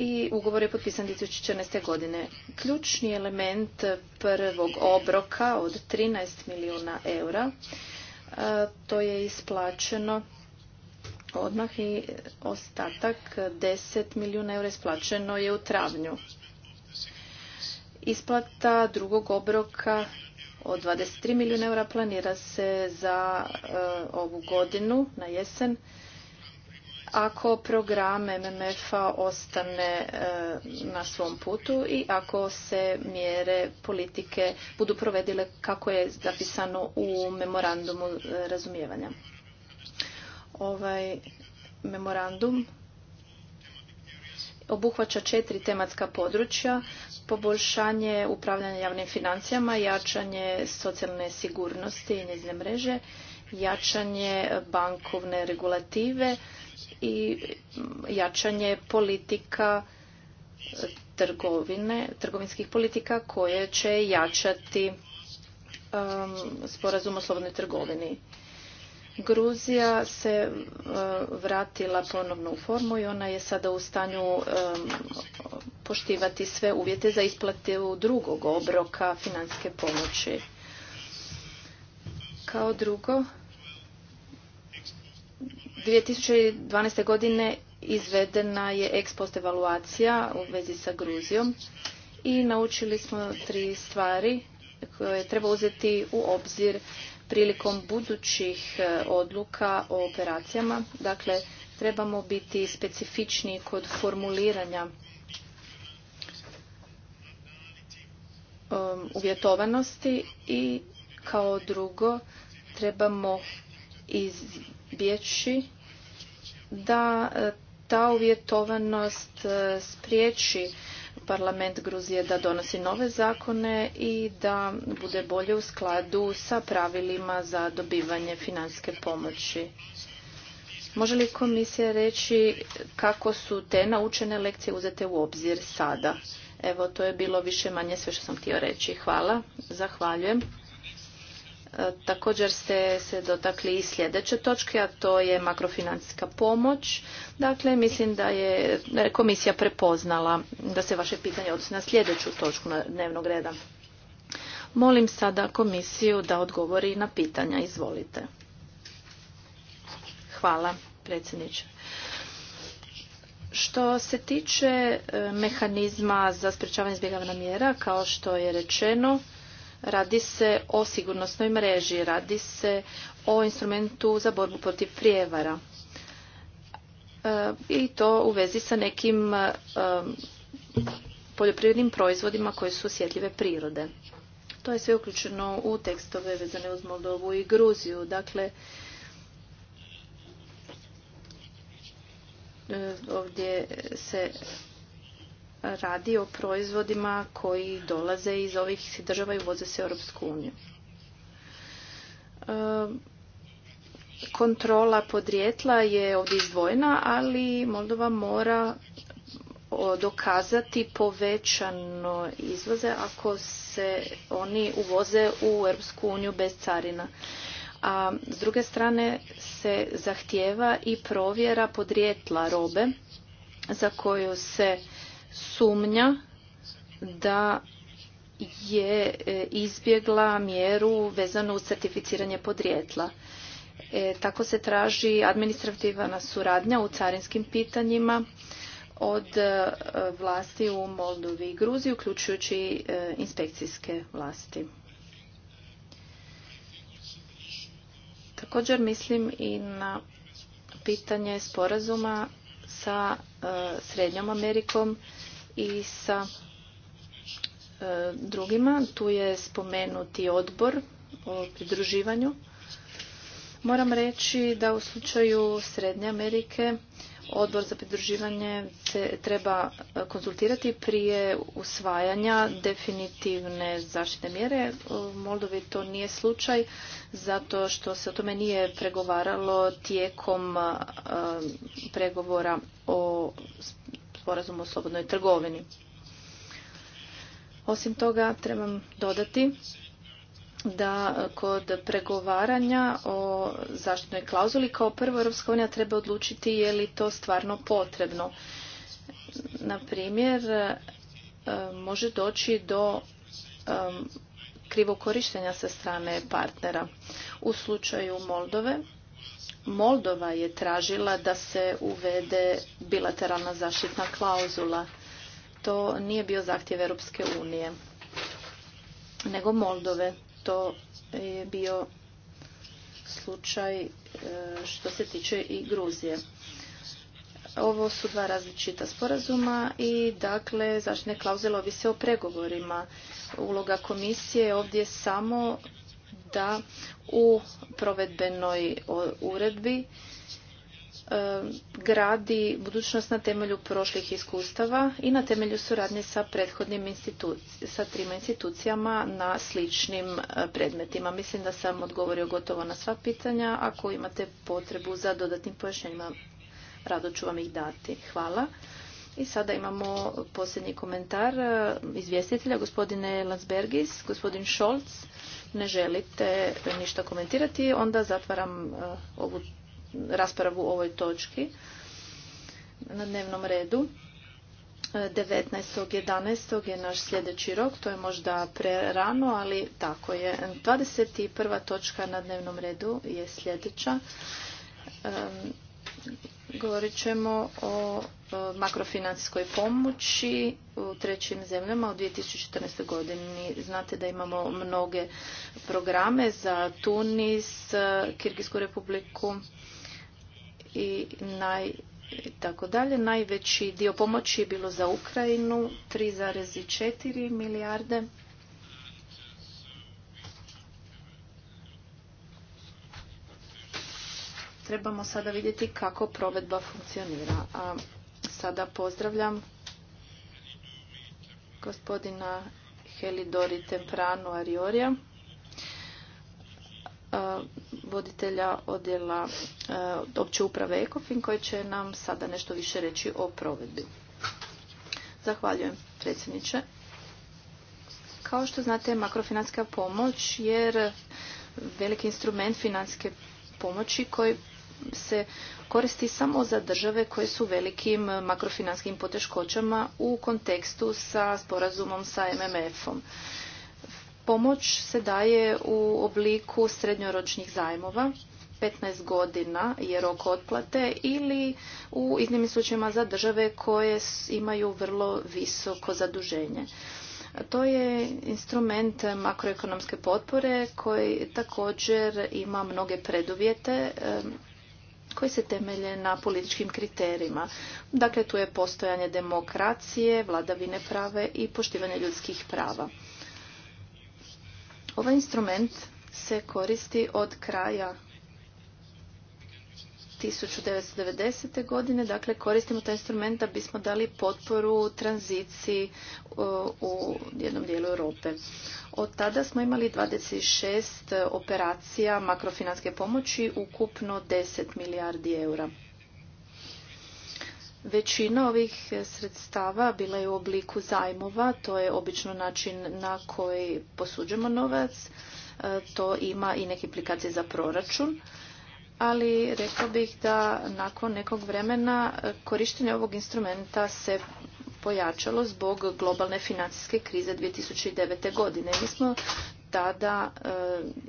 i ugovor je potpisan 2014. godine. Ključni element prvog obroka od 13 milijuna eura, to je isplaćeno odmah i ostatak 10 milijuna eura isplaćeno je u travnju. Isplata drugog obroka od 23 milijuna eura planira se za ovu godinu na jesen ako program MMF-a ostane e, na svom putu i ako se mjere politike budu provedile kako je zapisano u memorandumu e, razumijevanja. Ovaj memorandum obuhvaća četiri tematska područja, poboljšanje upravljanja javnim financijama, jačanje socijalne sigurnosti i njezine mreže, jačanje bankovne regulative, i jačanje politika e, trgovine, trgovinskih politika koje će jačati sporazum o slobodnoj trgovini. Gruzija se e, vratila ponovno u formu i ona je sada u stanju poštivati sve uvjete za isplatu drugog obroka financijske pomoći. Kao drugo, 2012. godine izvedena je ex post evaluacija u vezi sa Gruzijom i naučili smo tri stvari koje treba uzeti u obzir prilikom budućih e, odluka o operacijama. Dakle, trebamo biti specifični kod formuliranja uvjetovanosti i kao drugo trebamo iz bjeći da e, ta uvjetovanost e, spriječi parlament Gruzije da donosi nove zakone i da bude bolje u skladu sa pravilima za dobivanje financijske pomoći. Može li komisija reći kako su te naučene lekcije uzete u obzir sada? Evo, to je bilo više manje sve što sam htio reći. Hvala, zahvaljujem. E, također ste se dotakli i sljedeće točke, a to je makrofinancijska pomoć. Dakle, mislim da je komisija prepoznala da se vaše pitanje odnosi na sljedeću točku dnevnog reda. Molim sada komisiju da odgovori na pitanja. Izvolite. Hvala, predsjedniče. Što se tiče e, mehanizma za sprečavanje izbjegavanja mjera, kao što je rečeno, Radi se o sigurnosnoj mreži, radi se o instrumentu za borbu protiv prijevara e, i to u vezi sa nekim e, poljoprivrednim proizvodima koji su osjetljive prirode. To je sve uključeno u tekstove vezane uz Moldovu i Gruziju. Dakle, e, ovdje se radi o proizvodima koji dolaze iz ovih država i uvoze se u Europsku uniju. E, kontrola podrijetla je ovdje izdvojena, ali Moldova mora dokazati povećano izvoze ako se oni uvoze u Europsku uniju bez carina. A s druge strane se zahtijeva i provjera podrijetla robe za koju se sumnja da je e, izbjegla mjeru vezanu uz certificiranje podrijetla. E, tako se traži administrativna suradnja u carinskim pitanjima od e, vlasti u Moldovi i Gruziji, uključujući inspekcijske vlasti. Također mislim i na pitanje sporazuma sa Srednjom Amerikom i sa e, drugima. Tu je spomenuti odbor o pridruživanju. Moram reći da u slučaju Srednje Amerike odbor za pridruživanje se treba konzultirati prije usvajanja definitivne zaštite mjere. U Moldovi to nije slučaj zato što se o tome nije pregovaralo tijekom e, pregovora o sporazum o slobodnoj trgovini. Osim toga, trebam dodati da kod pregovaranja o zaštitnoj klauzuli kao prvo Europska unija treba odlučiti je li to stvarno potrebno. Na primjer, e, može doći do e, krivog sa strane partnera. U slučaju Moldove Moldova je tražila da se uvede bilateralna zaštitna klauzula. To nije bio zahtjev Europske unije, nego Moldove. To je bio slučaj e, što se tiče i Gruzije. Ovo su dva različita sporazuma i dakle zaštitne klauzule ovise o pregovorima. Uloga komisije je ovdje samo da u provedbenoj uredbi e, gradi budućnost na temelju prošlih iskustava i na temelju suradnje sa prethodnim institucijama, sa trima institucijama na sličnim e, predmetima. Mislim da sam odgovorio gotovo na sva pitanja. Ako imate potrebu za dodatnim pojašnjenjima, rado ću vam ih dati. Hvala. I sada imamo posljednji komentar e, izvjestitelja, gospodine Lansbergis, gospodin Scholz ne želite ništa komentirati, onda zatvaram eh, ovu raspravu ovoj točki na dnevnom redu. 19.11. Eh, je naš sljedeći rok, to je možda prerano, ali tako je. 21. točka na dnevnom redu je sljedeća. govorit ćemo o makrofinancijskoj pomoći u trećim zemljama u 2014. godini. Znate da imamo mnoge programe za Tunis, Kirgijsku republiku i naj, tako dalje. Najveći dio pomoći je bilo za Ukrajinu, 3,4 milijarde. trebamo sada vidjeti kako provedba funkcionira. A sada pozdravljam gospodina Helidori Tempranu Ariorija, e, voditelja odjela e, opće uprave ECOFIN koji će nam sada nešto više reći o provedbi. Zahvaljujem predsjedniče. Kao što znate, makrofinanska pomoć je veliki instrument financijske pomoći koji se koristi samo za države koje su velikim makrofinanskim poteškoćama u kontekstu sa sporazumom sa MMF-om. Pomoć se daje u obliku srednjoročnih zajmova, 15 godina je rok otplate ili u iznimnim slučajima za države koje imaju vrlo visoko zaduženje. To je instrument makroekonomske potpore koji također ima mnoge preduvjete koji se temelje na političkim kriterijima. Dakle, tu je postojanje demokracije, vladavine prave i poštivanje ljudskih prava. Ovaj instrument se koristi od kraja 1990. godine. Dakle, koristimo taj instrument da bismo dali potporu tranziciji u jednom dijelu Europe. Od tada smo imali 26 operacija makrofinanske pomoći, ukupno 10 milijardi eura. Većina ovih sredstava bila je u obliku zajmova, to je obično način na koji posuđemo novac, e, to ima i neke implikacije za proračun ali rekao bih da nakon nekog vremena e, korištenje ovog instrumenta se pojačalo zbog globalne financijske krize 2009. godine. Mi smo tada e,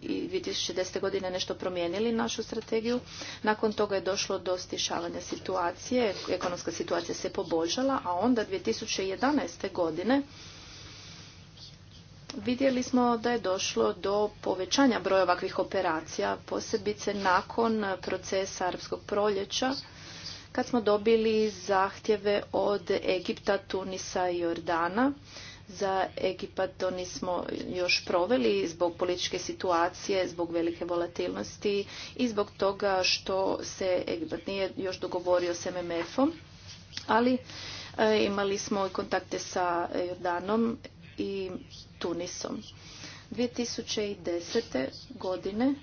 i 2010. godine nešto promijenili našu strategiju. Nakon toga je došlo do stišavanja situacije, ekonomska situacija se poboljšala, a onda 2011. godine vidjeli smo da je došlo do povećanja broja ovakvih operacija, posebice nakon procesa arapskog proljeća, kad smo dobili zahtjeve od Egipta, Tunisa i Jordana. Za Egipat to nismo još proveli zbog političke situacije, zbog velike volatilnosti i zbog toga što se Egipat nije još dogovorio s MMF-om, ali e, Imali smo i kontakte sa Jordanom i Tunisom. 2010. godine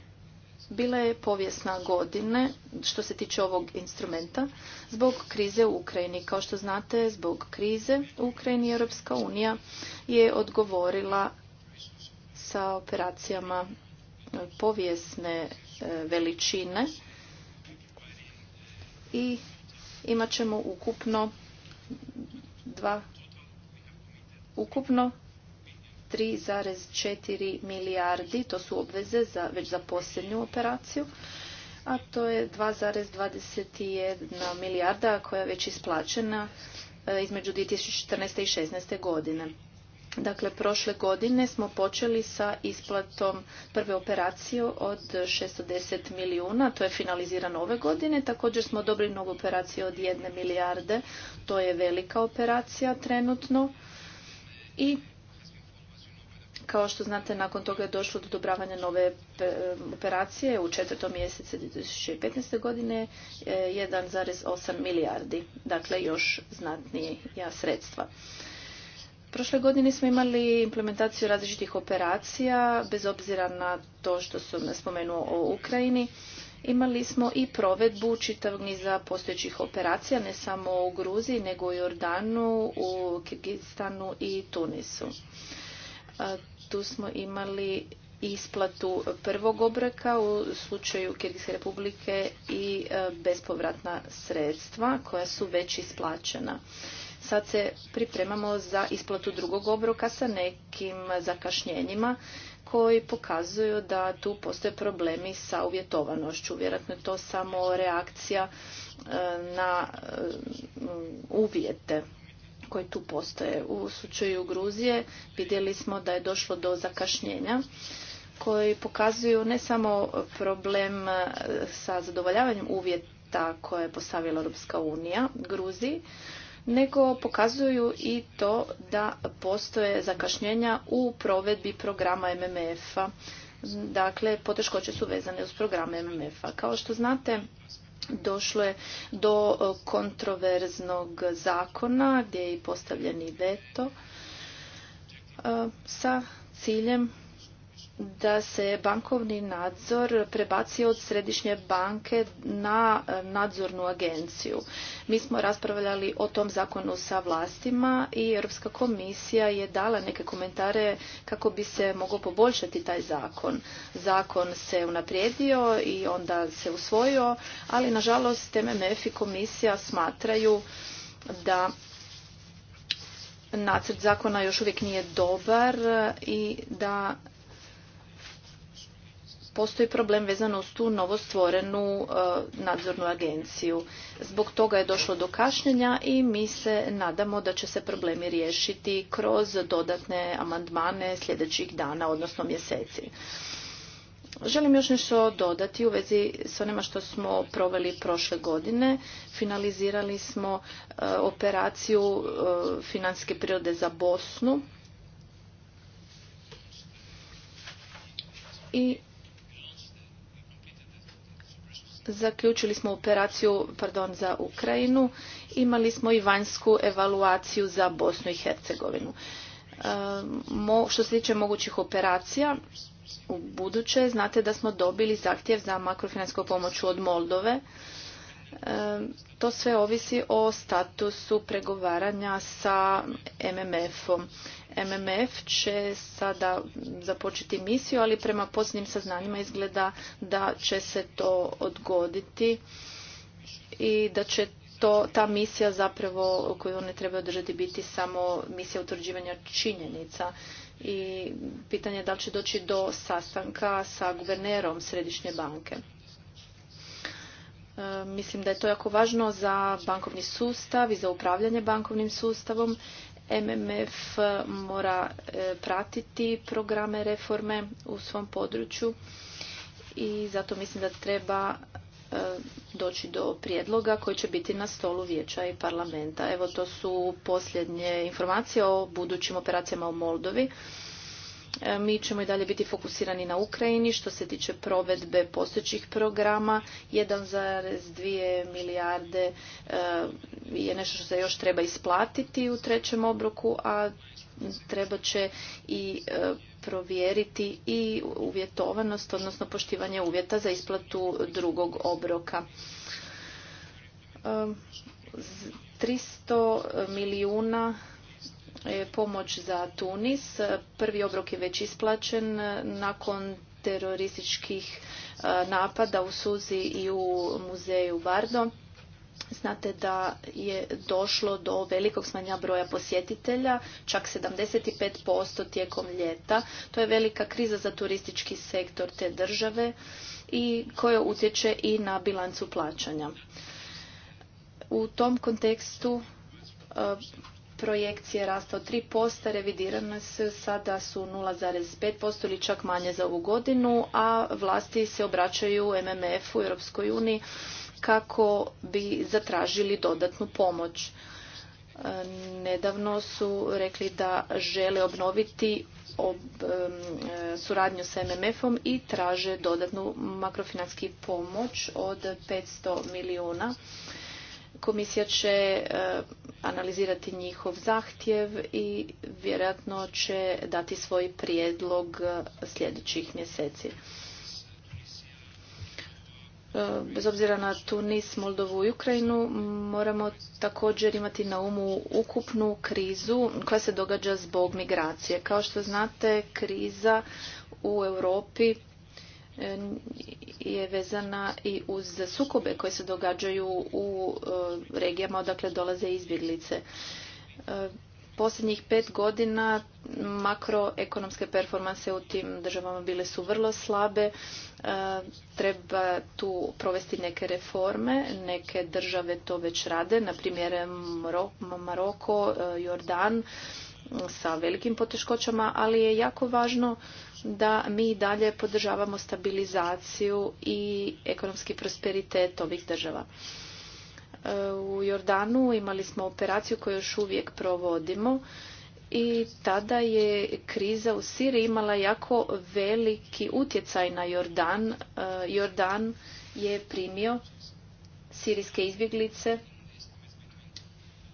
bila je povijesna godine što se tiče ovog instrumenta zbog krize u Ukrajini. Kao što znate, zbog krize u Ukrajini Europska unija je odgovorila sa operacijama povijesne e, veličine i imat ćemo ukupno dva ukupno 3,4 milijardi, to su obveze za, već za posljednju operaciju, a to je 2,21 milijarda koja je već isplaćena e, između 2014. i 2016. godine. Dakle, prošle godine smo počeli sa isplatom prve operacije od 610 milijuna, to je finalizirano ove godine. Također smo dobili novu operaciju od 1 milijarde, to je velika operacija trenutno. I kao što znate, nakon toga je došlo do dobravanja nove e, operacije u četvrtom mjesecu 2015. godine 1,8 e, milijardi, dakle još znatnija sredstva. Prošle godine smo imali implementaciju različitih operacija, bez obzira na to što sam spomenuo o Ukrajini. Imali smo i provedbu čitavog niza postojećih operacija, ne samo u Gruziji, nego i u Jordanu, u Kirgistanu i Tunisu. Tu smo imali isplatu prvog obroka u slučaju Kirgijske republike i e, bespovratna sredstva koja su već isplaćena. Sad se pripremamo za isplatu drugog obroka sa nekim zakašnjenjima koji pokazuju da tu postoje problemi sa uvjetovanošću. Vjerojatno je to samo reakcija e, na e, uvjete koji tu postoje. U slučaju Gruzije vidjeli smo da je došlo do zakašnjenja koji pokazuju ne samo problem e, sa zadovoljavanjem uvjeta koje je postavila Europska unija Gruziji, nego pokazuju i to da postoje zakašnjenja u provedbi programa MMF-a. Dakle, poteškoće su vezane uz program MMF-a. Kao što znate, došlo je do e, kontroverznog zakona gdje je i postavljen veto e, sa ciljem da se bankovni nadzor prebaci od središnje banke na e, nadzornu agenciju. Mi smo raspravljali o tom zakonu sa vlastima i Europska komisija je dala neke komentare kako bi se mogao poboljšati taj zakon. Zakon se unaprijedio i onda se usvojio, ali nažalost MMF i komisija smatraju da nacrt zakona još uvijek nije dobar i da postoji problem vezano uz tu novostvorenu e, nadzornu agenciju. Zbog toga je došlo do kašnjenja i mi se nadamo da će se problemi riješiti kroz dodatne amandmane sljedećih dana, odnosno mjeseci. Želim još nešto dodati u vezi s onima što smo proveli prošle godine. Finalizirali smo e, operaciju e, financijske prirode za Bosnu. I Zaključili smo operaciju pardon, za Ukrajinu. Imali smo i vanjsku evaluaciju za Bosnu i Hercegovinu. Ehm, što se tiče mogućih operacija, u buduće znate da smo dobili zahtjev za makrofinansku pomoć od Moldove to sve ovisi o statusu pregovaranja sa MMF-om. MMF će sada započeti misiju, ali prema posljednjim saznanjima izgleda da će se to odgoditi i da će to, ta misija zapravo koju one treba održati biti samo misija utvrđivanja činjenica i pitanje je da li će doći do sastanka sa guvernerom Središnje banke. E, mislim da je to jako važno za bankovni sustav i za upravljanje bankovnim sustavom. MMF mora e, pratiti programe reforme u svom području i zato mislim da treba e, doći do prijedloga koji će biti na stolu vijeća i parlamenta. Evo to su posljednje informacije o budućim operacijama u Moldovi. E, mi ćemo i dalje biti fokusirani na Ukrajini što se tiče provedbe postojećih programa. 1,2 milijarde e, je nešto što se još treba isplatiti u trećem obroku, a treba će i e, provjeriti i uvjetovanost, odnosno poštivanje uvjeta za isplatu drugog obroka. 300 milijuna E, pomoć za Tunis. Prvi obrok je već isplaćen nakon terorističkih e, napada u Suzi i u muzeju Bardo. Znate da je došlo do velikog smanja broja posjetitelja, čak 75% tijekom ljeta. To je velika kriza za turistički sektor te države i koja utječe i na bilancu plaćanja. U tom kontekstu e, projekcije rasta od 3%, revidirane su sada su 0,5% ili čak manje za ovu godinu, a vlasti se obraćaju MMF-u, Europskoj uniji, kako bi zatražili dodatnu pomoć. E, nedavno su rekli da žele obnoviti e, suradnju sa MMF-om i traže dodatnu makrofinanski pomoć od 500 milijuna Komisija će e, analizirati njihov zahtjev i vjerojatno će dati svoj prijedlog e, sljedećih mjeseci. E, bez obzira na Tunis, Moldovu i Ukrajinu, moramo također imati na umu ukupnu krizu koja se događa zbog migracije. Kao što znate, kriza u Europi E, je vezana i uz sukobe koje se događaju u e, regijama odakle dolaze izbjeglice. E, posljednjih pet godina makroekonomske performanse u tim državama bile su vrlo slabe. Treba tu provesti neke reforme. Neke države to već rade, na primjer Maroko, Jordan sa velikim poteškoćama, ali je jako važno da mi dalje podržavamo stabilizaciju i ekonomski prosperitet ovih država. E, u Jordanu imali smo operaciju koju još uvijek provodimo i tada je kriza u Siriji imala jako veliki utjecaj na Jordan. E, Jordan je primio sirijske izbjeglice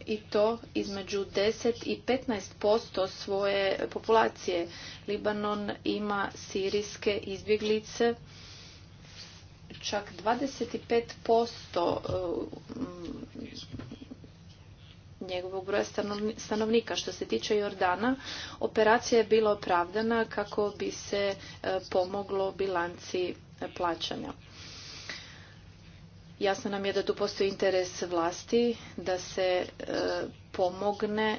i to između 10 i 15% svoje populacije. Libanon ima sirijske izbjeglice, čak 25% um, njegovog broja stanovnika. Što se tiče Jordana, operacija je bila opravdana kako bi se eh, pomoglo bilanci eh, plaćanja. Jasno nam je da tu postoji interes vlasti da se e, pomogne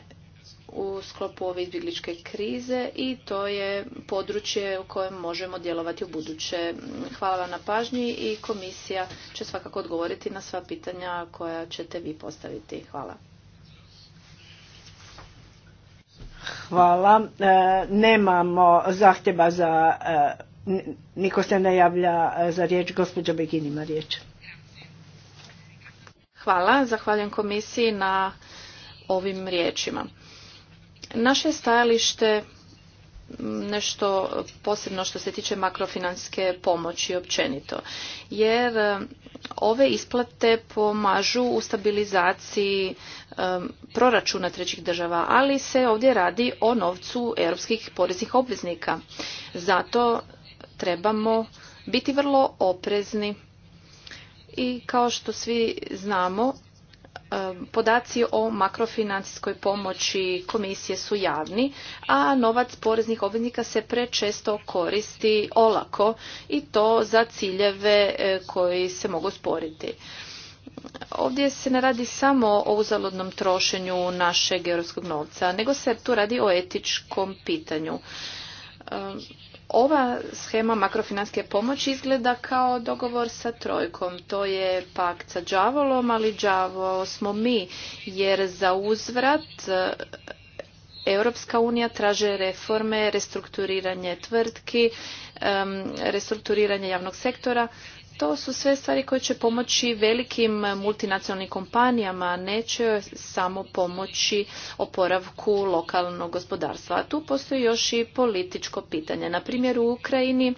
u sklopu ove izbjegličke krize i to je područje u kojem možemo djelovati u buduće. Hvala vam na pažnji i komisija će svakako odgovoriti na sva pitanja koja ćete vi postaviti. Hvala. Hvala. E, nemamo zahtjeva za... E, niko se ne javlja za riječ. Gospođa Begin ima riječ. Hvala, zahvaljujem komisiji na ovim riječima. Naše stajalište nešto posebno što se tiče makrofinanske pomoći općenito. Jer um, ove isplate pomažu u stabilizaciji um, proračuna trećih država, ali se ovdje radi o novcu europskih poreznih obveznika. Zato trebamo biti vrlo oprezni i kao što svi znamo, e, podaci o makrofinancijskoj pomoći komisije su javni, a novac poreznih obveznika se prečesto koristi olako i to za ciljeve e, koji se mogu sporiti. Ovdje se ne radi samo o uzaludnom trošenju našeg europskog novca, nego se tu radi o etičkom pitanju e, ova schema makrofinanske pomoći izgleda kao dogovor sa trojkom. To je pakt sa džavolom, ali džavo smo mi, jer za uzvrat e, Europska unija traže reforme, restrukturiranje tvrtki, restrukturiranje javnog sektora to su sve stvari koje će pomoći velikim multinacionalnim kompanijama, neće samo pomoći oporavku lokalnog gospodarstva. tu postoji još i političko pitanje. Na primjer u Ukrajini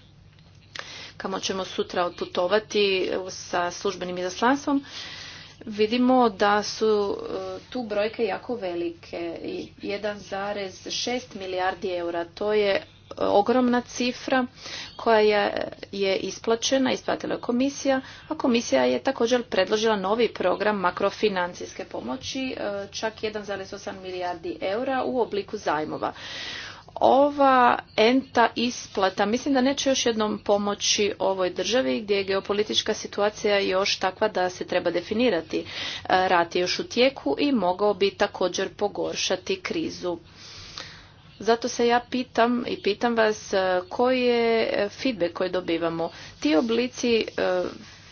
kamo ćemo sutra odputovati sa službenim izaslanstvom, vidimo da su e, tu brojke jako velike. 1,6 milijardi eura, to je ogromna cifra koja je isplaćena, isplatila je komisija, a komisija je također predložila novi program makrofinancijske pomoći, e, čak 1,8 milijardi eura u obliku zajmova. Ova enta isplata mislim da neće još jednom pomoći ovoj državi gdje je geopolitička situacija još takva da se treba definirati. E, rat je još u tijeku i mogao bi također pogoršati krizu zato se ja pitam i pitam vas e, koji je e, feedback koji dobivamo. Ti oblici e,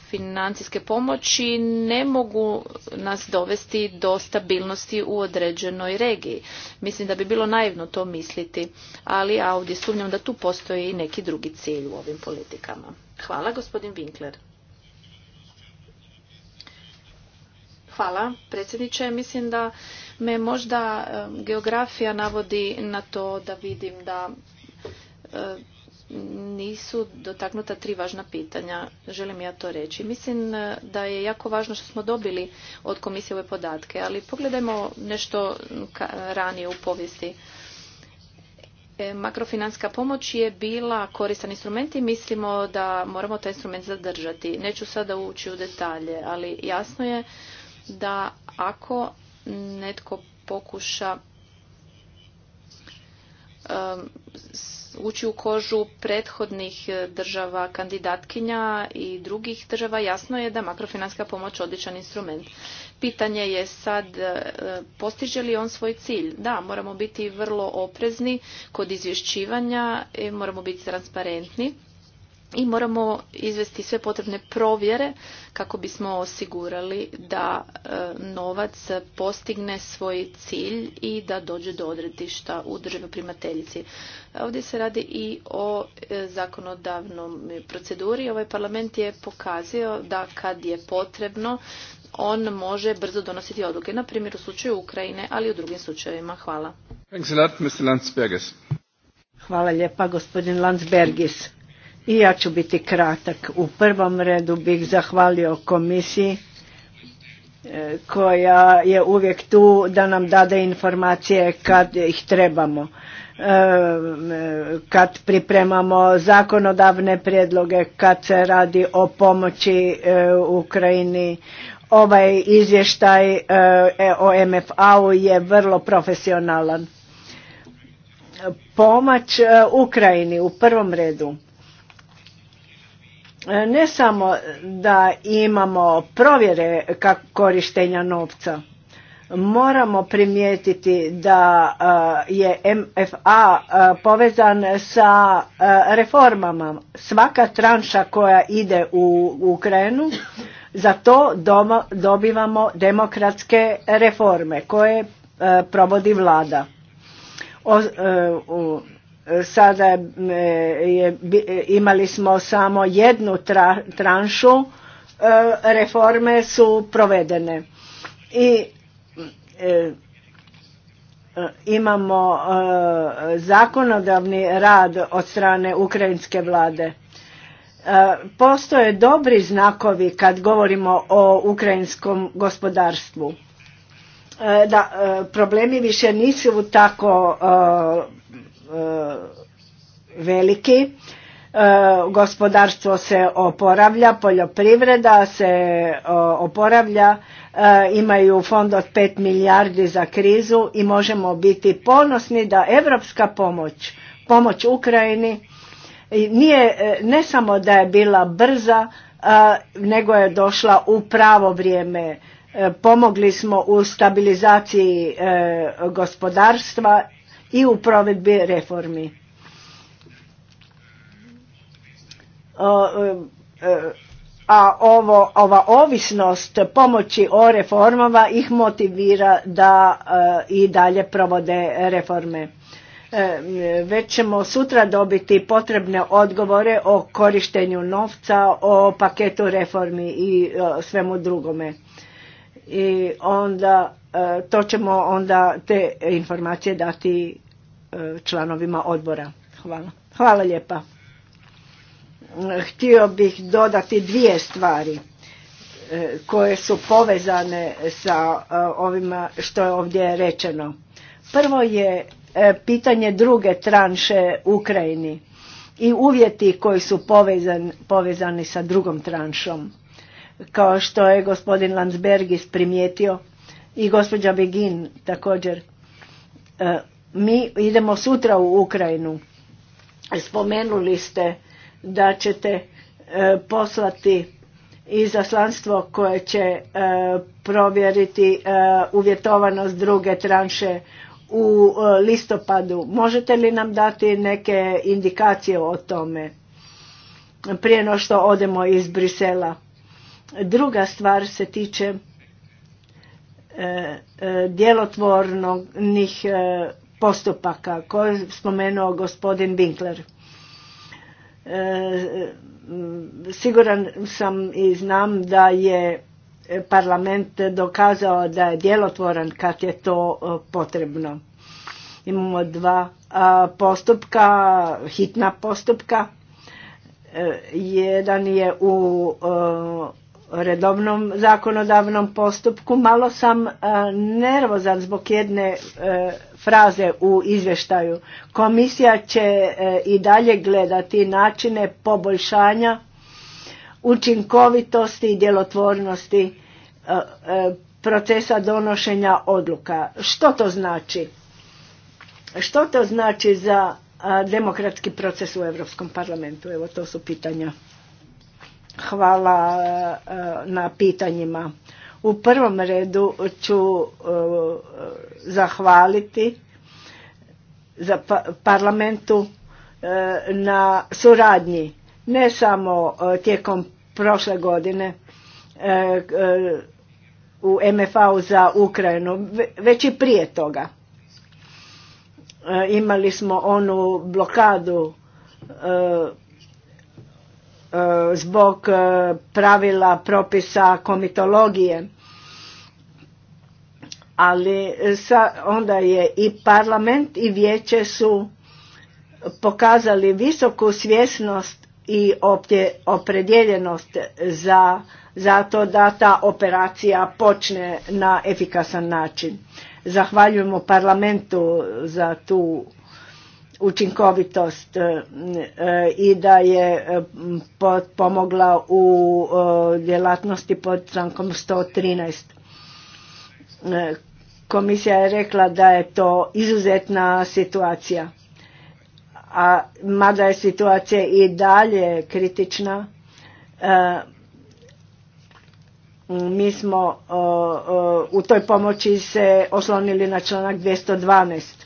financijske pomoći ne mogu nas dovesti do stabilnosti u određenoj regiji. Mislim da bi bilo naivno to misliti, ali ja ovdje sumnjam da tu postoji i neki drugi cilj u ovim politikama. Hvala, gospodin Winkler. Hvala, predsjedniče. Mislim da me možda geografija navodi na to da vidim da nisu dotaknuta tri važna pitanja. Želim ja to reći. Mislim da je jako važno što smo dobili od komisije ove podatke, ali pogledajmo nešto ranije u povijesti. E, makrofinanska pomoć je bila koristan instrument i mislimo da moramo taj instrument zadržati. Neću sada ući u detalje, ali jasno je da ako netko pokuša um, ući u kožu prethodnih država kandidatkinja i drugih država, jasno je da makrofinanska pomoć odličan instrument. Pitanje je sad uh, postiže li on svoj cilj? Da, moramo biti vrlo oprezni kod izvješćivanja, moramo biti transparentni i moramo izvesti sve potrebne provjere kako bismo osigurali da e, novac postigne svoj cilj i da dođe do odredišta u državnoj primateljici. Ovdje se radi i o e, zakonodavnom proceduri. Ovaj parlament je pokazio da kad je potrebno on može brzo donositi odluke, na primjer u slučaju Ukrajine, ali i u drugim slučajevima. Hvala. Hvala lijepa, gospodin Landsbergis. I ja ću biti kratak. U prvom redu bih zahvalio komisiji e, koja je uvijek tu da nam dade informacije kad ih trebamo. E, kad pripremamo zakonodavne prijedloge, kad se radi o pomoći e, Ukrajini, ovaj izvještaj o MFA-u je vrlo profesionalan. Pomać Ukrajini u prvom redu E, ne samo da imamo provjere korištenja novca, moramo primijetiti da e, je MFA e, povezan sa reformama. Svaka tranša koja ide u Ukrajinu, za to dobivamo demokratske reforme koje provodi vlada. E, sada e, je, e, imali smo samo jednu tranšu, reforme su provedene. I imamo zakonodavni rad od strane ukrajinske vlade. Postoje dobri znakovi kad govorimo o ukrajinskom gospodarstvu. Da, problemi više nisu tako E, veliki e, gospodarstvo se oporavlja, poljoprivreda se e, oporavlja, imaju fond od 5 milijardi za krizu i možemo biti ponosni da evropska pomoć, pomoć Ukrajini nije ne samo da je bila brza, nego je došla u pravo vrijeme. Pomogli smo u stabilizaciji gospodarstva i u provedbi reformi. E, a ovo, ova ovisnost pomoći o reformama ih motivira da e, i dalje provode reforme e, već ćemo sutra dobiti potrebne odgovore o korištenju novca, o paketu reformi i svemu drugome. I onda E, to ćemo onda te informacije dati e, članovima odbora. Hvala. Hvala lijepa. Htio bih dodati dvije stvari e, koje su povezane sa ovima što je ovdje rečeno. Prvo je pitanje druge tranše Ukrajini i uvjeti koji su povezani sa drugom tranšom. Kao što je gospodin Landsbergis primijetio, i gospođa Begin također. E, mi idemo sutra u Ukrajinu. Spomenuli ste da ćete e, poslati izaslanstvo koje će e, provjeriti uvjetovanost druge tranše u listopadu. Možete li nam dati neke indikacije o tome prije no što odemo iz Brisela? Druga stvar se tiče E, e, djelotvornih e, postupaka koje je spomenuo gospodin Winkler. Siguran sam i znam da je parlament dokazao da je djelotvoran kad je to potrebno. Imamo dva postupka, hitna postupka. Jedan je u redovnom zakonodavnom postupku. Malo sam e, nervozan zbog jedne e, fraze u izvještaju. Komisija će e, i dalje gledati načine poboljšanja učinkovitosti i djelotvornosti procesa donošenja odluka. Što to znači? Što to znači za demokratski proces u Europskom parlamentu? Evo to su pitanja. Hvala e, na pitanjima. U prvom redu ću e, zahvaliti za pa, parlamentu e, na suradnji, ne samo tijekom prošle godine u MFA-u za Ukrajinu, već i prije toga. Imali smo onu blokadu E, zbog e, pravila propisa komitologije ali e, sa, onda je i parlament i vijeće su pokazali visoku svjesnost i opje, opredjeljenost za, za to da ta operacija počne na efikasan način. Zahvaljujemo parlamentu za tu učinkovitost e, e, i da je e, pomogla u djelatnosti pod člankom 113. Komisija je rekla da je to izuzetna situacija, a mada je situacija i dalje kritična, mi smo u toj pomoći se oslonili na članak 212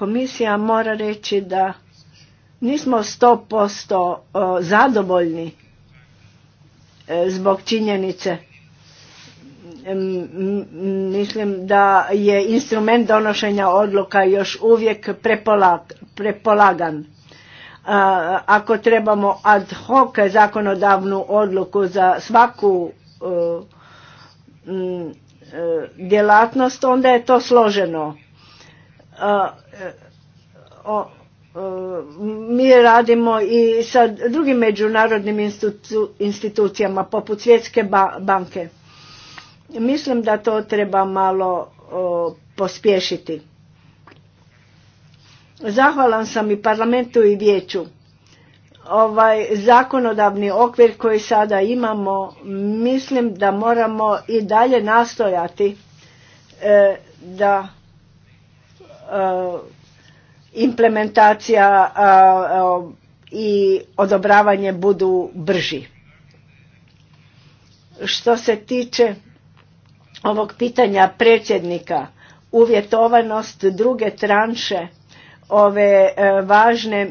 Komisija mora reći da nismo sto posto e, zadovoljni e, zbog činjenice mislim da je instrument donošenja odluka još uvijek prepolagan e, ako trebamo ad hoc zakonodavnu odluku za svaku djelatnost onda je to složeno E, o, e, mi radimo i sa drugim međunarodnim institucijama poput Svjetske banke. Mislim da to treba malo pospješiti. Zahvalan sam i parlamentu i vijeću. Ovaj zakonodavni okvir koji sada imamo, mislim da moramo i dalje nastojati e, da Eh, implementacija eh, i odobravanje budu brži. Što se tiče ovog pitanja predsjednika, uvjetovanost druge tranše ove eh, važne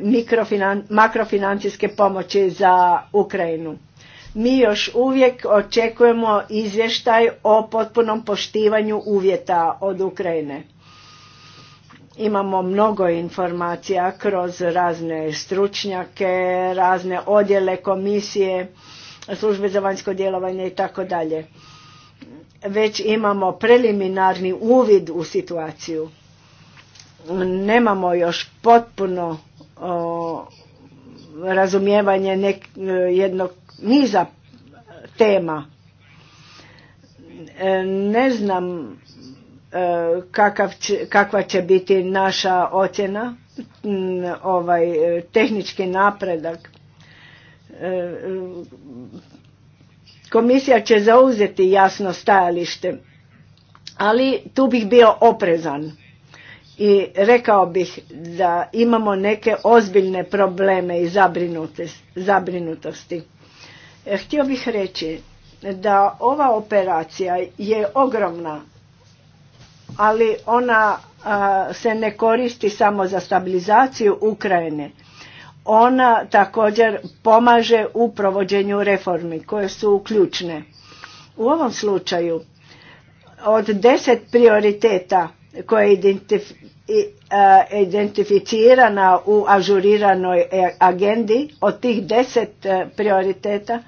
makrofinancijske pomoći za Ukrajinu. Mi još uvijek očekujemo izvještaj o potpunom poštivanju uvjeta od Ukrajine Imamo mnogo informacija kroz razne stručnjake, razne odjele, komisije, službe za vanjsko djelovanje i tako dalje. Već imamo preliminarni uvid u situaciju. Nemamo još potpuno razumijevanje nek, jednog niza tema. E, ne znam E, kakav kakva će biti naša ocjena, ovaj e, tehnički napredak. E, komisija će zauzeti jasno stajalište, ali tu bih bio oprezan i rekao bih da imamo neke ozbiljne probleme i zabrinutosti. Htio bih reći da ova operacija je ogromna ali ona se ne koristi samo za stabilizaciju Ukrajine. Ona također pomaže u provođenju reformi koje su ključne. U ovom slučaju od deset prioriteta koje je identificirana u ažuriranoj e, agendi, od tih deset e, prioriteta,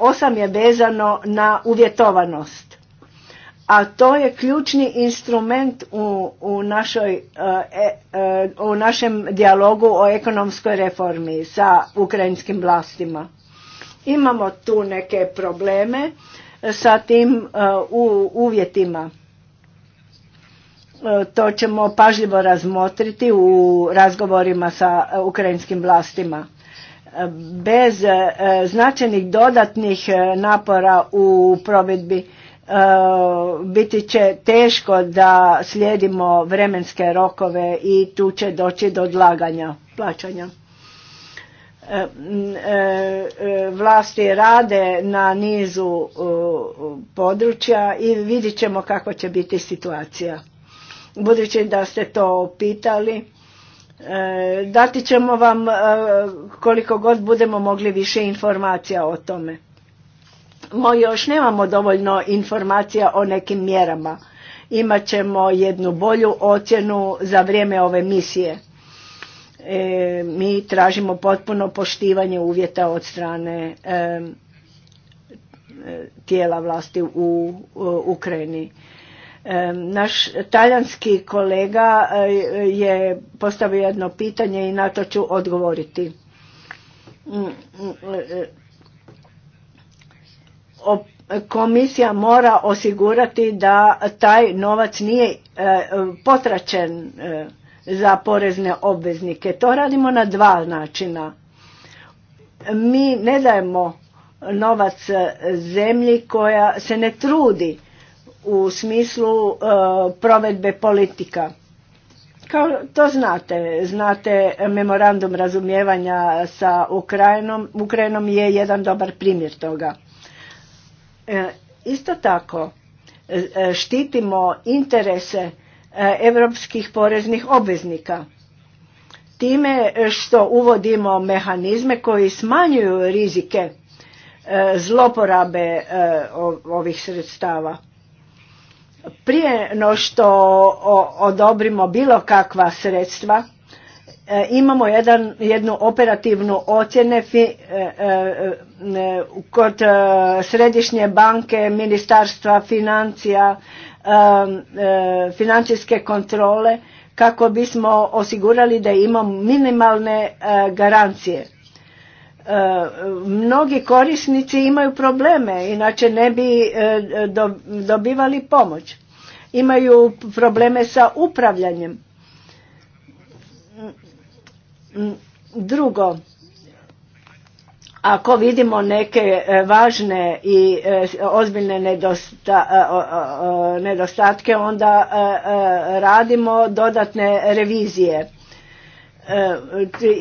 osam je vezano na uvjetovanost a to je ključni instrument u, u, našoj, e, e, e, u našem dijalogu o ekonomskoj reformi sa ukrajinskim vlastima. Imamo tu neke probleme sa tim u uvjetima. To ćemo pažljivo razmotriti u razgovorima sa ukrajinskim vlastima. Bez značajnih dodatnih napora u provedbi Eh, biti će teško da slijedimo vremenske rokove i tu će doći do odlaganja plaćanja. Eh, mm, eh, vlasti rade na nizu područja i vidit ćemo kakva će biti situacija. Budući da ste to pitali, dati ćemo vam koliko god budemo mogli više informacija o tome. Mo još nemamo dovoljno informacija o nekim mjerama. Imat ćemo jednu bolju ocjenu za vrijeme ove misije. E, mi tražimo potpuno poštivanje uvjeta od strane e, tijela vlasti u, Ukrajini. E, naš talijanski kolega e, je postavio jedno pitanje i na to ću odgovoriti mm, mm, komisija mora osigurati da taj novac nije e, potračen e, za porezne obveznike. To radimo na dva načina. Mi ne dajemo novac zemlji koja se ne trudi u smislu e, provedbe politika. Kao, to znate, znate memorandum razumijevanja sa Ukrajinom, Ukrajinom je jedan dobar primjer toga. E, isto tako e, e, štitimo interese europskih poreznih obveznika time što uvodimo mehanizme koji smanjuju rizike zloporabe ovih sredstava. Prije no što odobrimo bilo kakva sredstva, E, imamo jedan, jednu operativnu ocjene e, e, kod Središnje banke, Ministarstva financija, financijske kontrole kako bismo osigurali da imamo minimalne garancije. Mnogi korisnici imaju probleme, inače ne bi dobivali pomoć. Imaju probleme sa upravljanjem Mm, drugo, ako vidimo neke e, važne i e, ozbiljne e, nedostatke, onda radimo dodatne revizije.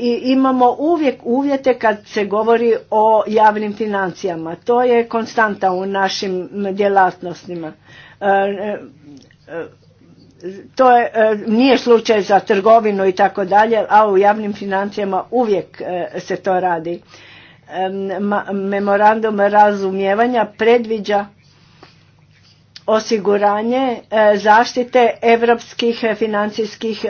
I imamo uvijek uvjete kad se govori o javnim financijama. To je konstanta u našim djelatnostima to je, e, nije slučaj za trgovinu i tako dalje, a u javnim financijama uvijek e, se to radi. Memorandum razumijevanja predviđa osiguranje e, zaštite europskih financijskih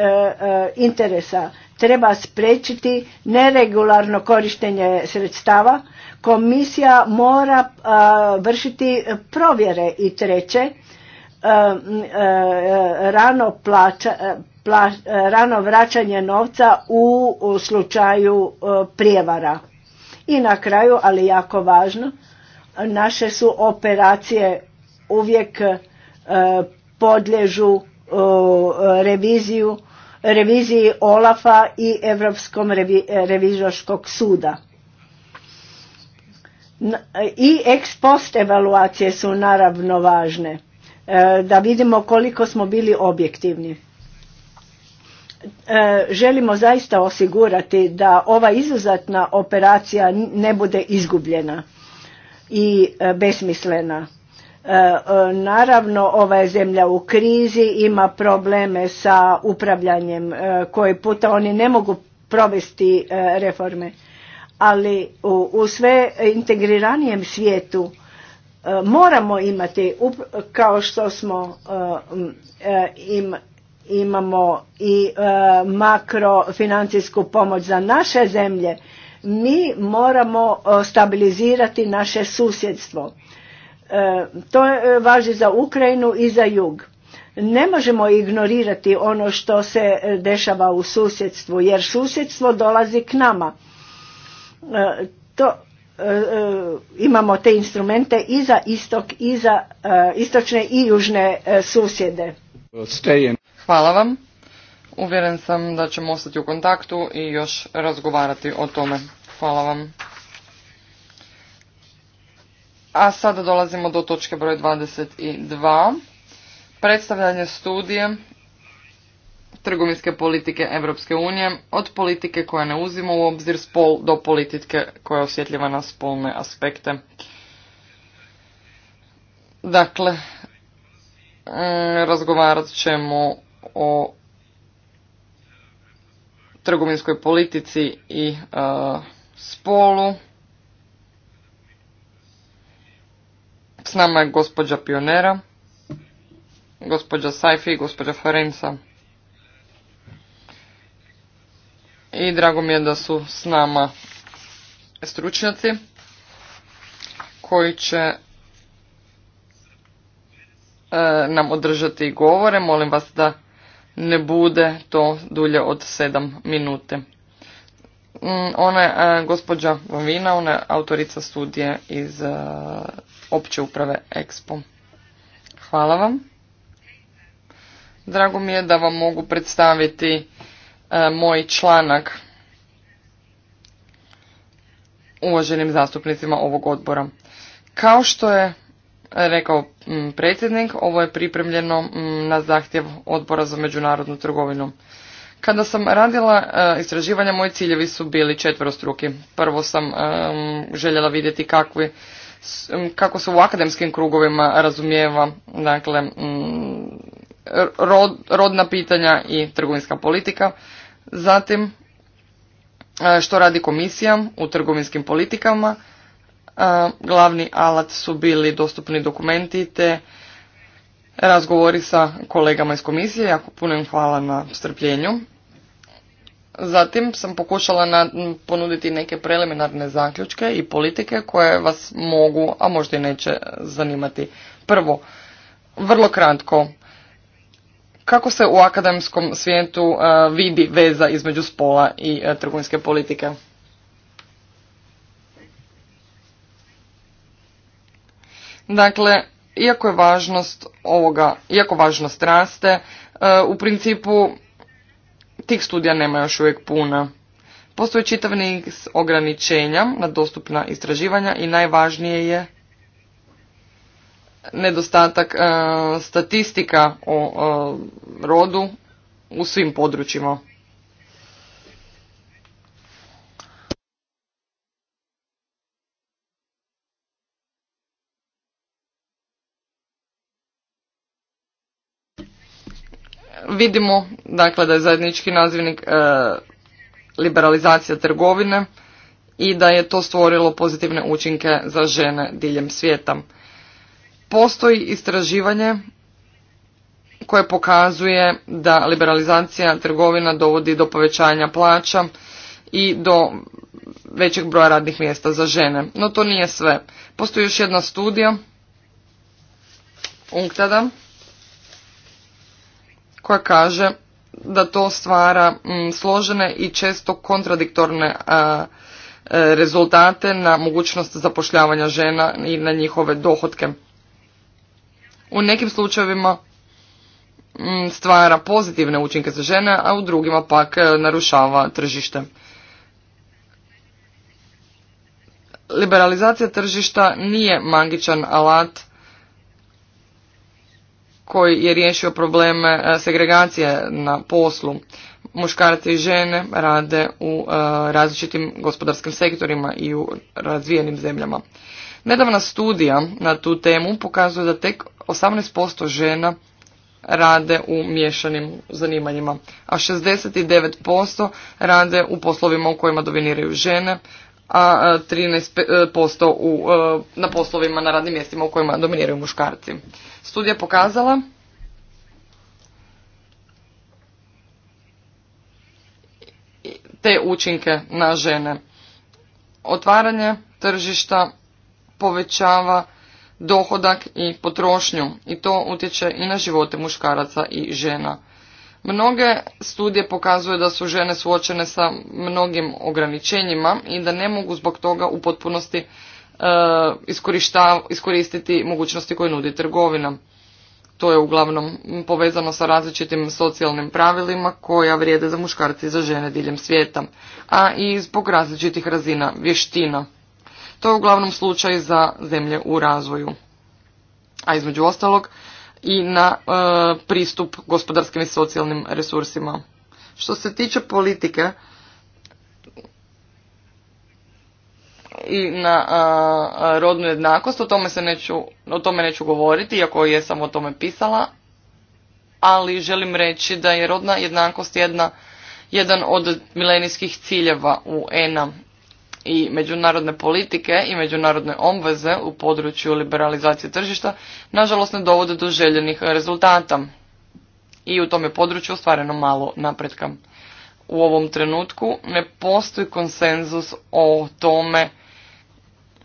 interesa. Treba spriječiti neregularno korištenje sredstava. Komisija mora vršiti provjere i treće, Um, uh, rano, plaća, uh, uh, rano vraćanje novca u, slučaju prijevara. I na kraju, ali jako važno, naše su operacije uvijek podlježu reviziju, reviziji Olafa i Europskom revizorskog suda. I ex post evaluacije su naravno važne. E, da vidimo koliko smo bili objektivni. E, želimo zaista osigurati da ova izuzetna operacija ne bude izgubljena i e, besmislena. Naravno, ova je zemlja u krizi, ima probleme sa upravljanjem koji puta oni ne mogu provesti reforme. Ali u sve integriranijem svijetu moramo imati kao što smo e, e, im, imamo i e, makrofinancijsku pomoć za naše zemlje mi moramo stabilizirati naše susjedstvo to važi za Ukrajinu i za jug ne možemo ignorirati ono što se dešava u susjedstvu jer susjedstvo dolazi k nama to E, e, imamo te instrumente i za istok i za e, istočne i južne susjede. Hvala vam. Uvjeren sam da ćemo ostati u kontaktu i još razgovarati o tome. Hvala vam. A sada dolazimo do točke broj 22. Predstavljanje studije trgovinske politike Europske unije, od politike koja ne uzima u obzir spol do politike koja je osjetljiva na spolne aspekte. Dakle, mm, razgovarat ćemo o trgovinskoj politici i e, spolu. S nama je gospođa Pionera, gospođa Saifi i gospođa Ferenca. i drago mi je da su s nama stručnjaci koji će e, nam održati govore. Molim vas da ne bude to dulje od sedam minute. Mm, ona je e, gospođa Vina, ona je autorica studije iz e, opće uprave EXPO. Hvala vam. Drago mi je da vam mogu predstaviti E, moj članak uvaženim zastupnicima ovog odbora. Kao što je rekao predsjednik, ovo je pripremljeno na zahtjev odbora za međunarodnu trgovinu. Kada sam radila e, istraživanja, moji ciljevi su bili četvrostruki. Prvo sam e, željela vidjeti kakvi, kako se u akademskim krugovima razumijeva dakle, rodna pitanja i trgovinska politika. Zatim, e, što radi komisija u trgovinskim politikama. E, glavni alat su bili dostupni dokumenti te razgovori sa kolegama iz komisije. Jako puno im hvala na strpljenju. Zatim sam pokušala ponuditi neke preliminarne zaključke i politike koje vas mogu, a možda i neće zanimati. Prvo, vrlo kratko, kako se u akademskom svijetu e, vidi veza između spola i e, trgovinske politike? Dakle, iako je važnost ovoga, iako važnost raste, e, u principu tih studija nema još uvijek puna. Postoje čitav ograničenja na dostupna istraživanja i najvažnije je nedostatak e, statistika o e, rodu u svim područjima. Vidimo dakle da je zajednički nazivnik e, liberalizacija trgovine i da je to stvorilo pozitivne učinke za žene diljem svijeta. Postoji istraživanje koje pokazuje da liberalizacija trgovina dovodi do povećanja plaća i do većeg broja radnih mjesta za žene. No to nije sve. Postoji još jedna studija unctad koja kaže da to stvara mm, složene i često kontradiktorne e, rezultate na mogućnost zapošljavanja žena i na njihove dohotke u nekim slučajevima mm, stvara pozitivne učinke za žene, a u drugima pak e, narušava tržište. Liberalizacija tržišta nije mangičan alat koji je riješio probleme e, segregacije na poslu. Muškarci i žene rade u e, različitim gospodarskim sektorima i u razvijenim zemljama. Nedavna studija na tu temu pokazuje da tek 18% žena rade u miješanim zanimanjima, a 69% rade u poslovima u kojima dominiraju žene, a 13% u, e, na poslovima na radnim mjestima u kojima dominiraju muškarci. Studija pokazala te učinke na žene. Otvaranje tržišta povećava dohodak i potrošnju i to utječe i na živote muškaraca i žena. Mnoge studije pokazuju da su žene suočene sa mnogim ograničenjima i da ne mogu zbog toga u potpunosti e, iskoristiti mogućnosti koje nudi trgovina. To je uglavnom povezano sa različitim socijalnim pravilima koja vrijede za muškarce i za žene diljem svijeta, a i zbog različitih razina vještina. To je uglavnom slučaj za zemlje u razvoju. A između ostalog i na e, pristup gospodarskim i socijalnim resursima. Što se tiče politike i na e, rodnu jednakost, o tome se neću, o tome neću govoriti, iako jesam o tome pisala, ali želim reći da je rodna jednakost jedna jedan od milenijskih ciljeva UN-a i međunarodne politike i međunarodne obveze u području liberalizacije tržišta nažalost ne dovode do željenih rezultata i u tome području ostvareno malo napretka. U ovom trenutku ne postoji konsenzus o tome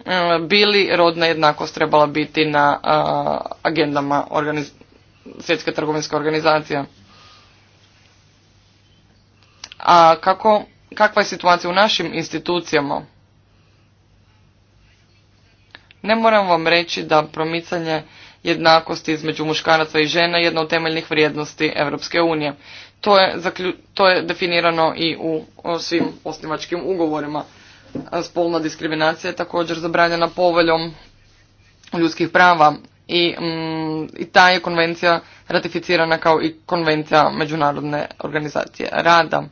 eh, bili rodna jednakost trebala biti na eh, agendama svjetske trgovinske organizacije. A kako kakva je situacija u našim institucijama. Ne moram vam reći da promicanje jednakosti između muškaraca i žena je jedna od temeljnih vrijednosti Europske unije. To je, to je definirano i u svim osnivačkim ugovorima. Spolna diskriminacija je također zabranjena poveljom ljudskih prava i, mm, i ta je konvencija ratificirana kao i konvencija Međunarodne organizacije rada.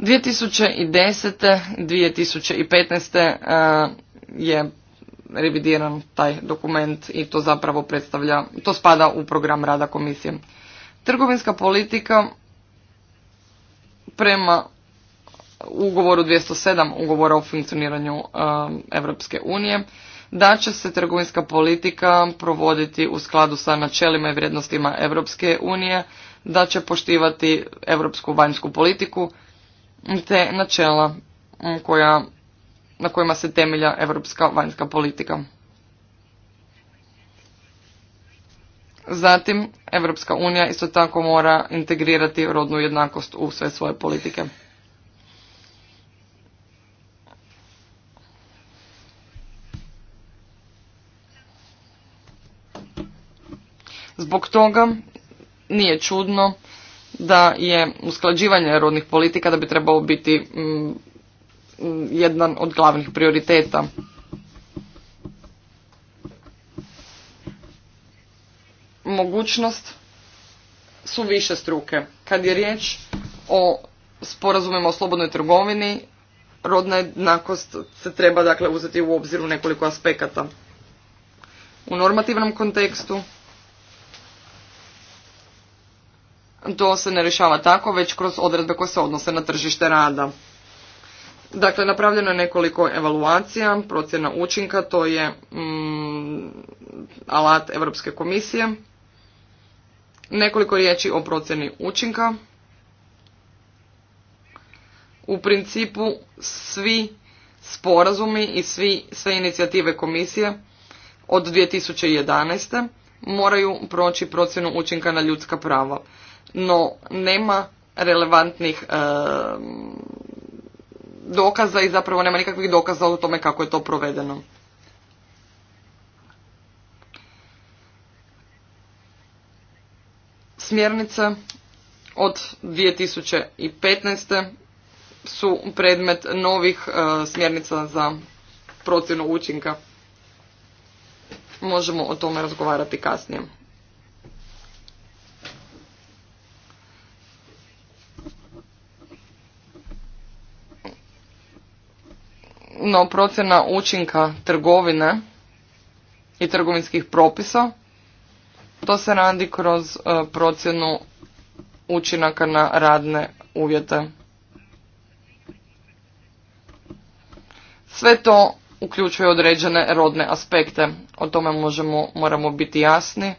2010. 2015. je revidiran taj dokument i to zapravo predstavlja, to spada u program rada komisije. Trgovinska politika prema ugovoru 207 ugovora o funkcioniranju Europske unije da će se trgovinska politika provoditi u skladu sa načelima i vrijednostima Europske unije, da će poštivati europsku vanjsku politiku, te načela mm, koja, na kojima se temelja europska vanjska politika. Zatim, Evropska unija isto tako mora integrirati rodnu jednakost u sve svoje politike. Zbog toga nije čudno da je usklađivanje rodnih politika da bi trebalo biti mm, jedan od glavnih prioriteta. Mogućnost su više struke. Kad je riječ o sporazumima o slobodnoj trgovini, rodna jednakost se treba dakle uzeti u obzir u nekoliko aspekata. U normativnom kontekstu to se ne rješava tako, već kroz odredbe koje se odnose na tržište rada. Dakle, napravljeno je nekoliko evaluacija, procjena učinka, to je mm, alat Europske komisije. Nekoliko riječi o procjeni učinka. U principu svi sporazumi i svi, sve inicijative komisije od 2011. moraju proći procjenu učinka na ljudska prava no nema relevantnih e, dokaza i zapravo nema nikakvih dokaza o tome kako je to provedeno. Smjernice od 2015. su predmet novih e, smjernica za procjenu učinka. Možemo o tome razgovarati kasnije. no procjena učinka trgovine i trgovinskih propisa, to se radi kroz e, procjenu učinaka na radne uvjete. Sve to uključuje određene rodne aspekte. O tome možemo, moramo biti jasni,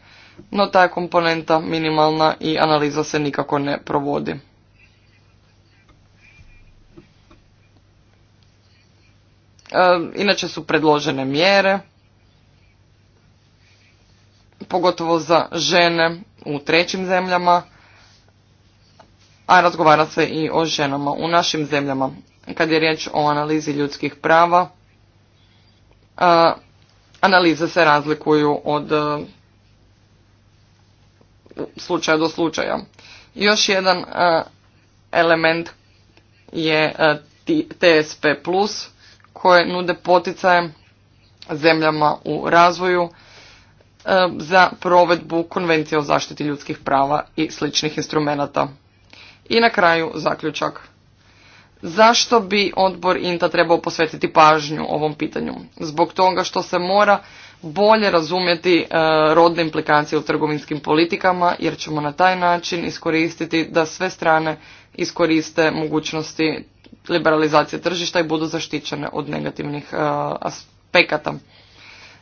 no ta komponenta minimalna i analiza se nikako ne provodi. Inače su predložene mjere, pogotovo za žene u trećim zemljama, a razgovara se i o ženama u našim zemljama. Kad je riječ o analizi ljudskih prava, analize se razlikuju od e, slučaja do slučaja. Još jedan e, element je e, TSP+, koje nude poticaje zemljama u razvoju e, za provedbu Konvencije o zaštiti ljudskih prava i sličnih instrumenata. I na kraju zaključak. Zašto bi odbor INTA trebao posvetiti pažnju ovom pitanju? Zbog toga što se mora bolje razumjeti e, rodne implikacije u trgovinskim politikama jer ćemo na taj način iskoristiti da sve strane iskoriste mogućnosti liberalizacije tržišta i budu zaštićene od negativnih e, aspekata.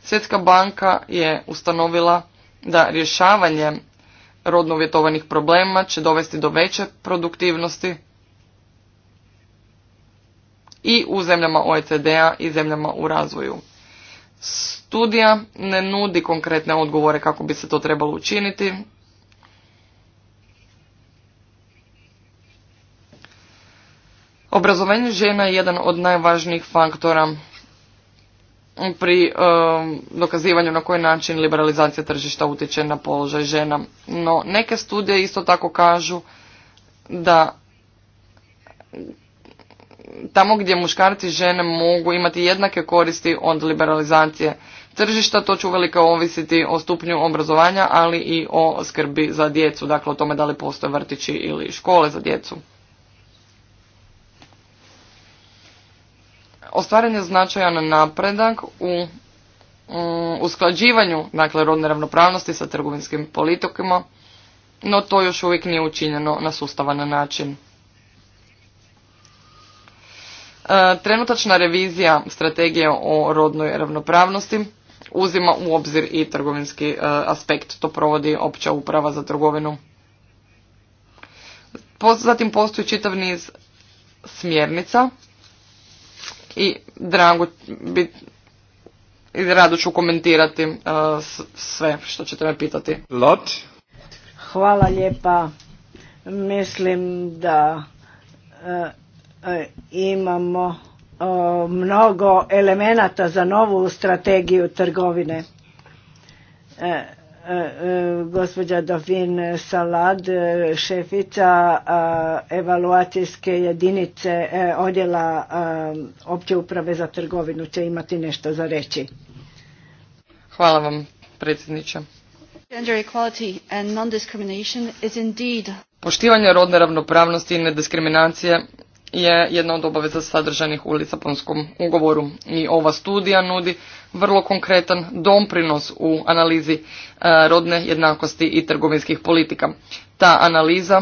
Svjetska banka je ustanovila da rješavanje rodno uvjetovanih problema će dovesti do veće produktivnosti i u zemljama OECD-a i zemljama u razvoju. Studija ne nudi konkretne odgovore kako bi se to trebalo učiniti, Obrazovanje žena je jedan od najvažnijih faktora pri um, dokazivanju na koji način liberalizacija tržišta utječe na položaj žena. No, neke studije isto tako kažu da tamo gdje muškarci i žene mogu imati jednake koristi od liberalizacije tržišta, to će uvelike ovisiti o stupnju obrazovanja, ali i o skrbi za djecu, dakle o tome da li postoje vrtići ili škole za djecu. ostvaren je značajan napredak u mm, usklađivanju dakle, rodne ravnopravnosti sa trgovinskim politikama, no to još uvijek nije učinjeno na sustavan način. E, trenutačna revizija strategije o rodnoj ravnopravnosti uzima u obzir i trgovinski e, aspekt. To provodi opća uprava za trgovinu. Zatim postoji čitav niz smjernica i drago bi rado ću komentirati e, sve što ćete me pitati. Lot. Hvala lijepa. Mislim da e, e, imamo mnogo elemenata za novu strategiju trgovine E, e, gospođa Dovin Salad, e, šefica evaluacijske jedinice odjela opće uprave za trgovinu će imati nešto za reći. Hvala vam, predsjedniče. Poštivanje rodne ravnopravnosti i nediskriminacije je jedna od obaveza sadržanih u Lisabonskom ugovoru. I ova studija nudi vrlo konkretan doprinos u analizi e, rodne jednakosti i trgovinskih politika. Ta analiza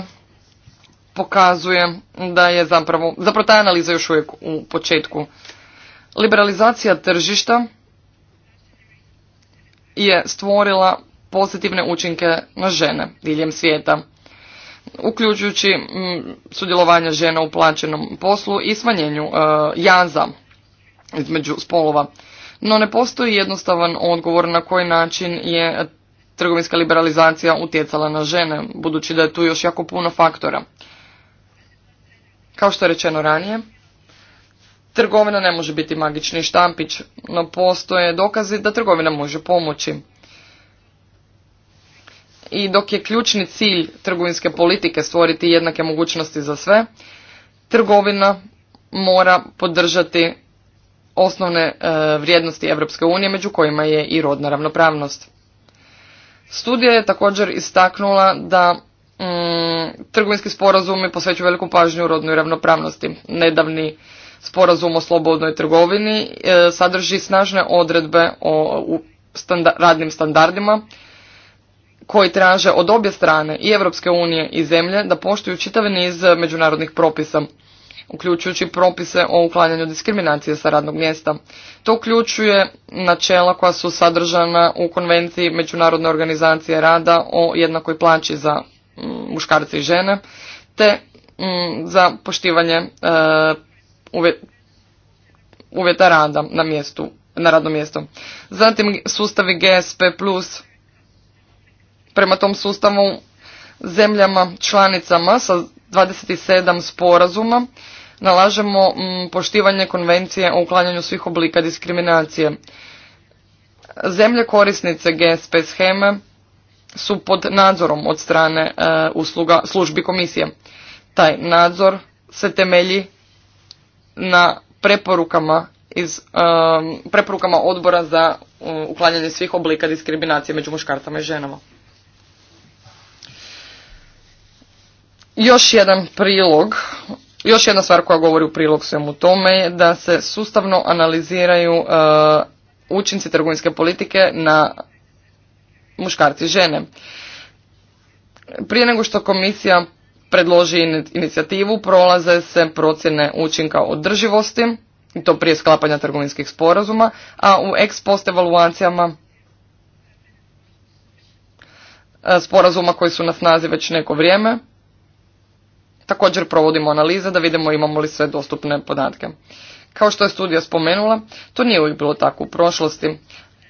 pokazuje da je zapravo, zapravo ta analiza još uvijek u početku. Liberalizacija tržišta je stvorila pozitivne učinke na žene diljem svijeta uključujući sudjelovanje žena u plaćenom poslu i smanjenju e, jaza između spolova. No ne postoji jednostavan odgovor na koji način je trgovinska liberalizacija utjecala na žene, budući da je tu još jako puno faktora. Kao što je rečeno ranije, trgovina ne može biti magični štampić, no postoje dokazi da trgovina može pomoći i dok je ključni cilj trgovinske politike stvoriti jednake mogućnosti za sve, trgovina mora podržati osnovne e, vrijednosti Europske unije među kojima je i rodna ravnopravnost. Studija je također istaknula da mm, trgovinski sporazumi posvećuju veliku pažnju rodnoj ravnopravnosti. Nedavni sporazum o slobodnoj trgovini e, sadrži snažne odredbe o u radnim standardima koji traže od obje strane i Europske unije i zemlje da poštuju čitav niz međunarodnih propisa, uključujući propise o uklanjanju diskriminacije sa radnog mjesta. To uključuje načela koja su sadržana u konvenciji Međunarodne organizacije rada o jednakoj plaći za mm, muškarce i žene, te mm, za poštivanje e, uvjeta rada na mjestu na radnom mjesto. Zatim sustavi GSP plus prema tom sustavu zemljama članicama sa 27 sporazuma nalažemo poštivanje konvencije o uklanjanju svih oblika diskriminacije. Zemlje korisnice GSP scheme su pod nadzorom od strane e, usluga službi komisije. Taj nadzor se temelji na preporukama iz e, preporukama odbora za uklanjanje svih oblika diskriminacije među muškarcama i ženama. Još jedan prilog, još jedna stvar koja govori u prilog svemu tome je da se sustavno analiziraju e, učinci trgovinske politike na muškarci i žene. Prije nego što komisija predloži inicijativu, prolaze se procjene učinka održivosti, i to prije sklapanja trgovinskih sporazuma, a u ex post evaluacijama e, sporazuma koji su na snazi već neko vrijeme, Također provodimo analize da vidimo imamo li sve dostupne podatke. Kao što je studija spomenula, to nije uvijek bilo tako u prošlosti,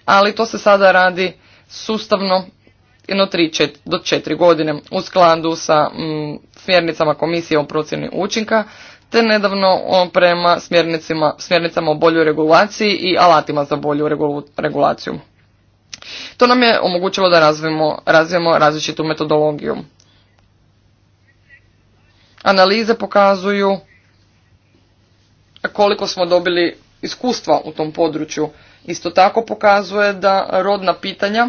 ali to se sada radi sustavno jedno 3 do četiri godine u skladu sa mm, smjernicama komisije o procjeni učinka te nedavno prema smjernicama o boljoj regulaciji i alatima za bolju regulaciju. To nam je omogućilo da razvijemo različitu metodologiju analize pokazuju koliko smo dobili iskustva u tom području. Isto tako pokazuje da rodna pitanja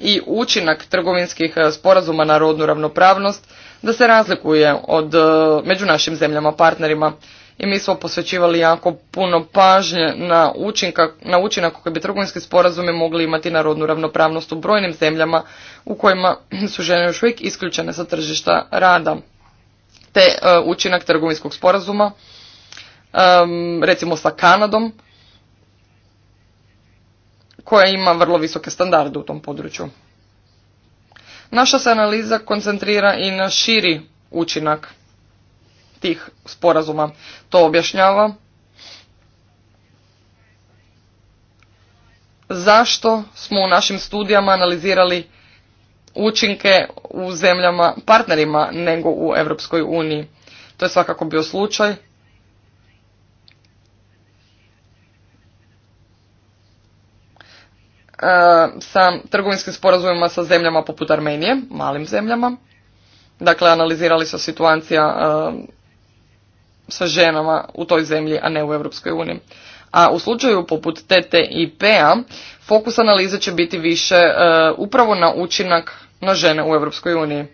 i učinak trgovinskih eh, sporazuma na rodnu ravnopravnost da se razlikuje od eh, među našim zemljama partnerima i mi smo posvećivali jako puno pažnje na, učinka, na učinak koji bi trgovinski sporazumi mogli imati na rodnu ravnopravnost u brojnim zemljama u kojima (clears throat) su žene još uvijek isključene sa tržišta rada te e, učinak trgovinskog sporazuma, recimo sa Kanadom, koja ima vrlo visoke standarde u tom području. Naša se analiza koncentrira i na širi učinak tih sporazuma. To objašnjava zašto smo u našim studijama analizirali učinke u zemljama partnerima nego u Europskoj uniji. To je svakako bio slučaj. E, sa trgovinskim sporazumima sa zemljama poput Armenije, malim zemljama. Dakle, analizirali su situacija e, sa ženama u toj zemlji, a ne u Europskoj uniji. A u slučaju poput TTIP-a, fokus analize će biti više e, upravo na učinak na žene u Europskoj uniji.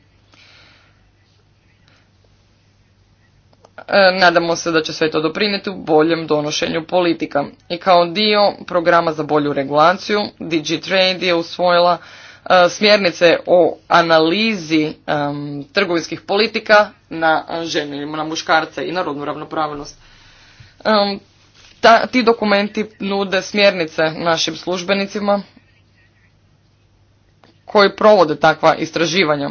E, nadamo se da će sve to doprinijeti u boljem donošenju politika. I kao dio programa za bolju regulaciju, DigiTrade je usvojila e, smjernice o analizi e, trgovinskih politika na žene, na muškarce i na rodnu ravnopravnost. ti dokumenti nude smjernice našim službenicima koji provode takva istraživanja.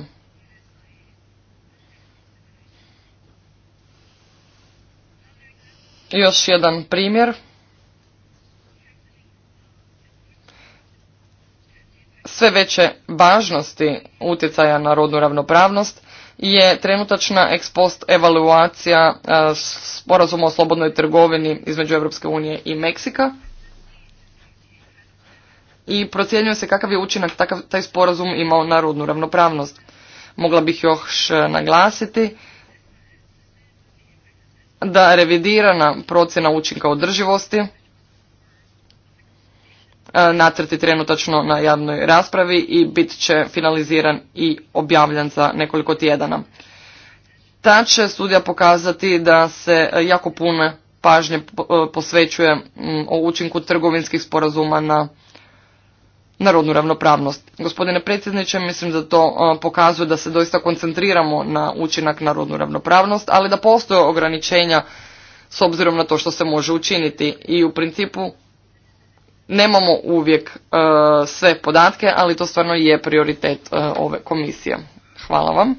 Još jedan primjer. Sve veće važnosti utjecaja na rodnu ravnopravnost je trenutačna ex post evaluacija sporazuma o slobodnoj trgovini između Europske unije i Meksika i procjenjuje se kakav je učinak takav, taj sporazum imao na rodnu ravnopravnost. Mogla bih još e, naglasiti da revidirana procjena učinka održivosti e, nacrti trenutačno na javnoj raspravi i bit će finaliziran i objavljan za nekoliko tjedana. Ta će studija pokazati da se jako puno pažnje e, posvećuje o učinku trgovinskih sporazuma na Narodnu ravnopravnost. Gospodine predsjedniče, mislim da to e, pokazuje da se doista koncentriramo na učinak narodnu ravnopravnost, ali da postoje ograničenja s obzirom na to što se može učiniti i u principu nemamo uvijek e, sve podatke, ali to stvarno je prioritet e, ove komisije. Hvala vam.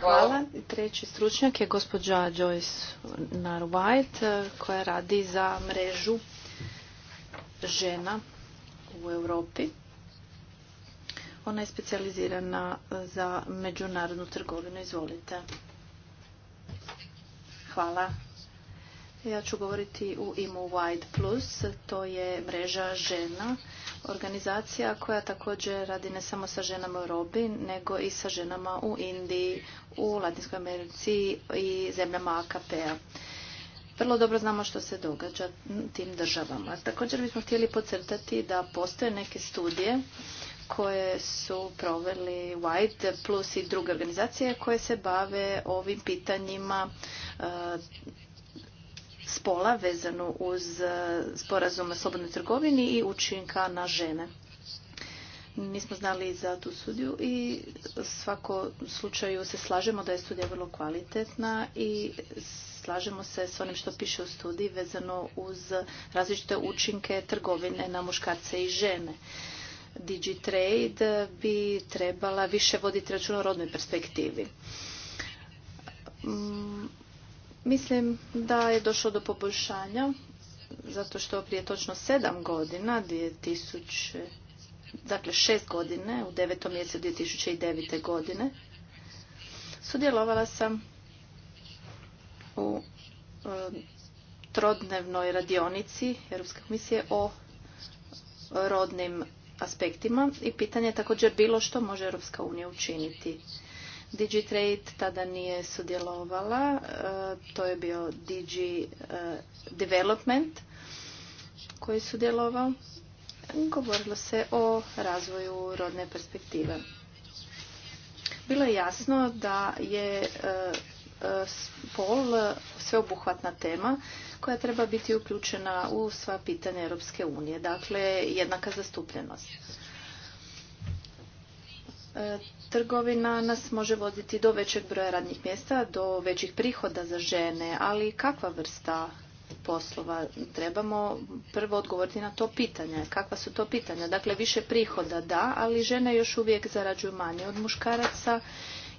Hvala. Treći stručnjak je gospođa Joyce Narwhite e, koja radi za mrežu žena u Europi. Ona je specijalizirana e, za međunarodnu trgovinu. Izvolite. Hvala. Ja ću govoriti u IMO Wide Plus. To je mreža žena organizacija koja također radi ne samo sa ženama u robi, nego i sa ženama u Indiji, u Latinskoj Americi i zemljama AKP-a. Vrlo dobro znamo što se događa tim državama. Također bismo htjeli podcrtati da postoje neke studije koje su proveli White plus i druge organizacije koje se bave ovim pitanjima e, spola vezanu uz e, sporazum o slobodnoj trgovini i učinka na žene. Nismo znali za tu studiju i svako slučaju se slažemo da je studija vrlo kvalitetna i slažemo se s onim što piše u studiji vezano uz različite učinke trgovine na muškarce i žene. DigiTrade bi trebala više voditi račun o rodnoj perspektivi. Mm, Mislim da je došlo do poboljšanja, zato što prije točno sedam godina, dakle šest godine, u devetom mjesecu 2009. godine, sudjelovala sam u um, trodnevnoj radionici Europske komisije o rodnim aspektima i pitanje je također bilo što može Europska unija učiniti DigiTrade tada nije sudjelovala, e, to je bio Digi e, Development koji je sudjelovao. Govorilo se o razvoju rodne perspektive. Bilo je jasno da je e, spol sveobuhvatna tema koja treba biti uključena u sva pitanja Europske unije, dakle jednaka zastupljenost. Trgovina nas može voditi do većeg broja radnih mjesta, do većih prihoda za žene, ali kakva vrsta poslova? Trebamo prvo odgovoriti na to pitanje. Kakva su to pitanja? Dakle, više prihoda da, ali žene još uvijek zarađuju manje od muškaraca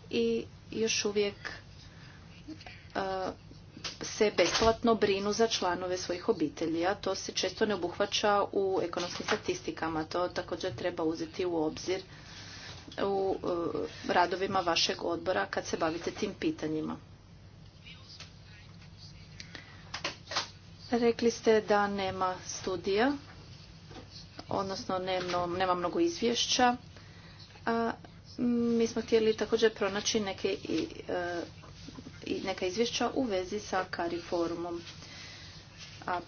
i još uvijek e, se besplatno brinu za članove svojih obitelji, a to se često ne obuhvaća u ekonomskim statistikama. To također treba uzeti u obzir u radovima vašeg odbora kad se bavite tim pitanjima. Rekli ste da nema studija, odnosno nema mnogo izvješća. A mi smo htjeli također pronaći neke i, e, neka izvješća u vezi sa Kari forumom. A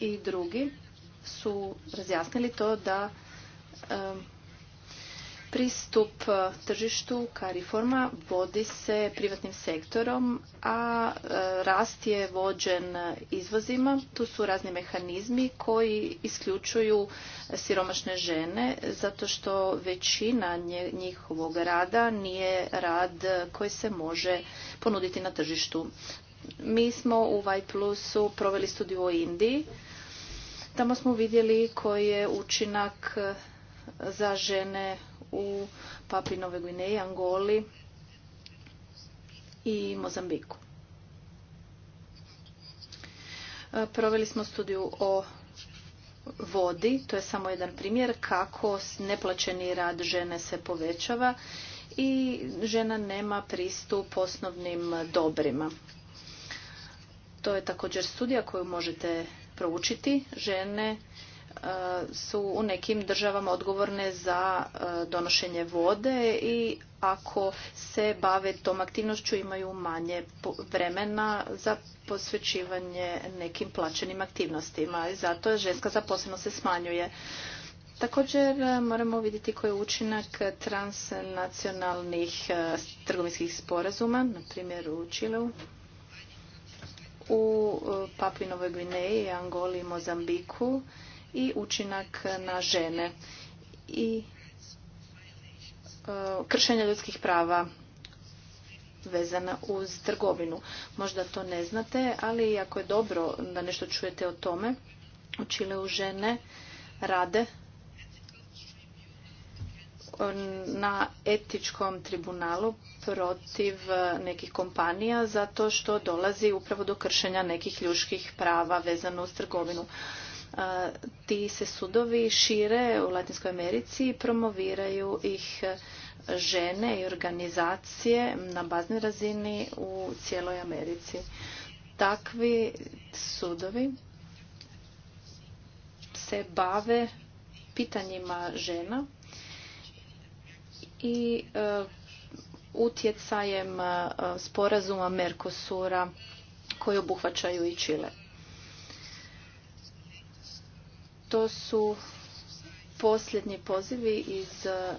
i drugi su razjasnili to da e, Pristup e, tržištu ka vodi se privatnim sektorom, a e, rast je vođen izvozima. Tu su razni mehanizmi koji isključuju siromašne žene zato što većina njihovog rada nije rad koji se može ponuditi na tržištu. Mi smo u Vajplusu proveli studiju u Indiji. Tamo smo vidjeli koji je učinak za žene u Papi Nove Angoli i Mozambiku. E, proveli smo studiju o vodi, to je samo jedan primjer kako neplaćeni rad žene se povećava i žena nema pristup osnovnim dobrima. To je također studija koju možete proučiti. Žene su u nekim državama odgovorne za e, donošenje vode i ako se bave tom aktivnošću imaju manje vremena za posvećivanje nekim plaćenim aktivnostima i zato ženska zaposlenost se smanjuje. Također e, moramo vidjeti koji je učinak transnacionalnih e, trgovinskih sporazuma, na primjer u Čileu, u Papinovoj Gvineji, Angoli i Mozambiku i učinak na žene i e, kršenje ljudskih prava vezana uz trgovinu. Možda to ne znate, ali jako je dobro da nešto čujete o tome. U Čileu žene rade na etičkom tribunalu protiv nekih kompanija zato što dolazi upravo do kršenja nekih ljuških prava vezano uz trgovinu ti se sudovi šire u Latinskoj Americi i promoviraju ih e, žene i organizacije na baznoj razini u cijeloj Americi. Takvi sudovi se bave pitanjima žena i e, utjecajem e, sporazuma Mercosura koji obuhvaćaju i Čile. to su posljednji pozivi iz e,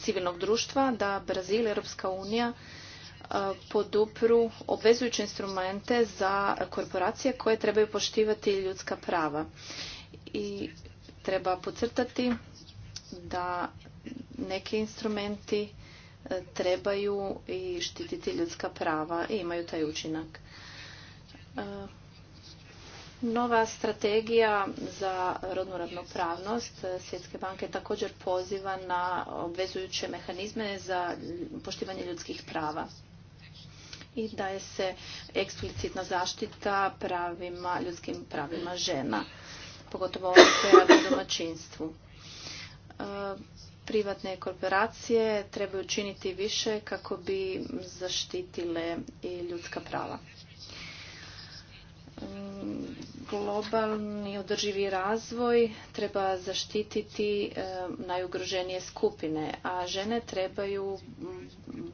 civilnog društva da Brazil i Europska unija e, podupru obvezujuće instrumente za korporacije koje trebaju poštivati ljudska prava. I treba podcrtati da neki instrumenti e, trebaju i štititi ljudska prava i imaju taj učinak. Nova strategija za rodnu ravnopravnost Svjetske banke također poziva na obvezujuće mehanizme za poštivanje ljudskih prava i daje se eksplicitna zaštita pravima, ljudskim pravima žena, pogotovo ono u domaćinstvu. E, privatne korporacije trebaju činiti više kako bi zaštitile i ljudska prava mm, globalni održivi razvoj treba zaštititi e, najugroženije skupine, a žene trebaju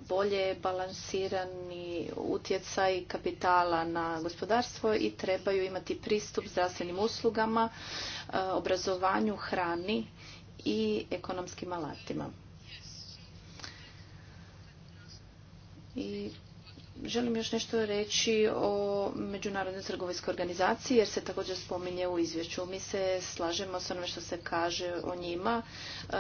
bolje balansirani utjecaj kapitala na gospodarstvo i trebaju imati pristup zdravstvenim uslugama, e, obrazovanju, hrani i ekonomskim alatima. I Želim još nešto reći o Međunarodnoj trgovinskoj organizaciji jer se također spominje u izvješću. Mi se slažemo s onome što se kaže o njima. E,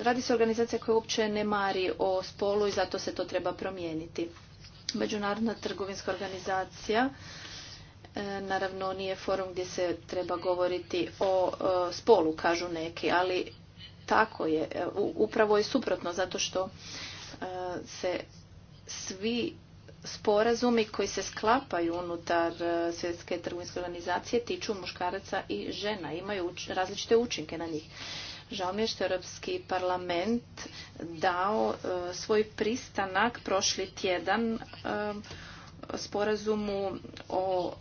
radi se o organizacija koja uopće ne mari o spolu i zato se to treba promijeniti. Međunarodna trgovinska organizacija e, naravno nije forum gdje se treba govoriti o e, spolu, kažu neki, ali tako je. Upravo je suprotno zato što se svi sporazumi koji se sklapaju unutar e, svjetske trgovinske organizacije tiču muškaraca i žena, imaju različite učinke na njih. Žao mi je što je Europski parlament dao e, svoj pristanak prošli tjedan e, sporazumu o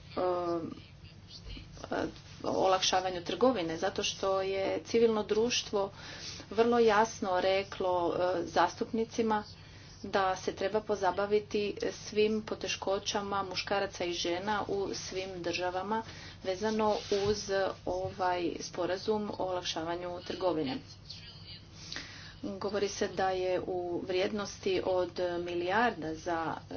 olakšavanju trgovine, zato što je civilno društvo vrlo jasno reklo zastupnicima da se treba pozabaviti svim poteškoćama muškaraca i žena u svim državama vezano uz ovaj sporazum o olakšavanju trgovine. Govori se da je u vrijednosti od milijarda za eh,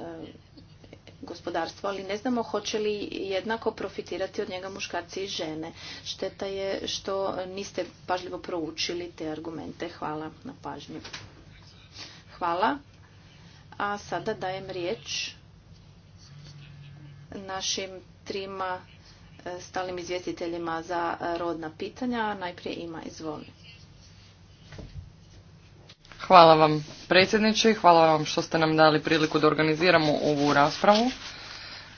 gospodarstvo, ali ne znamo hoće li jednako profitirati od njega muškarci i žene. Šteta je što niste pažljivo proučili te argumente. Hvala na pažnju. Hvala. A sada dajem riječ našim trima e, stalnim izvjestiteljima za e, rodna pitanja. Najprije ima izvoli. Hvala vam predsjedniče i hvala vam što ste nam dali priliku da organiziramo ovu raspravu.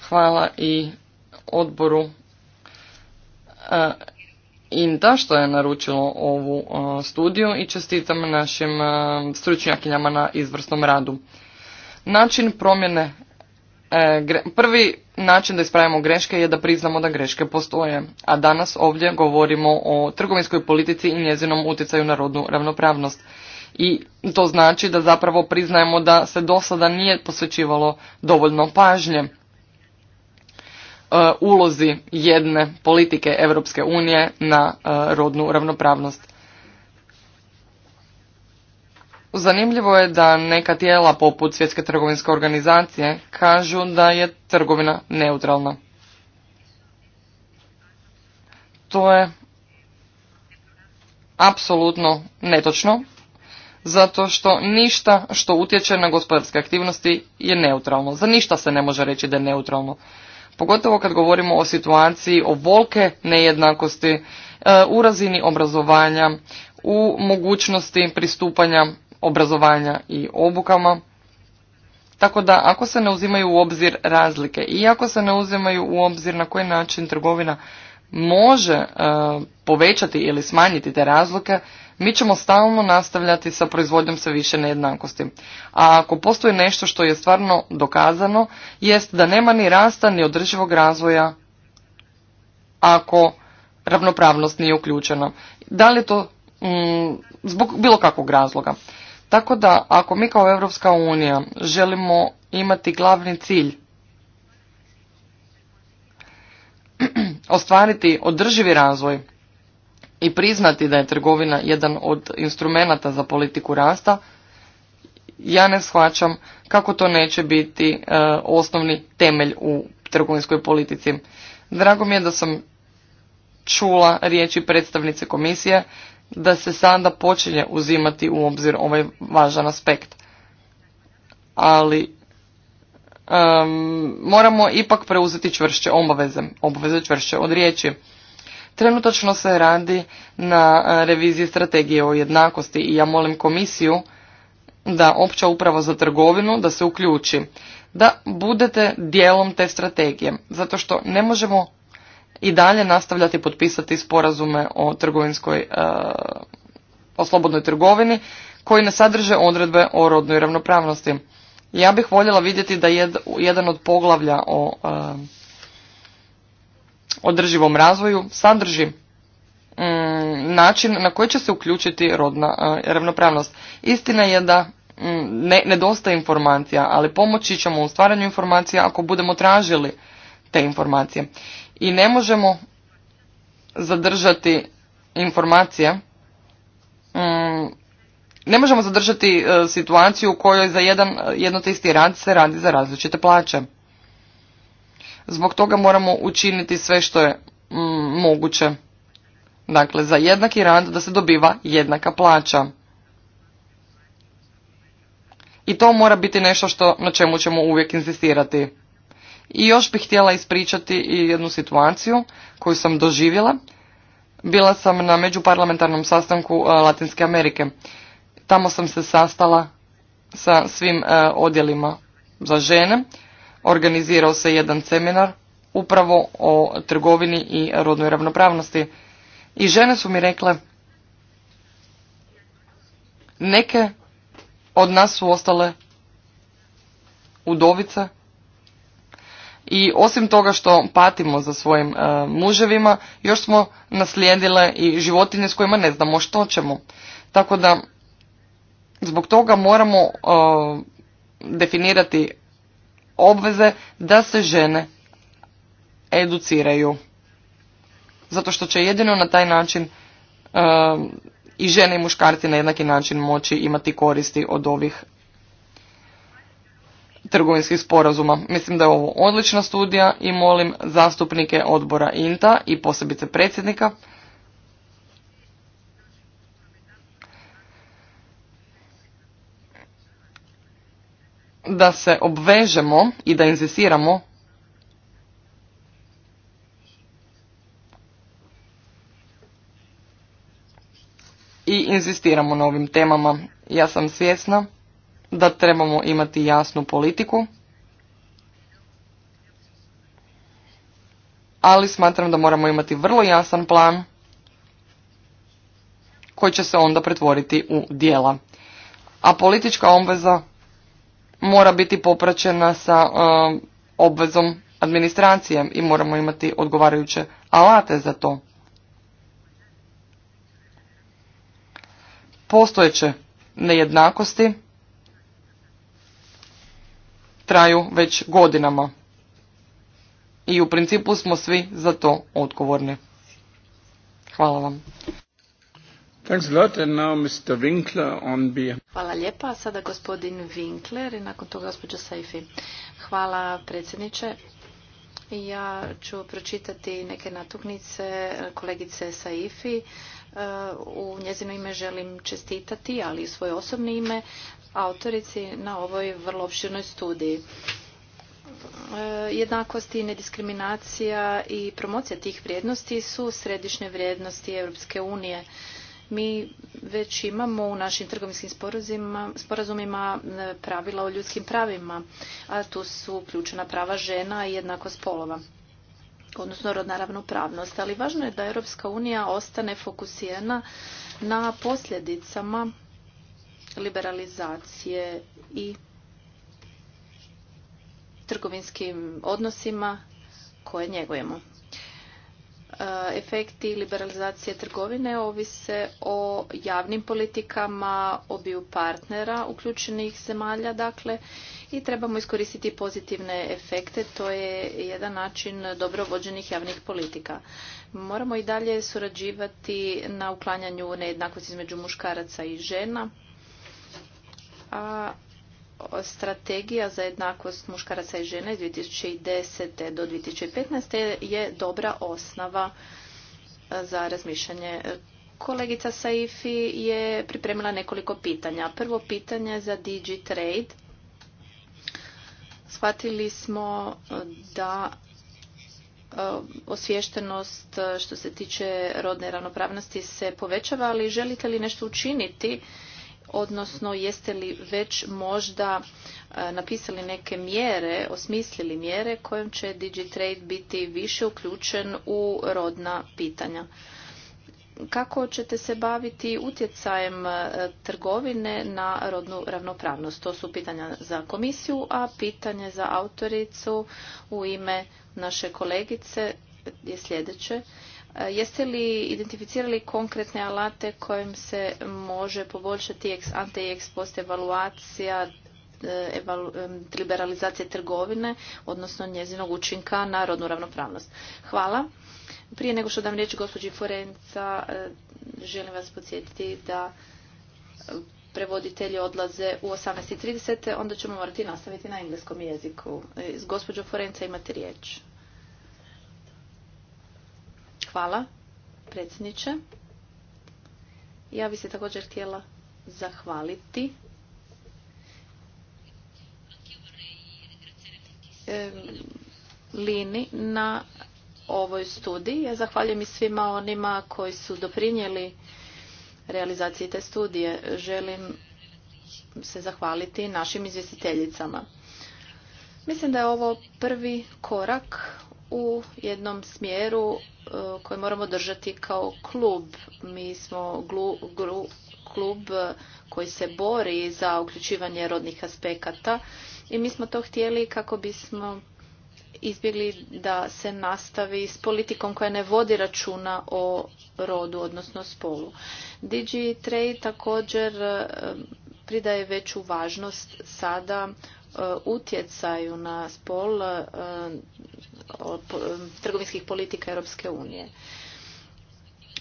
Hvala i odboru e, INTA što je naručilo ovu studiju i čestitam našim stručnjakinjama na izvrsnom radu. Način promjene, e, prvi način da ispravimo greške je da priznamo da greške postoje, a danas ovdje govorimo o trgovinskoj politici i njezinom utjecaju na rodnu ravnopravnost. I to znači da zapravo priznajemo da se do sada nije posvećivalo dovoljno pažnje e, ulozi jedne politike Europske unije na e, rodnu ravnopravnost. Zanimljivo je da neka tijela poput Svjetske trgovinske organizacije kažu da je trgovina neutralna. To je apsolutno netočno, zato što ništa što utječe na gospodarske aktivnosti je neutralno. Za ništa se ne može reći da je neutralno. Pogotovo kad govorimo o situaciji o volke nejednakosti e, u razini obrazovanja, u mogućnosti pristupanja obrazovanja i obukama. Tako da ako se ne uzimaju u obzir razlike i ako se ne uzimaju u obzir na koji način trgovina može e, povećati ili smanjiti te razlike, mi ćemo stalno nastavljati sa proizvodnjom sve više nejednakosti. A ako postoji nešto što je stvarno dokazano, jest da nema ni rasta ni održivog razvoja ako ravnopravnost nije uključena. Da li je to mm, zbog bilo kakvog razloga? Tako da, ako mi kao Europska unija želimo imati glavni cilj (clears throat) ostvariti održivi razvoj i priznati da je trgovina jedan od instrumenata za politiku rasta, ja ne shvaćam kako to neće biti e, osnovni temelj u trgovinskoj politici. Drago mi je da sam čula riječi predstavnice komisije da se sada počinje uzimati u obzir ovaj važan aspekt. Ali moramo ipak preuzeti čvršće obaveze, obaveze čvršće od riječi. Trenutačno se radi na eh, reviziji strategije o jednakosti i ja molim komisiju da opća uprava za trgovinu da se uključi, da budete dijelom te strategije, zato što ne možemo i dalje nastavljati potpisati sporazume o trgovinskoj, e, o slobodnoj trgovini koji ne sadrže odredbe o rodnoj ravnopravnosti. Ja bih voljela vidjeti da jedan od poglavlja o e, održivom razvoju sadrži mm, način na koji će se uključiti rodna e, ravnopravnost. Istina je da mm, ne, nedostaje informacija, ali pomoći ćemo u stvaranju informacija ako budemo tražili te informacije i ne možemo zadržati informacije mm, ne možemo zadržati e, situaciju u kojoj za jedan jedno te isti rad se radi za različite plaće zbog toga moramo učiniti sve što je mm, moguće dakle za jednaki rad da se dobiva jednaka plaća i to mora biti nešto što na čemu ćemo uvijek inzistirati i još bih htjela ispričati i jednu situaciju koju sam doživjela. Bila sam na međuparlamentarnom sastanku e, Latinske Amerike. Tamo sam se sastala sa svim e, odjelima za žene. Organizirao se jedan seminar upravo o trgovini i rodnoj ravnopravnosti. I žene su mi rekle, neke od nas su ostale udovice i osim toga što patimo za svojim e, muževima, još smo naslijedile i životinje s kojima ne znamo što ćemo. Tako da zbog toga moramo e, definirati obveze da se žene educiraju. Zato što će jedino na taj način e, i žene i muškarci na jednaki način moći imati koristi od ovih trgovinskih sporazuma. Mislim da je ovo odlična studija i molim zastupnike odbora INTA i posebice predsjednika da se obvežemo i da inzistiramo i inzistiramo na ovim temama. Ja sam svjesna da trebamo imati jasnu politiku, ali smatram da moramo imati vrlo jasan plan koji će se onda pretvoriti u dijela. A politička obveza mora biti popraćena sa um, obvezom administracije i moramo imati odgovarajuće alate za to. Postojeće nejednakosti traju već godinama. I u principu smo svi za to odgovorni. Hvala vam. Hvala lijepa. Sada gospodin Winkler i nakon toga gospođa Saifi. Hvala predsjedniče. Ja ću pročitati neke natuknice kolegice Saifi. E, u njezino ime želim čestitati, ali i svoje osobne ime, autorici na ovoj vrlo opširnoj studiji e, jednakost i nediskriminacija i promocija tih vrijednosti su središnje vrijednosti Europske unije. Mi već imamo u našim trgovinskim sporazumima e, pravila o ljudskim pravima, a tu su uključena prava žena i jednakost spolova odnosno rodna ravnopravnost. Ali važno je da Europska unija ostane fokusirana na posljedicama liberalizacije i trgovinskim odnosima koje njegujemo. E, efekti liberalizacije trgovine ovise o javnim politikama obiju partnera uključenih zemalja dakle i trebamo iskoristiti pozitivne efekte to je jedan način dobro vođenih javnih politika moramo i dalje surađivati na uklanjanju nejednakosti između muškaraca i žena a strategija za jednakost muškaraca i žene iz 2010. do 2015. je dobra osnova e, za razmišljanje. Kolegica Saifi je pripremila nekoliko pitanja. Prvo pitanje za DigiTrade. Shvatili smo e, da e, osviještenost što se tiče rodne ravnopravnosti se povećava, ali želite li nešto učiniti odnosno jeste li već možda e, napisali neke mjere, osmislili mjere kojim će Digitrade biti više uključen u rodna pitanja. Kako ćete se baviti utjecajem e, trgovine na rodnu ravnopravnost? To su pitanja za komisiju, a pitanje za autoricu u ime naše kolegice je sljedeće. E, jeste li identificirali konkretne alate kojim se može poboljšati ex ante ex post evaluacija e, liberalizacije trgovine, odnosno njezinog učinka na rodnu ravnopravnost? Hvala. Prije nego što dam riječ gospođi Forenca, e, želim vas podsjetiti da prevoditelji odlaze u 18.30, onda ćemo morati nastaviti na engleskom jeziku. gospođo Forenca imate riječ. Hvala, predsjedniče. Ja bi se također htjela zahvaliti Lini na ovoj studiji. Ja zahvaljujem i svima onima koji su doprinijeli realizaciji te studije. Želim se zahvaliti našim izvjestiteljicama. Mislim da je ovo prvi korak u jednom smjeru e, koji moramo držati kao klub. Mi smo glu, klub e, koji se bori za uključivanje rodnih aspekata i mi smo to htjeli kako bismo izbjegli da se nastavi s politikom koja ne vodi računa o rodu, odnosno spolu. DigiTrade također e, pridaje veću važnost sada utjecaju na spol trgovinskih politika Europske unije.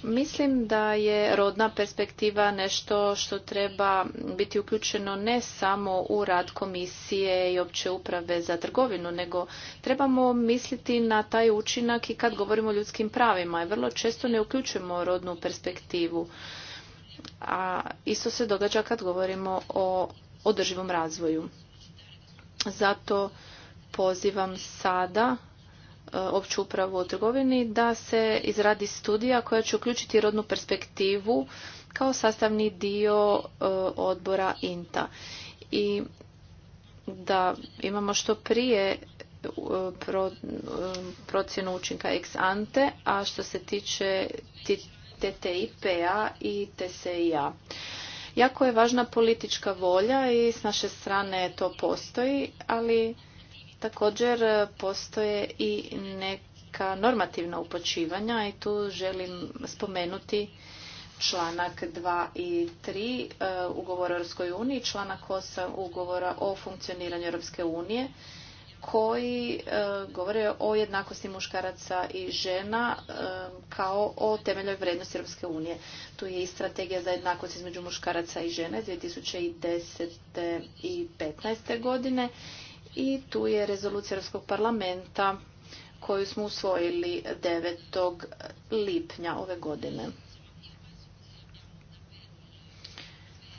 Mislim da je rodna perspektiva nešto što treba biti uključeno ne samo u rad komisije i opće uprave za trgovinu, nego trebamo misliti na taj učinak i kad govorimo o ljudskim pravima. Vrlo često ne uključujemo rodnu perspektivu. A isto se događa kad govorimo o održivom razvoju. Zato pozivam sada E, opću upravu o trgovini da se izradi studija koja će uključiti rodnu perspektivu kao sastavni dio e, odbora INTA. I da imamo što prije e, procjenu učinka ex ante, a što se tiče TTIP-a i TSI-a. Jako je važna politička volja i s naše strane to postoji, ali Također e, postoje i neka normativna upočivanja i tu želim spomenuti članak 2 i 3 e, ugovora o Europskoj uniji, članak 8 ugovora o funkcioniranju Europske unije koji e, govore o jednakosti muškaraca i žena kao o temeljoj vrednosti Europske unije. Tu je i strategija za jednakost između muškaraca i žene 2010. i 2015. godine i tu je rezolucija Europskog parlamenta koju smo usvojili 9. lipnja ove godine.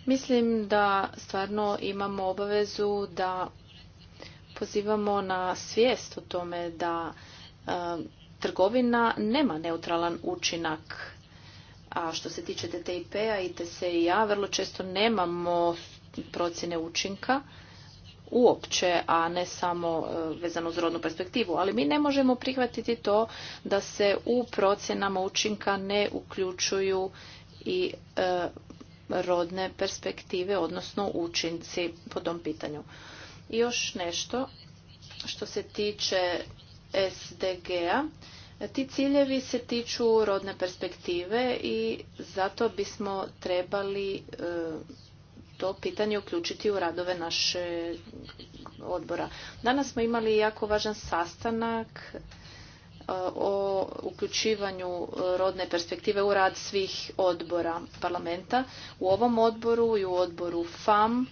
Mislim da stvarno imamo obavezu da pozivamo na svijest o tome da um, trgovina nema neutralan učinak. A što se tiče ttip p-a a i TCI-a, vrlo često nemamo procjene učinka uopće, a ne samo e, vezano uz rodnu perspektivu. Ali mi ne možemo prihvatiti to da se u procjenama učinka ne uključuju i e, rodne perspektive, odnosno učinci po tom pitanju. I još nešto što se tiče SDG-a. Ti ciljevi se tiču rodne perspektive i zato bismo trebali e, to pitanje uključiti u radove naše odbora. Danas smo imali jako važan sastanak e, o uključivanju rodne perspektive u rad svih odbora parlamenta. U ovom odboru i u odboru FAM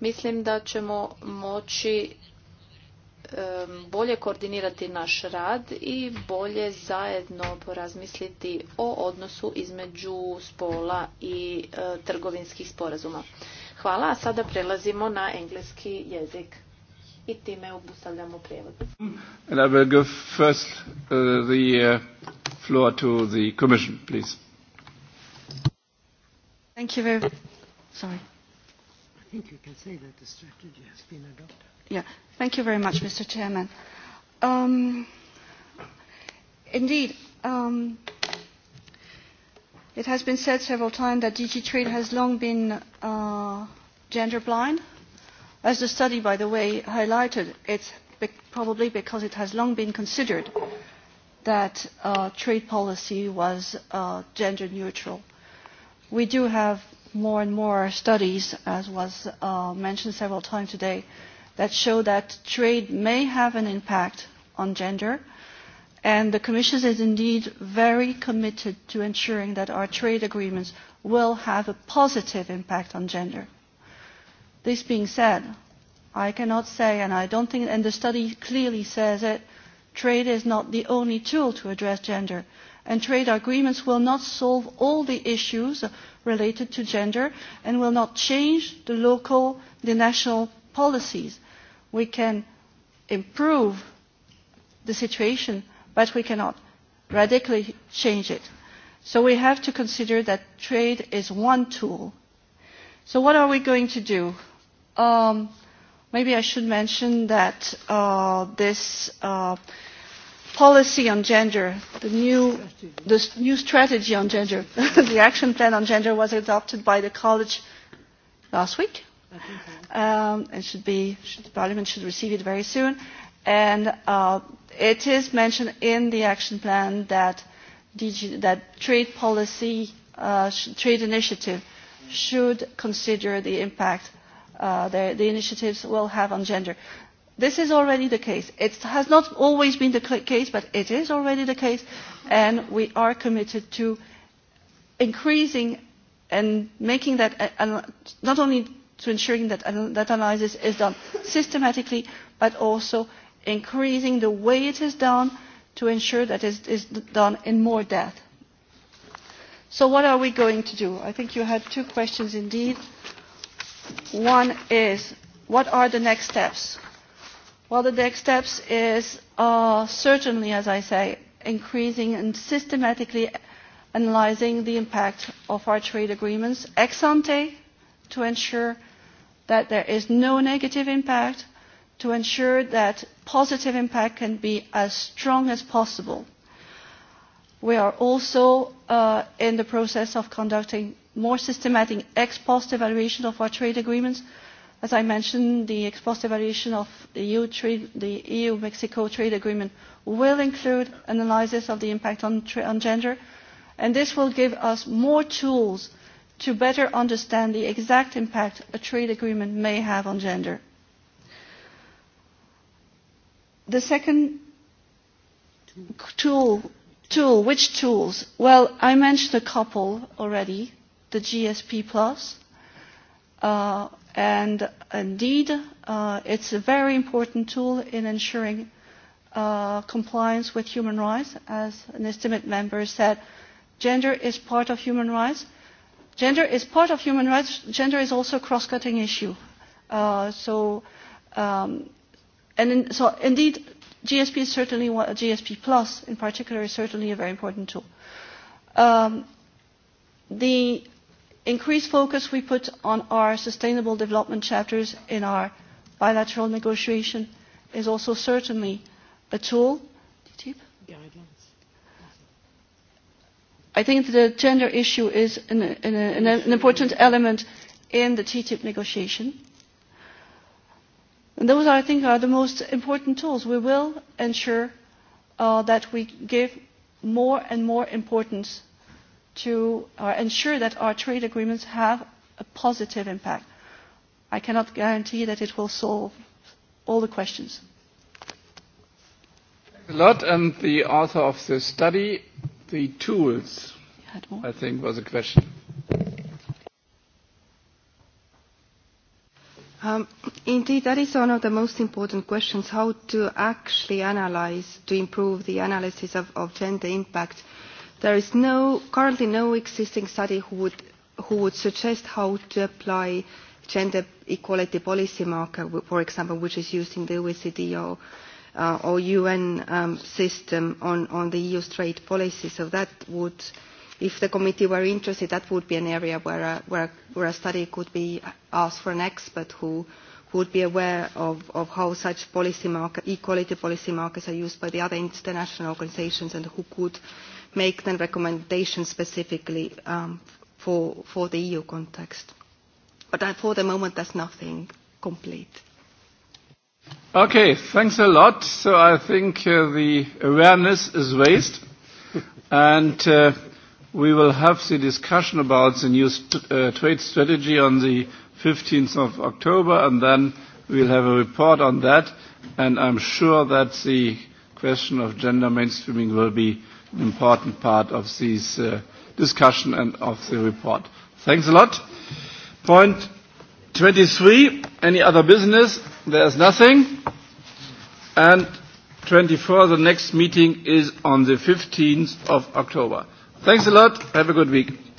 mislim da ćemo moći bolje koordinirati naš rad i bolje zajedno porazmisliti o odnosu između spola i e, trgovinskih sporazuma. Hvala, a sada prelazimo na engleski jezik. I time obustavljamo prijevod. I give first uh, the uh, floor to the commission, please. Thank you very Sorry. I think you can say that the strategy has been adopted. Yeah. Thank you very much, Mr. Chairman. Um, indeed, um, it has been said several times that DG Trade has long been uh, gender blind. As the study, by the way, highlighted, it's be probably because it has long been considered that uh, trade policy was uh, gender neutral. We do have more and more studies, as was uh, mentioned several times today, that show that trade may have an impact on gender and the commission is indeed very committed to ensuring that our trade agreements will have a positive impact on gender. this being said i cannot say and i don't think and the study clearly says it trade is not the only tool to address gender and trade agreements will not solve all the issues related to gender and will not change the local the national policies we can improve the situation but we cannot radically change it. so we have to consider that trade is one tool. so what are we going to do? Um, maybe i should mention that uh, this uh, policy on gender the new, the new strategy on gender (laughs) the action plan on gender was adopted by the college last week um, and should be should, Parliament should receive it very soon. And uh, it is mentioned in the action plan that DG, that trade policy, uh, sh trade initiative, should consider the impact uh, the, the initiatives will have on gender. This is already the case. It has not always been the case, but it is already the case, and we are committed to increasing and making that uh, uh not only to ensuring that that analysis is done systematically but also increasing the way it is done to ensure that it is done in more depth. So what are we going to do? I think you had two questions indeed. One is, what are the next steps? Well, the next steps is uh, certainly, as I say, increasing and systematically analyzing the impact of our trade agreements ex ante to ensure that there is no negative impact to ensure that positive impact can be as strong as possible. We are also uh, in the process of conducting more systematic ex post evaluation of our trade agreements. As I mentioned, the ex post evaluation of the EU the EU Mexico trade agreement will include analysis of the impact on gender, and this will give us more tools to better understand the exact impact a trade agreement may have on gender. The second tool, tool which tools? Well, I mentioned a couple already, the GSP+, plus, uh, and indeed uh, it's a very important tool in ensuring uh, compliance with human rights. As an estimate member said, gender is part of human rights Gender is part of human rights. Gender is also a cross-cutting issue. Uh, so, um, and in, so indeed, GSP is certainly GSP Plus in particular is certainly a very important tool. Um, the increased focus we put on our sustainable development chapters in our bilateral negotiation is also certainly a tool. I think the gender issue is an, an, an important element in the TTIP negotiation. And those, I think, are the most important tools. We will ensure uh, that we give more and more importance to uh, ensure that our trade agreements have a positive impact. I cannot guarantee that it will solve all the questions. a lot. And the author of the study The tools, I think, was a question. Um, indeed, that is one of the most important questions, how to actually analyze, to improve the analysis of, gender impact. There is no, currently no existing study who would, who would suggest how to apply gender equality policy marker, for example, which is used in the OECD or uh, or UN um, system on, on the EU's trade policy. So that would, if the committee were interested, that would be an area where a, where a, where a study could be asked for an expert who would be aware of, of how such policy market, equality policy markets are used by the other international organizations and who could make then recommendations specifically um, for, for the EU context. But for the moment, there's nothing complete. Okay, thanks a lot. So I think uh, the awareness is raised and uh, we will have the discussion about the new st uh, trade strategy on the 15th of October and then we'll have a report on that and I'm sure that the question of gender mainstreaming will be an important part of this uh, discussion and of the report. Thanks a lot. Point 23, any other business? There is nothing. And 24, the next meeting is on the 15th of October. Thanks a lot. Have a good week.